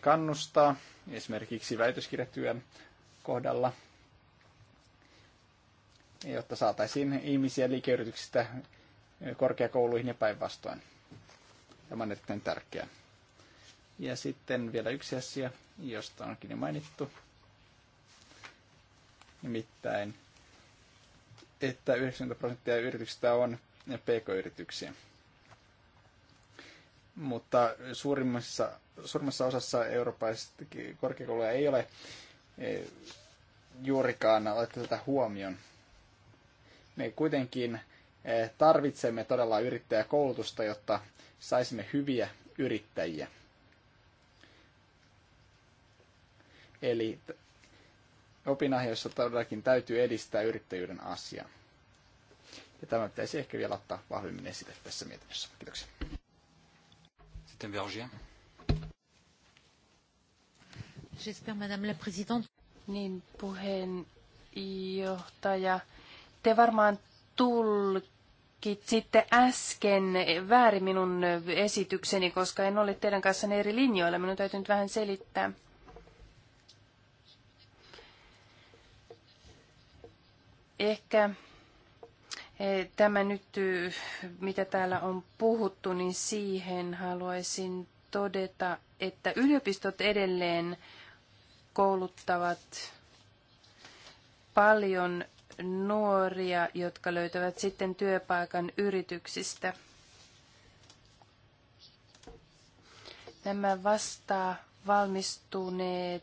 kannustaa esimerkiksi väitöskirjatyön kohdalla jotta saataisiin ihmisiä liikeyrityksistä korkeakouluihin ja päinvastoin. Tämä on erittäin tärkeää. Ja sitten vielä yksi asia, josta onkin jo mainittu. Nimittäin, että 90 prosenttia yrityksistä on pk-yrityksiä. Mutta suurimmassa, suurimmassa osassa eurooppalaisista korkeakouluja ei ole juurikaan tätä huomioon me kuitenkin eh, tarvitsemme todella yrittäjäkoulutusta, jotta saisimme hyviä yrittäjiä. Eli opinahjoissa todellakin täytyy edistää yrittäjyyden asiaa. Ja tämä pitäisi ehkä vielä ottaa vahvemmin esille tässä mietinnössä. Kiitoksia. Sitten Virgia. J'espère, Madame la Présidente. Niin, puheenjohtaja te varmaan tulkitsitte äsken väärin minun esitykseni, koska en ole teidän kanssa eri linjoilla. Minun täytyy nyt vähän selittää. Ehkä eh, tämä nyt, eh, mitä täällä on puhuttu, niin siihen haluaisin todeta, että yliopistot edelleen kouluttavat paljon nuoria, jotka löytävät sitten työpaikan yrityksistä. Nämä vastaa valmistuneet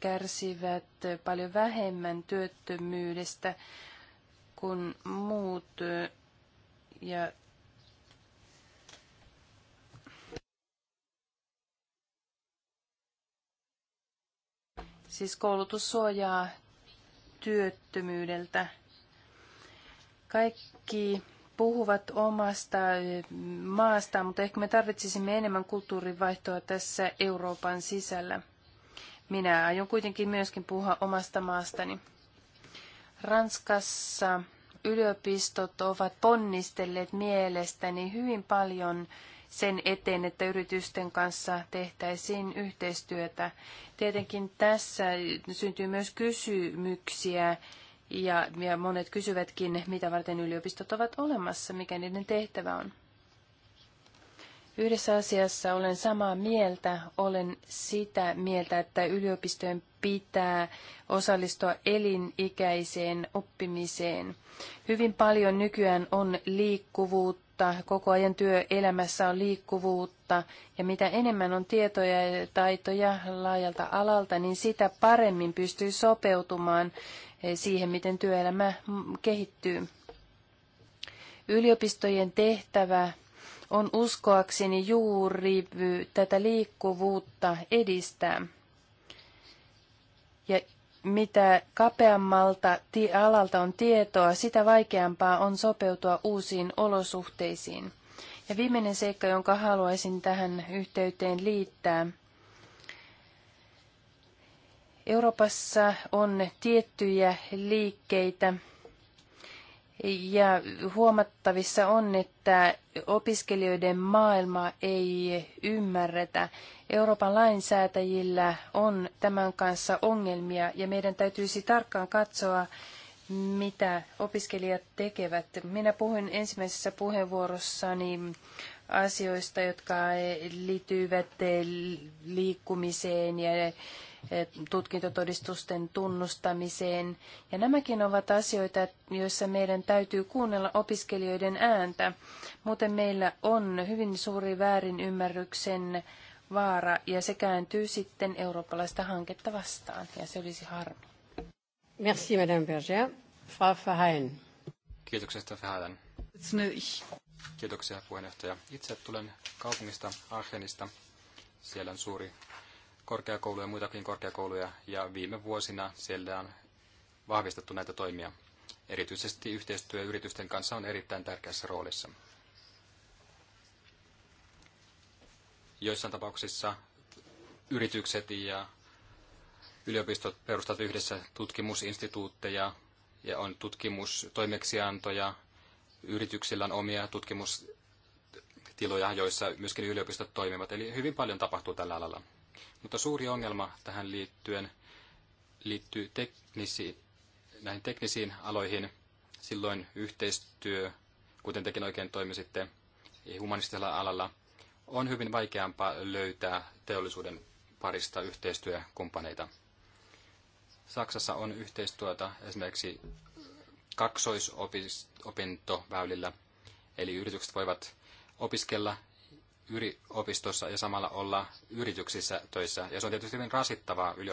kärsivät paljon vähemmän työttömyydestä kuin muut ja Siis koulutus suojaa työttömyydeltä. Kaikki puhuvat omasta eh, maastaan, mutta ehkä me tarvitsisimme enemmän kulttuurivaihtoa tässä Euroopan sisällä. Minä aion kuitenkin myöskin puhua omasta maastani. Ranskassa yliopistot ovat ponnistelleet mielestäni hyvin paljon sen eteen, että yritysten kanssa tehtäisiin yhteistyötä. Tietenkin tässä syntyy myös kysymyksiä ja, ja monet kysyvätkin, mitä varten yliopistot ovat olemassa, mikä niiden tehtävä on. Yhdessä asiassa olen samaa mieltä. Olen sitä mieltä, että yliopistojen pitää osallistua elinikäiseen oppimiseen. Hyvin paljon nykyään on liikkuvuutta liikkuvuutta, koko ajan työelämässä on liikkuvuutta ja mitä enemmän on tietoja ja taitoja laajalta alalta, niin sitä paremmin pystyy sopeutumaan eh, siihen, miten työelämä mm, kehittyy. Yliopistojen tehtävä on uskoakseni juuri eh, tätä liikkuvuutta edistää mitä kapeammalta alalta on tietoa, sitä vaikeampaa on sopeutua uusiin olosuhteisiin. Ja viimeinen seikka, jonka haluaisin tähän yhteyteen liittää. Euroopassa on tiettyjä liikkeitä, ja huomattavissa on, että opiskelijoiden maailma ei ymmärretä. Euroopan lainsäätäjillä on tämän kanssa ongelmia ja meidän täytyisi tarkkaan katsoa, mitä opiskelijat tekevät. Minä puhuin ensimmäisessä puheenvuorossani asioista, jotka liittyvät liikkumiseen ja Eh, tutkintotodistusten tunnustamiseen. Ja nämäkin ovat asioita, joissa meidän täytyy kuunnella opiskelijoiden ääntä. Muuten meillä on hyvin suuri väärinymmärryksen vaara ja se kääntyy sitten eurooppalaista hanketta vastaan ja se olisi harmi. Merci Madame Berger. Frau Verheyen. Kiitoksesta Verheyen. Kiitoksia puheenjohtaja. Itse tulen kaupungista Aachenista. Siellä on suuri korkeakouluja, muitakin korkeakouluja, ja viime vuosina siellä on vahvistettu näitä toimia. Erityisesti yhteistyö yritysten kanssa on erittäin tärkeässä roolissa. Joissain tapauksissa yritykset ja yliopistot perustavat yhdessä tutkimusinstituutteja ja on tutkimustoimeksiantoja. Yrityksillä on omia tutkimustiloja, joissa myöskin yliopistot toimivat. Eli hyvin paljon tapahtuu tällä alalla. Mutta suuri ongelma tähän liittyen liittyy teknisi, näihin teknisiin aloihin. Silloin yhteistyö, kuten tekin oikein toimisitte humanistisella alalla, on hyvin vaikeampaa löytää teollisuuden parista yhteistyökumppaneita. Saksassa on yhteistyötä esimerkiksi kaksoisopintoväylillä, eli yritykset voivat opiskella yri- opistossa ja samalla olla yrityksissä töissä. Ja se on tietysti hyvin rasittavaa yli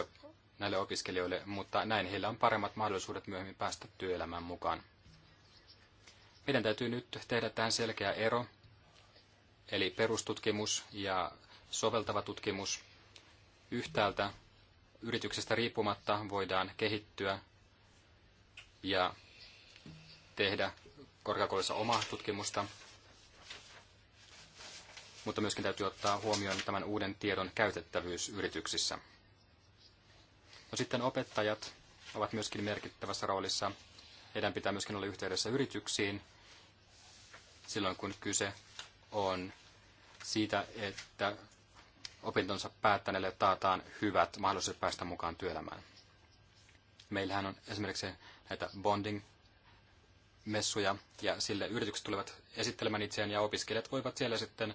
näille opiskelijoille, mutta näin heillä on paremmat mahdollisuudet myöhemmin päästä työelämään mukaan. Meidän täytyy nyt tehdä tähän selkeä ero, eli perustutkimus ja soveltava tutkimus. Yhtäältä yrityksestä riippumatta voidaan kehittyä ja tehdä korkeakoulussa omaa tutkimusta, mutta myöskin täytyy ottaa huomioon tämän uuden tiedon käytettävyys yrityksissä. No sitten opettajat ovat myöskin merkittävässä roolissa. Heidän pitää myöskin olla yhteydessä yrityksiin silloin, kun kyse on siitä, että opintonsa päättäneille taataan hyvät mahdollisuudet päästä mukaan työelämään. Meillähän on esimerkiksi näitä bonding-messuja, ja sille yritykset tulevat esittelemään itseään, ja opiskelijat voivat siellä sitten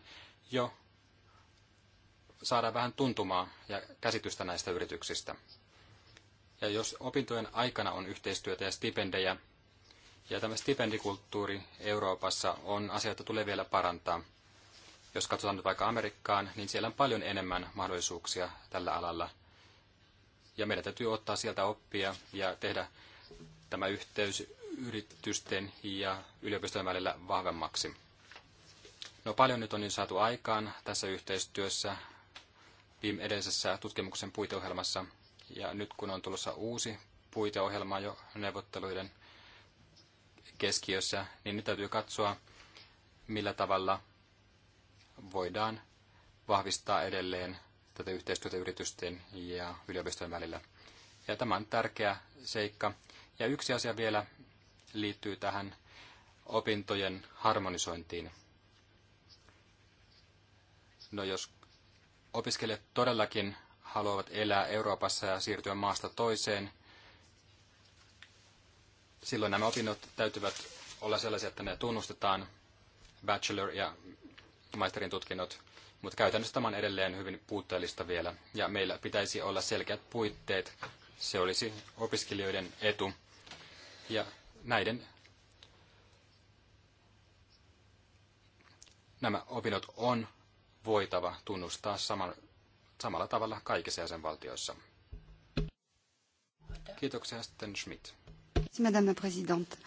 jo saada vähän tuntumaa ja käsitystä näistä yrityksistä. Ja jos opintojen aikana on yhteistyötä ja stipendejä, ja tämä stipendikulttuuri Euroopassa on asia, jota tulee vielä parantaa. Jos katsotaan nyt vaikka Amerikkaan, niin siellä on paljon enemmän mahdollisuuksia tällä alalla. Ja meidän täytyy ottaa sieltä oppia ja tehdä tämä yhteys yritysten ja yliopistojen välillä vahvemmaksi. No paljon nyt on jo niin saatu aikaan tässä yhteistyössä viime edellisessä tutkimuksen puiteohjelmassa. Ja nyt kun on tulossa uusi puiteohjelma jo neuvotteluiden keskiössä, niin nyt täytyy katsoa, millä tavalla voidaan vahvistaa edelleen tätä yhteistyötä yritysten ja yliopistojen välillä. Ja tämä on tärkeä seikka. Ja yksi asia vielä liittyy tähän opintojen harmonisointiin. No jos opiskelijat todellakin haluavat elää Euroopassa ja siirtyä maasta toiseen, silloin nämä opinnot täytyvät olla sellaisia, että ne tunnustetaan, bachelor- ja maisterin tutkinnot, mutta käytännössä tämä on edelleen hyvin puutteellista vielä, ja meillä pitäisi olla selkeät puitteet, se olisi opiskelijoiden etu, ja näiden nämä opinnot on voitava tunnustaa saman, samalla tavalla kaikissa jäsenvaltioissa. Kiitoksia sitten Schmidt. la Présidente.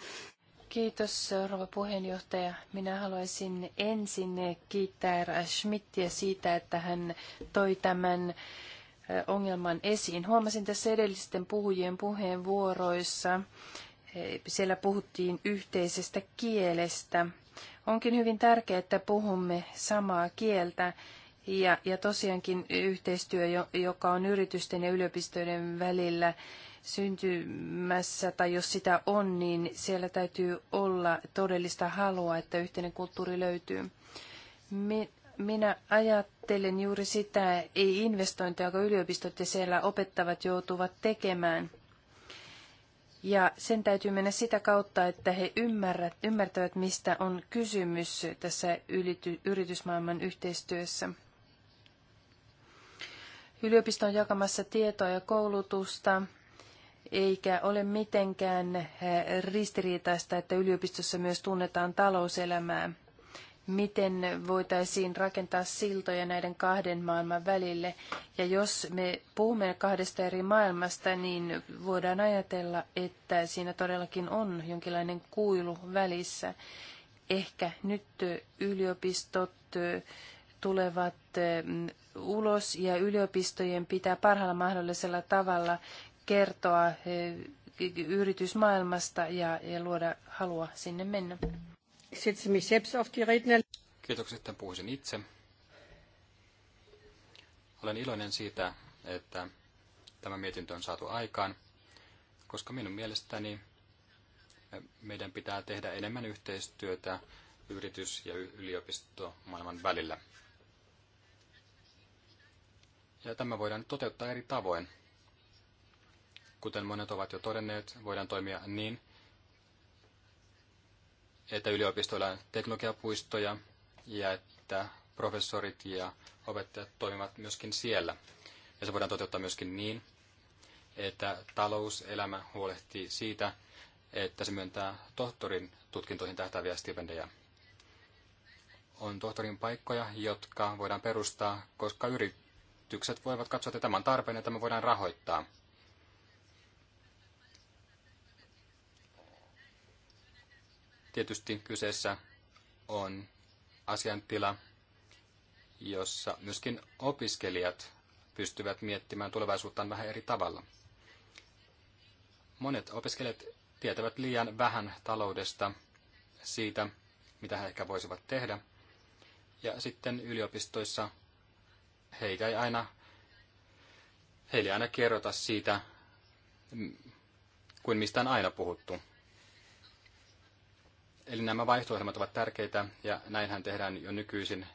Kiitos, rouva puheenjohtaja. Minä haluaisin ensin kiittää Schmidtiä siitä, että hän toi tämän ongelman esiin. Huomasin tässä edellisten puhujien puheenvuoroissa, siellä puhuttiin yhteisestä kielestä Onkin hyvin tärkeää, että puhumme samaa kieltä ja, ja tosiaankin yhteistyö, joka on yritysten ja yliopistojen välillä syntymässä, tai jos sitä on, niin siellä täytyy olla todellista halua, että yhteinen kulttuuri löytyy. Minä ajattelen juuri sitä, ei investointeja, joka yliopistot ja siellä opettavat joutuvat tekemään – ja sen täytyy mennä sitä kautta, että he ymmärrät, ymmärtävät, mistä on kysymys tässä ylity, yritysmaailman yhteistyössä. Yliopisto on jakamassa tietoa ja koulutusta, eikä ole mitenkään eh, ristiriitaista, että yliopistossa myös tunnetaan talouselämää miten voitaisiin rakentaa siltoja näiden kahden maailman välille. Ja jos me puhumme kahdesta eri maailmasta, niin voidaan ajatella, että siinä todellakin on jonkinlainen kuilu välissä. Ehkä nyt yliopistot tulevat mm, ulos ja yliopistojen pitää parhaalla mahdollisella tavalla kertoa mm, yritysmaailmasta ja, ja luoda halua sinne mennä. Ich setze mich selbst auf die Redner. että puhuisin itse. Olen iloinen siitä, että tämä mietintö on saatu aikaan, koska minun mielestäni meidän pitää tehdä enemmän yhteistyötä yritys- ja yliopistomaailman välillä. Ja tämä voidaan toteuttaa eri tavoin. Kuten monet ovat jo todenneet, voidaan toimia niin, että yliopistoilla on teknologiapuistoja ja että professorit ja opettajat toimivat myöskin siellä. Ja se voidaan toteuttaa myöskin niin, että talouselämä huolehtii siitä, että se myöntää tohtorin tutkintoihin tähtäviä stipendejä. On tohtorin paikkoja, jotka voidaan perustaa, koska yritykset voivat katsoa, että tämä on tarpeen ja tämä voidaan rahoittaa. Tietysti kyseessä on asiantila, jossa myöskin opiskelijat pystyvät miettimään tulevaisuuttaan vähän eri tavalla. Monet opiskelijat tietävät liian vähän taloudesta siitä, mitä he ehkä voisivat tehdä. Ja sitten yliopistoissa heitä ei aina, heille ei aina kerrota siitä, mm, kuin mistä on aina puhuttu. Eli nämä vaihto-ohjelmat ovat tärkeitä ja näinhän tehdään jo nykyisin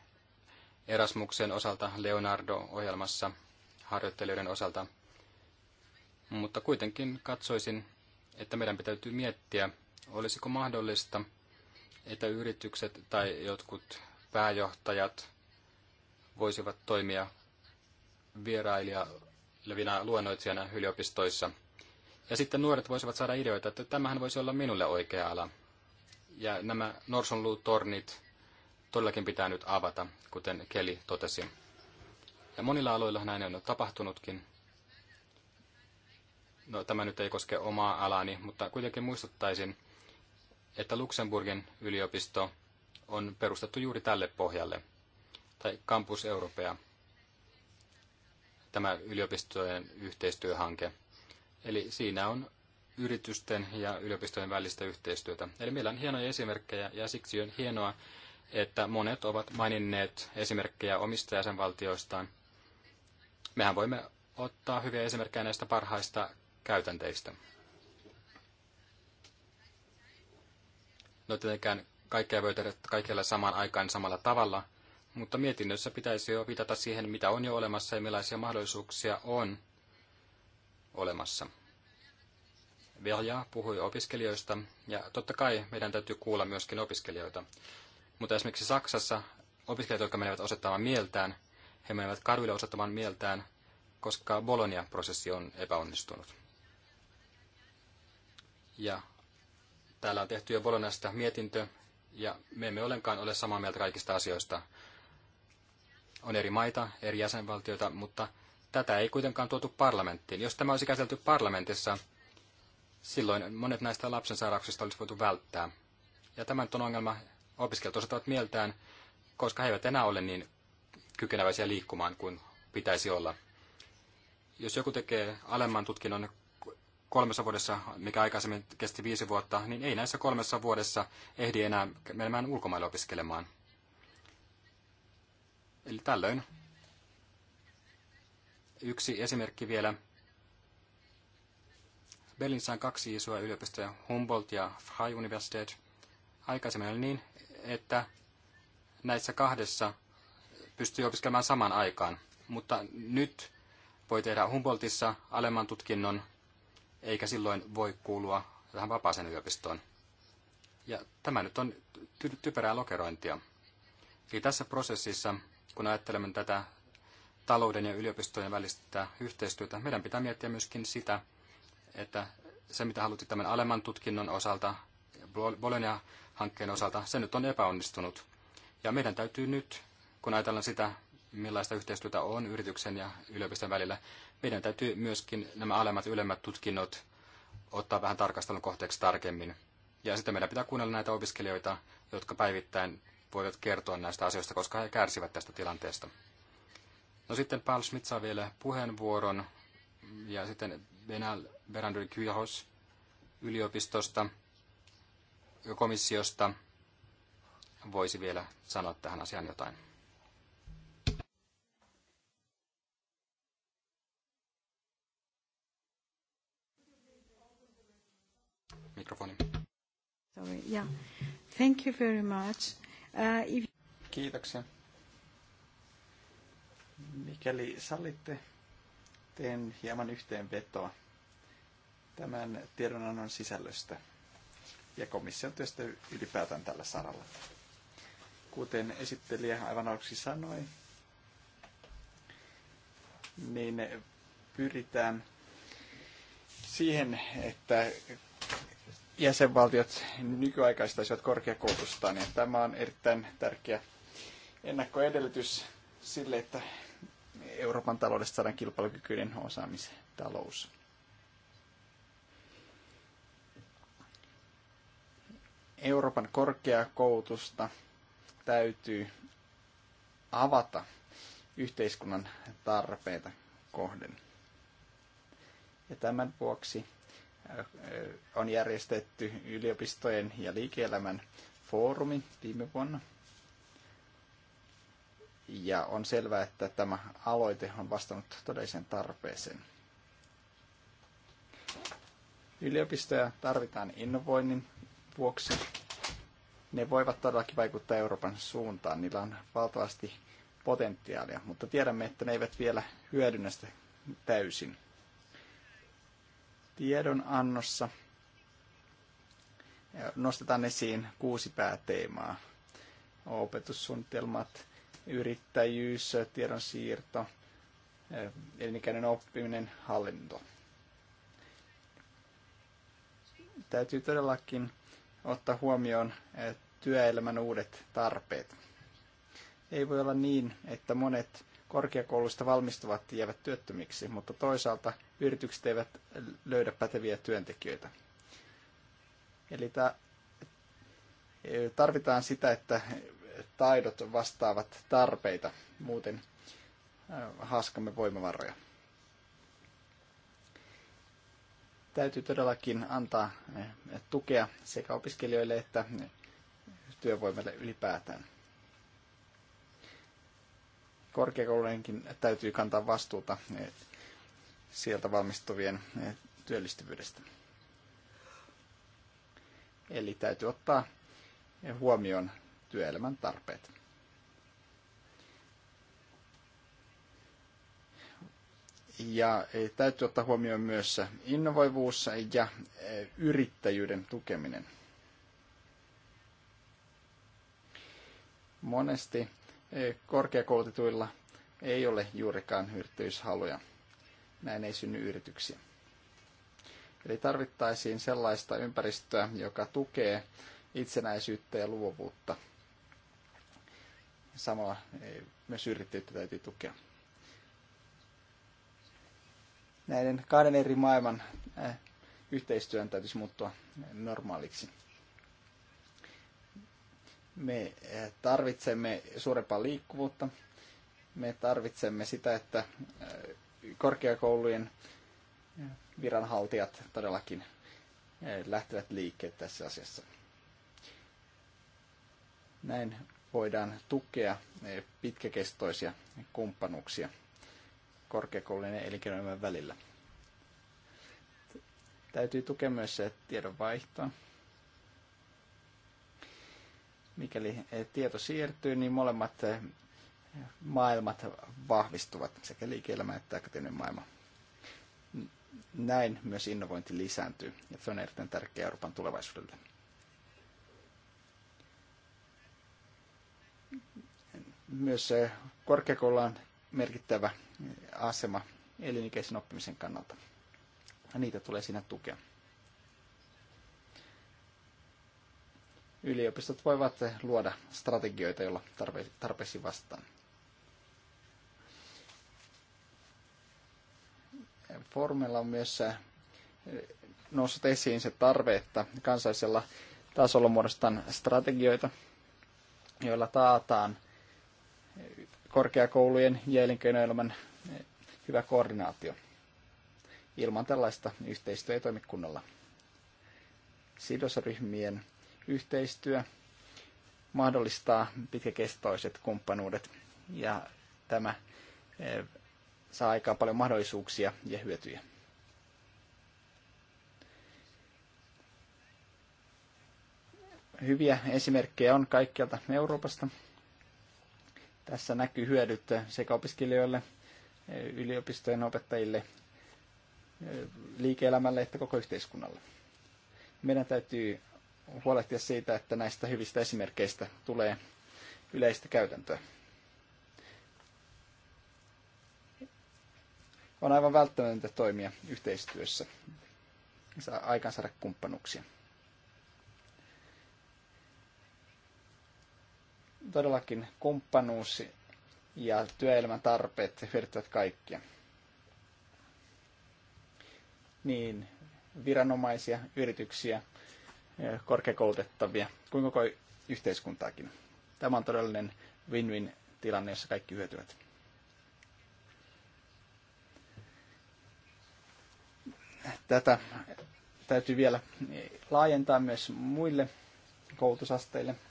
Erasmuksen osalta Leonardo-ohjelmassa harjoittelijoiden osalta. Mutta kuitenkin katsoisin, että meidän pitäytyy miettiä, olisiko mahdollista, että yritykset tai jotkut pääjohtajat voisivat toimia vierailevina luennoitsijana yliopistoissa. Ja sitten nuoret voisivat saada ideoita, että tämähän voisi olla minulle oikea ala. Ja nämä norsunluutornit todellakin pitää nyt avata, kuten Keli totesi. Ja monilla aloilla näin on tapahtunutkin. No, tämä nyt ei koske omaa alani, mutta kuitenkin muistuttaisin, että Luxemburgin yliopisto on perustettu juuri tälle pohjalle, tai Campus Europea, tämä yliopistojen yhteistyöhanke. Eli siinä on yritysten ja yliopistojen välistä yhteistyötä. Eli meillä on hienoja esimerkkejä ja siksi on hienoa, että monet ovat maininneet esimerkkejä omista jäsenvaltioistaan. Mehän voimme ottaa hyviä esimerkkejä näistä parhaista käytänteistä. No tietenkään kaikkea voi tehdä kaikilla samaan aikaan samalla tavalla, mutta mietinnössä pitäisi jo viitata siihen, mitä on jo olemassa ja millaisia mahdollisuuksia on olemassa. Verja puhui opiskelijoista, ja totta kai meidän täytyy kuulla myöskin opiskelijoita. Mutta esimerkiksi Saksassa opiskelijat, jotka menevät osoittamaan mieltään, he menevät kaduille osoittamaan mieltään, koska bolonia prosessi on epäonnistunut. Ja täällä on tehty jo Bolognasta mietintö, ja me emme ollenkaan ole samaa mieltä kaikista asioista. On eri maita, eri jäsenvaltioita, mutta tätä ei kuitenkaan tuotu parlamenttiin. Jos tämä olisi käsitelty parlamentissa, silloin monet näistä lapsen sairauksista olisi voitu välttää. Ja tämän ton ongelma opiskelijat osoittavat mieltään, koska he eivät enää ole niin kykeneväisiä liikkumaan kuin pitäisi olla. Jos joku tekee alemman tutkinnon kolmessa vuodessa, mikä aikaisemmin kesti viisi vuotta, niin ei näissä kolmessa vuodessa ehdi enää menemään ulkomaille opiskelemaan. Eli tällöin yksi esimerkki vielä. Berliinissä on kaksi isoa yliopistoa, Humboldt ja Freie Universität. Aikaisemmin oli niin, että näissä kahdessa pystyy opiskelemaan samaan aikaan, mutta nyt voi tehdä Humboldtissa alemman tutkinnon, eikä silloin voi kuulua tähän vapaaseen yliopistoon. Ja tämä nyt on ty- typerää lokerointia. Eli tässä prosessissa, kun ajattelemme tätä talouden ja yliopistojen välistä yhteistyötä, meidän pitää miettiä myöskin sitä, että se mitä haluttiin tämän alemman tutkinnon osalta, Bologna-hankkeen osalta, se nyt on epäonnistunut. Ja meidän täytyy nyt, kun ajatellaan sitä, millaista yhteistyötä on yrityksen ja yliopiston välillä, meidän täytyy myöskin nämä alemmat ylemmät tutkinnot ottaa vähän tarkastelun kohteeksi tarkemmin. Ja sitten meidän pitää kuunnella näitä opiskelijoita, jotka päivittäin voivat kertoa näistä asioista, koska he kärsivät tästä tilanteesta. No sitten Paul Schmidt saa vielä puheenvuoron ja sitten Benal Berandri Kyhos yliopistosta, komissiosta voisi vielä sanoa tähän asiaan jotain. Mikrofoni. Sorry, yeah. Thank you very much. Uh, if... Kiitoksia. Mikäli sallitte, teen hieman yhteenvetoa tämän tiedonannon sisällöstä ja komission työstä ylipäätään tällä saralla. Kuten esittelijä aivan aluksi sanoi, niin pyritään siihen, että jäsenvaltiot nykyaikaistaisivat korkeakoulutustaan. Ja tämä on erittäin tärkeä ennakkoedellytys sille, että Euroopan taloudesta saadaan kilpailukykyinen osaamistalous. Euroopan korkeakoulutusta täytyy avata yhteiskunnan tarpeita kohden. Ja tämän vuoksi on järjestetty yliopistojen ja liike-elämän foorumi viime vuonna. Ja on selvää, että tämä aloite on vastannut todelliseen tarpeeseen. Yliopistoja tarvitaan innovoinnin vuoksi ne voivat todellakin vaikuttaa Euroopan suuntaan. Niillä on valtavasti potentiaalia, mutta tiedämme, että ne eivät vielä hyödynnä sitä täysin. Tiedonannossa nostetaan esiin kuusi pääteemaa. Opetussuunnitelmat, yrittäjyys, tiedonsiirto, elinikäinen oppiminen, hallinto. Täytyy todellakin ottaa huomioon eh, työelämän uudet tarpeet. Ei voi olla niin, että monet korkeakoulusta valmistuvat jäävät työttömiksi, mutta toisaalta yritykset eivät löydä päteviä työntekijöitä. Eli ta- eh, tarvitaan sitä, että taidot vastaavat tarpeita, muuten eh, haaskamme voimavaroja. täytyy todellakin antaa eh, tukea sekä opiskelijoille että työvoimalle ylipäätään. Korkeakoulujenkin täytyy kantaa vastuuta eh, sieltä valmistuvien eh, työllistyvyydestä. Eli täytyy ottaa huomioon työelämän tarpeet. ja eh, täytyy ottaa huomioon myös eh, innovoivuus ja eh, yrittäjyyden tukeminen. Monesti korkeakoulutetuilla ei ole juurikaan yrittäjyyshaluja. Näin ei synny yrityksiä. Eli tarvittaisiin sellaista ympäristöä, joka tukee itsenäisyyttä ja luovuutta. Samalla myös yrittäjyyttä täytyy tukea näiden kahden eri maailman äh, yhteistyön täytyisi muuttua normaaliksi. Me äh, tarvitsemme suurempaa liikkuvuutta. Me tarvitsemme sitä, että äh, korkeakoulujen viranhaltijat todellakin lähtevät liikkeelle tässä asiassa. Näin voidaan tukea pitkäkestoisia kumppanuuksia korkeakoulujen ja elinkeinoelämän välillä. Täytyy tukea myös se tiedonvaihtoa. Mikäli eh, tieto siirtyy, niin molemmat eh, maailmat vahvistuvat, sekä liike-elämä että akateeminen maailma. Näin myös innovointi lisääntyy, ja se on erittäin tärkeää Euroopan tulevaisuudelle. Myös eh, korkeakoulun merkittävä asema elinikäisen oppimisen kannalta. Ja niitä tulee siinä tukea. Yliopistot voivat luoda strategioita, joilla tarpeisi vastaan. Formella on myös äh, noussut esiin se tarve, että kansallisella tasolla muodostetaan strategioita, joilla taataan korkeakoulujen ja elinkeinoelämän eh, hyvä koordinaatio. Ilman tällaista yhteistyö ei toimi kunnolla. Sidosryhmien yhteistyö mahdollistaa pitkäkestoiset kumppanuudet ja tämä eh, saa aikaan paljon mahdollisuuksia ja hyötyjä. Hyviä esimerkkejä on kaikkialta Euroopasta. Tässä näkyy hyödyt sekä opiskelijoille, yliopistojen opettajille, liike-elämälle että koko yhteiskunnalle. Meidän täytyy huolehtia siitä, että näistä hyvistä esimerkkeistä tulee yleistä käytäntöä. On aivan välttämätöntä toimia yhteistyössä ja aikaansaada kumppanuuksia. todellakin kumppanuus ja työelämän tarpeet hyödyttävät kaikkia. Niin viranomaisia, yrityksiä, korkeakoulutettavia kuin koko yhteiskuntaakin. Tämä on todellinen win-win tilanne, jossa kaikki hyötyvät. Tätä täytyy vielä laajentaa myös muille koulutusasteille –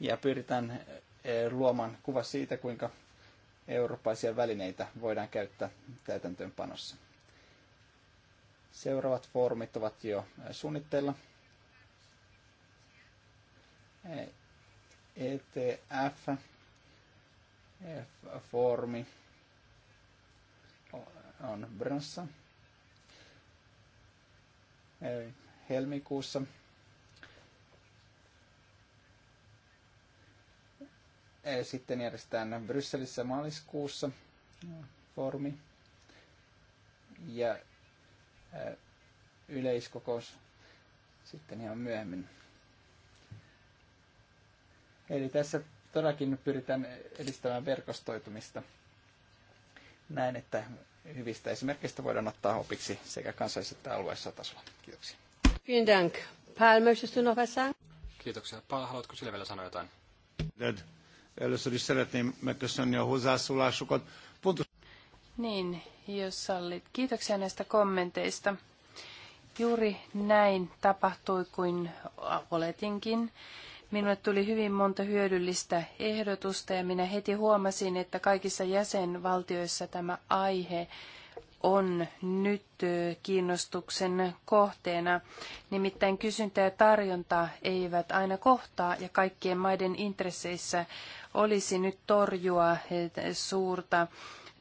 ja pyritään eh, luomaan kuva siitä, kuinka eurooppaisia välineitä voidaan käyttää täytäntöönpanossa. Seuraavat foorumit ovat jo eh, suunnitteilla. ETF, eh, e foorumi on Brönssä helmikuussa Eh, sitten järjestetään Brysselissä maaliskuussa eh, foorumi ja eh, yleiskokous sitten ihan myöhemmin. Eli tässä todellakin pyritään edistämään verkostoitumista näin, että hyvistä esimerkkeistä voidaan ottaa opiksi sekä kansallisella että alueessa tasolla. Kiitoksia. Kiitoksia. Paul, haluatko sille vielä sanoa jotain? Először is szeretném megköszönni a hozzászólásokat. Pontos... Niin, jos sallit. Kiitoksia näistä kommenteista. Juuri näin tapahtui, kuin oletinkin. Minulle tuli hyvin monta hyödyllistä ehdotusta ja minä heti huomasin, että kaikissa jäsenvaltioissa tämä aihe on nyt kiinnostuksen kohteena. Nimittäin kysyntä ja tarjonta eivät aina kohtaa ja kaikkien maiden intresseissä olisi nyt torjua suurta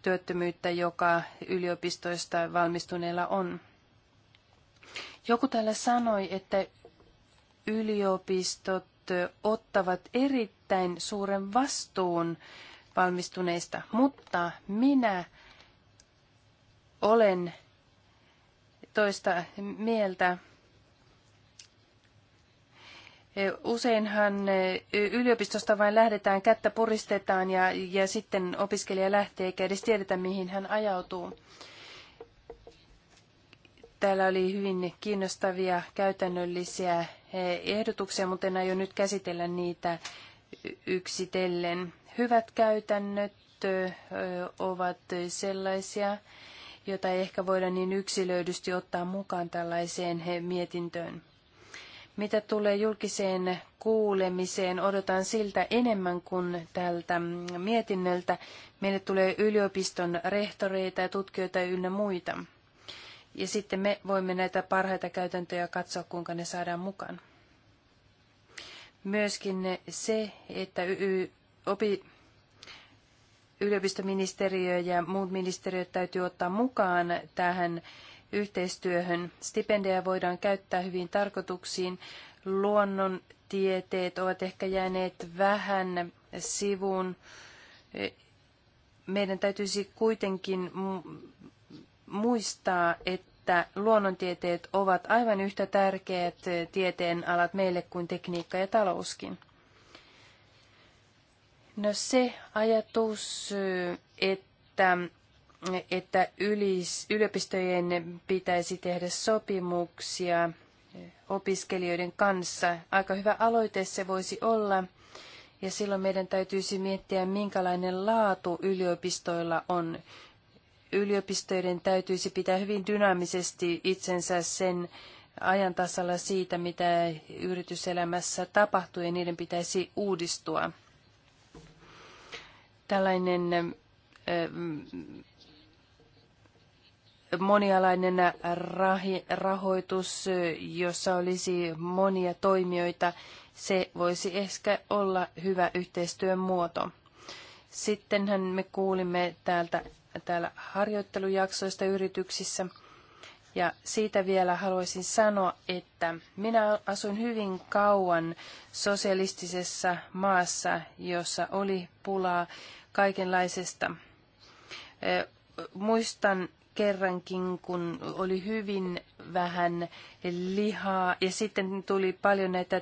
työttömyyttä, joka yliopistoista valmistuneilla on. Joku täällä sanoi, että yliopistot ottavat erittäin suuren vastuun valmistuneista, mutta minä olen toista mieltä. Useinhan e, yliopistosta vain lähdetään, kättä puristetaan ja, ja sitten opiskelija lähtee, eikä edes tiedetä, mihin hän ajautuu. Täällä oli hyvin kiinnostavia käytännöllisiä e, ehdotuksia, mutta en aio nyt käsitellä niitä yksitellen. Hyvät käytännöt e, ovat sellaisia, jota ei ehkä voida niin yksilöidysti ottaa mukaan tällaiseen mietintöön. Mitä tulee julkiseen kuulemiseen, odotan siltä enemmän kuin tältä mietinnöltä. Meille tulee yliopiston rehtoreita ja tutkijoita ynnä muita. Ja sitten me voimme näitä parhaita käytäntöjä katsoa, kuinka ne saadaan mukaan. Myöskin se, että y- opi- yliopistoministeriö ja muut ministeriöt täytyy ottaa mukaan tähän yhteistyöhön. Stipendejä voidaan käyttää hyvin tarkoituksiin. Luonnontieteet ovat ehkä jääneet vähän sivuun. Meidän täytyisi kuitenkin muistaa, että luonnontieteet ovat aivan yhtä tärkeät tieteenalat meille kuin tekniikka ja talouskin. No se ajatus, että, että ylis, yliopistojen pitäisi tehdä sopimuksia opiskelijoiden kanssa. Aika hyvä aloite se voisi olla. Ja silloin meidän täytyisi miettiä, minkälainen laatu yliopistoilla on. Yliopistojen täytyisi pitää hyvin dynaamisesti itsensä sen ajantasalla siitä, mitä yrityselämässä tapahtuu, ja niiden pitäisi uudistua tällainen monialainen rahoitus, jossa olisi monia toimijoita, se voisi ehkä olla hyvä yhteistyön muoto. Sittenhän me kuulimme täältä, täällä harjoittelujaksoista yrityksissä – ja siitä vielä haluaisin sanoa, että minä asuin hyvin kauan sosialistisessa maassa, jossa oli pulaa kaikenlaisesta. Muistan kerrankin, kun oli hyvin vähän lihaa ja sitten tuli paljon näitä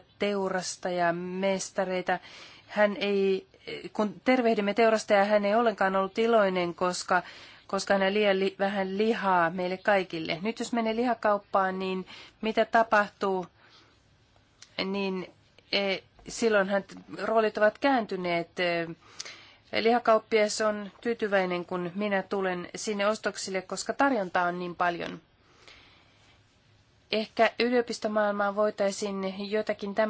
mestareita. Hän ei, kun tervehdimme ja hän ei ollenkaan ollut iloinen, koska koska ne liian li- vähän lihaa meille kaikille. Nyt jos menee lihakauppaan, niin mitä tapahtuu, niin e, silloinhan roolit ovat kääntyneet. E, lihakauppias on tyytyväinen, kun minä tulen sinne ostoksille, koska tarjontaa on niin paljon. Ehkä yliopistomaailmaan voitaisiin jotakin tämän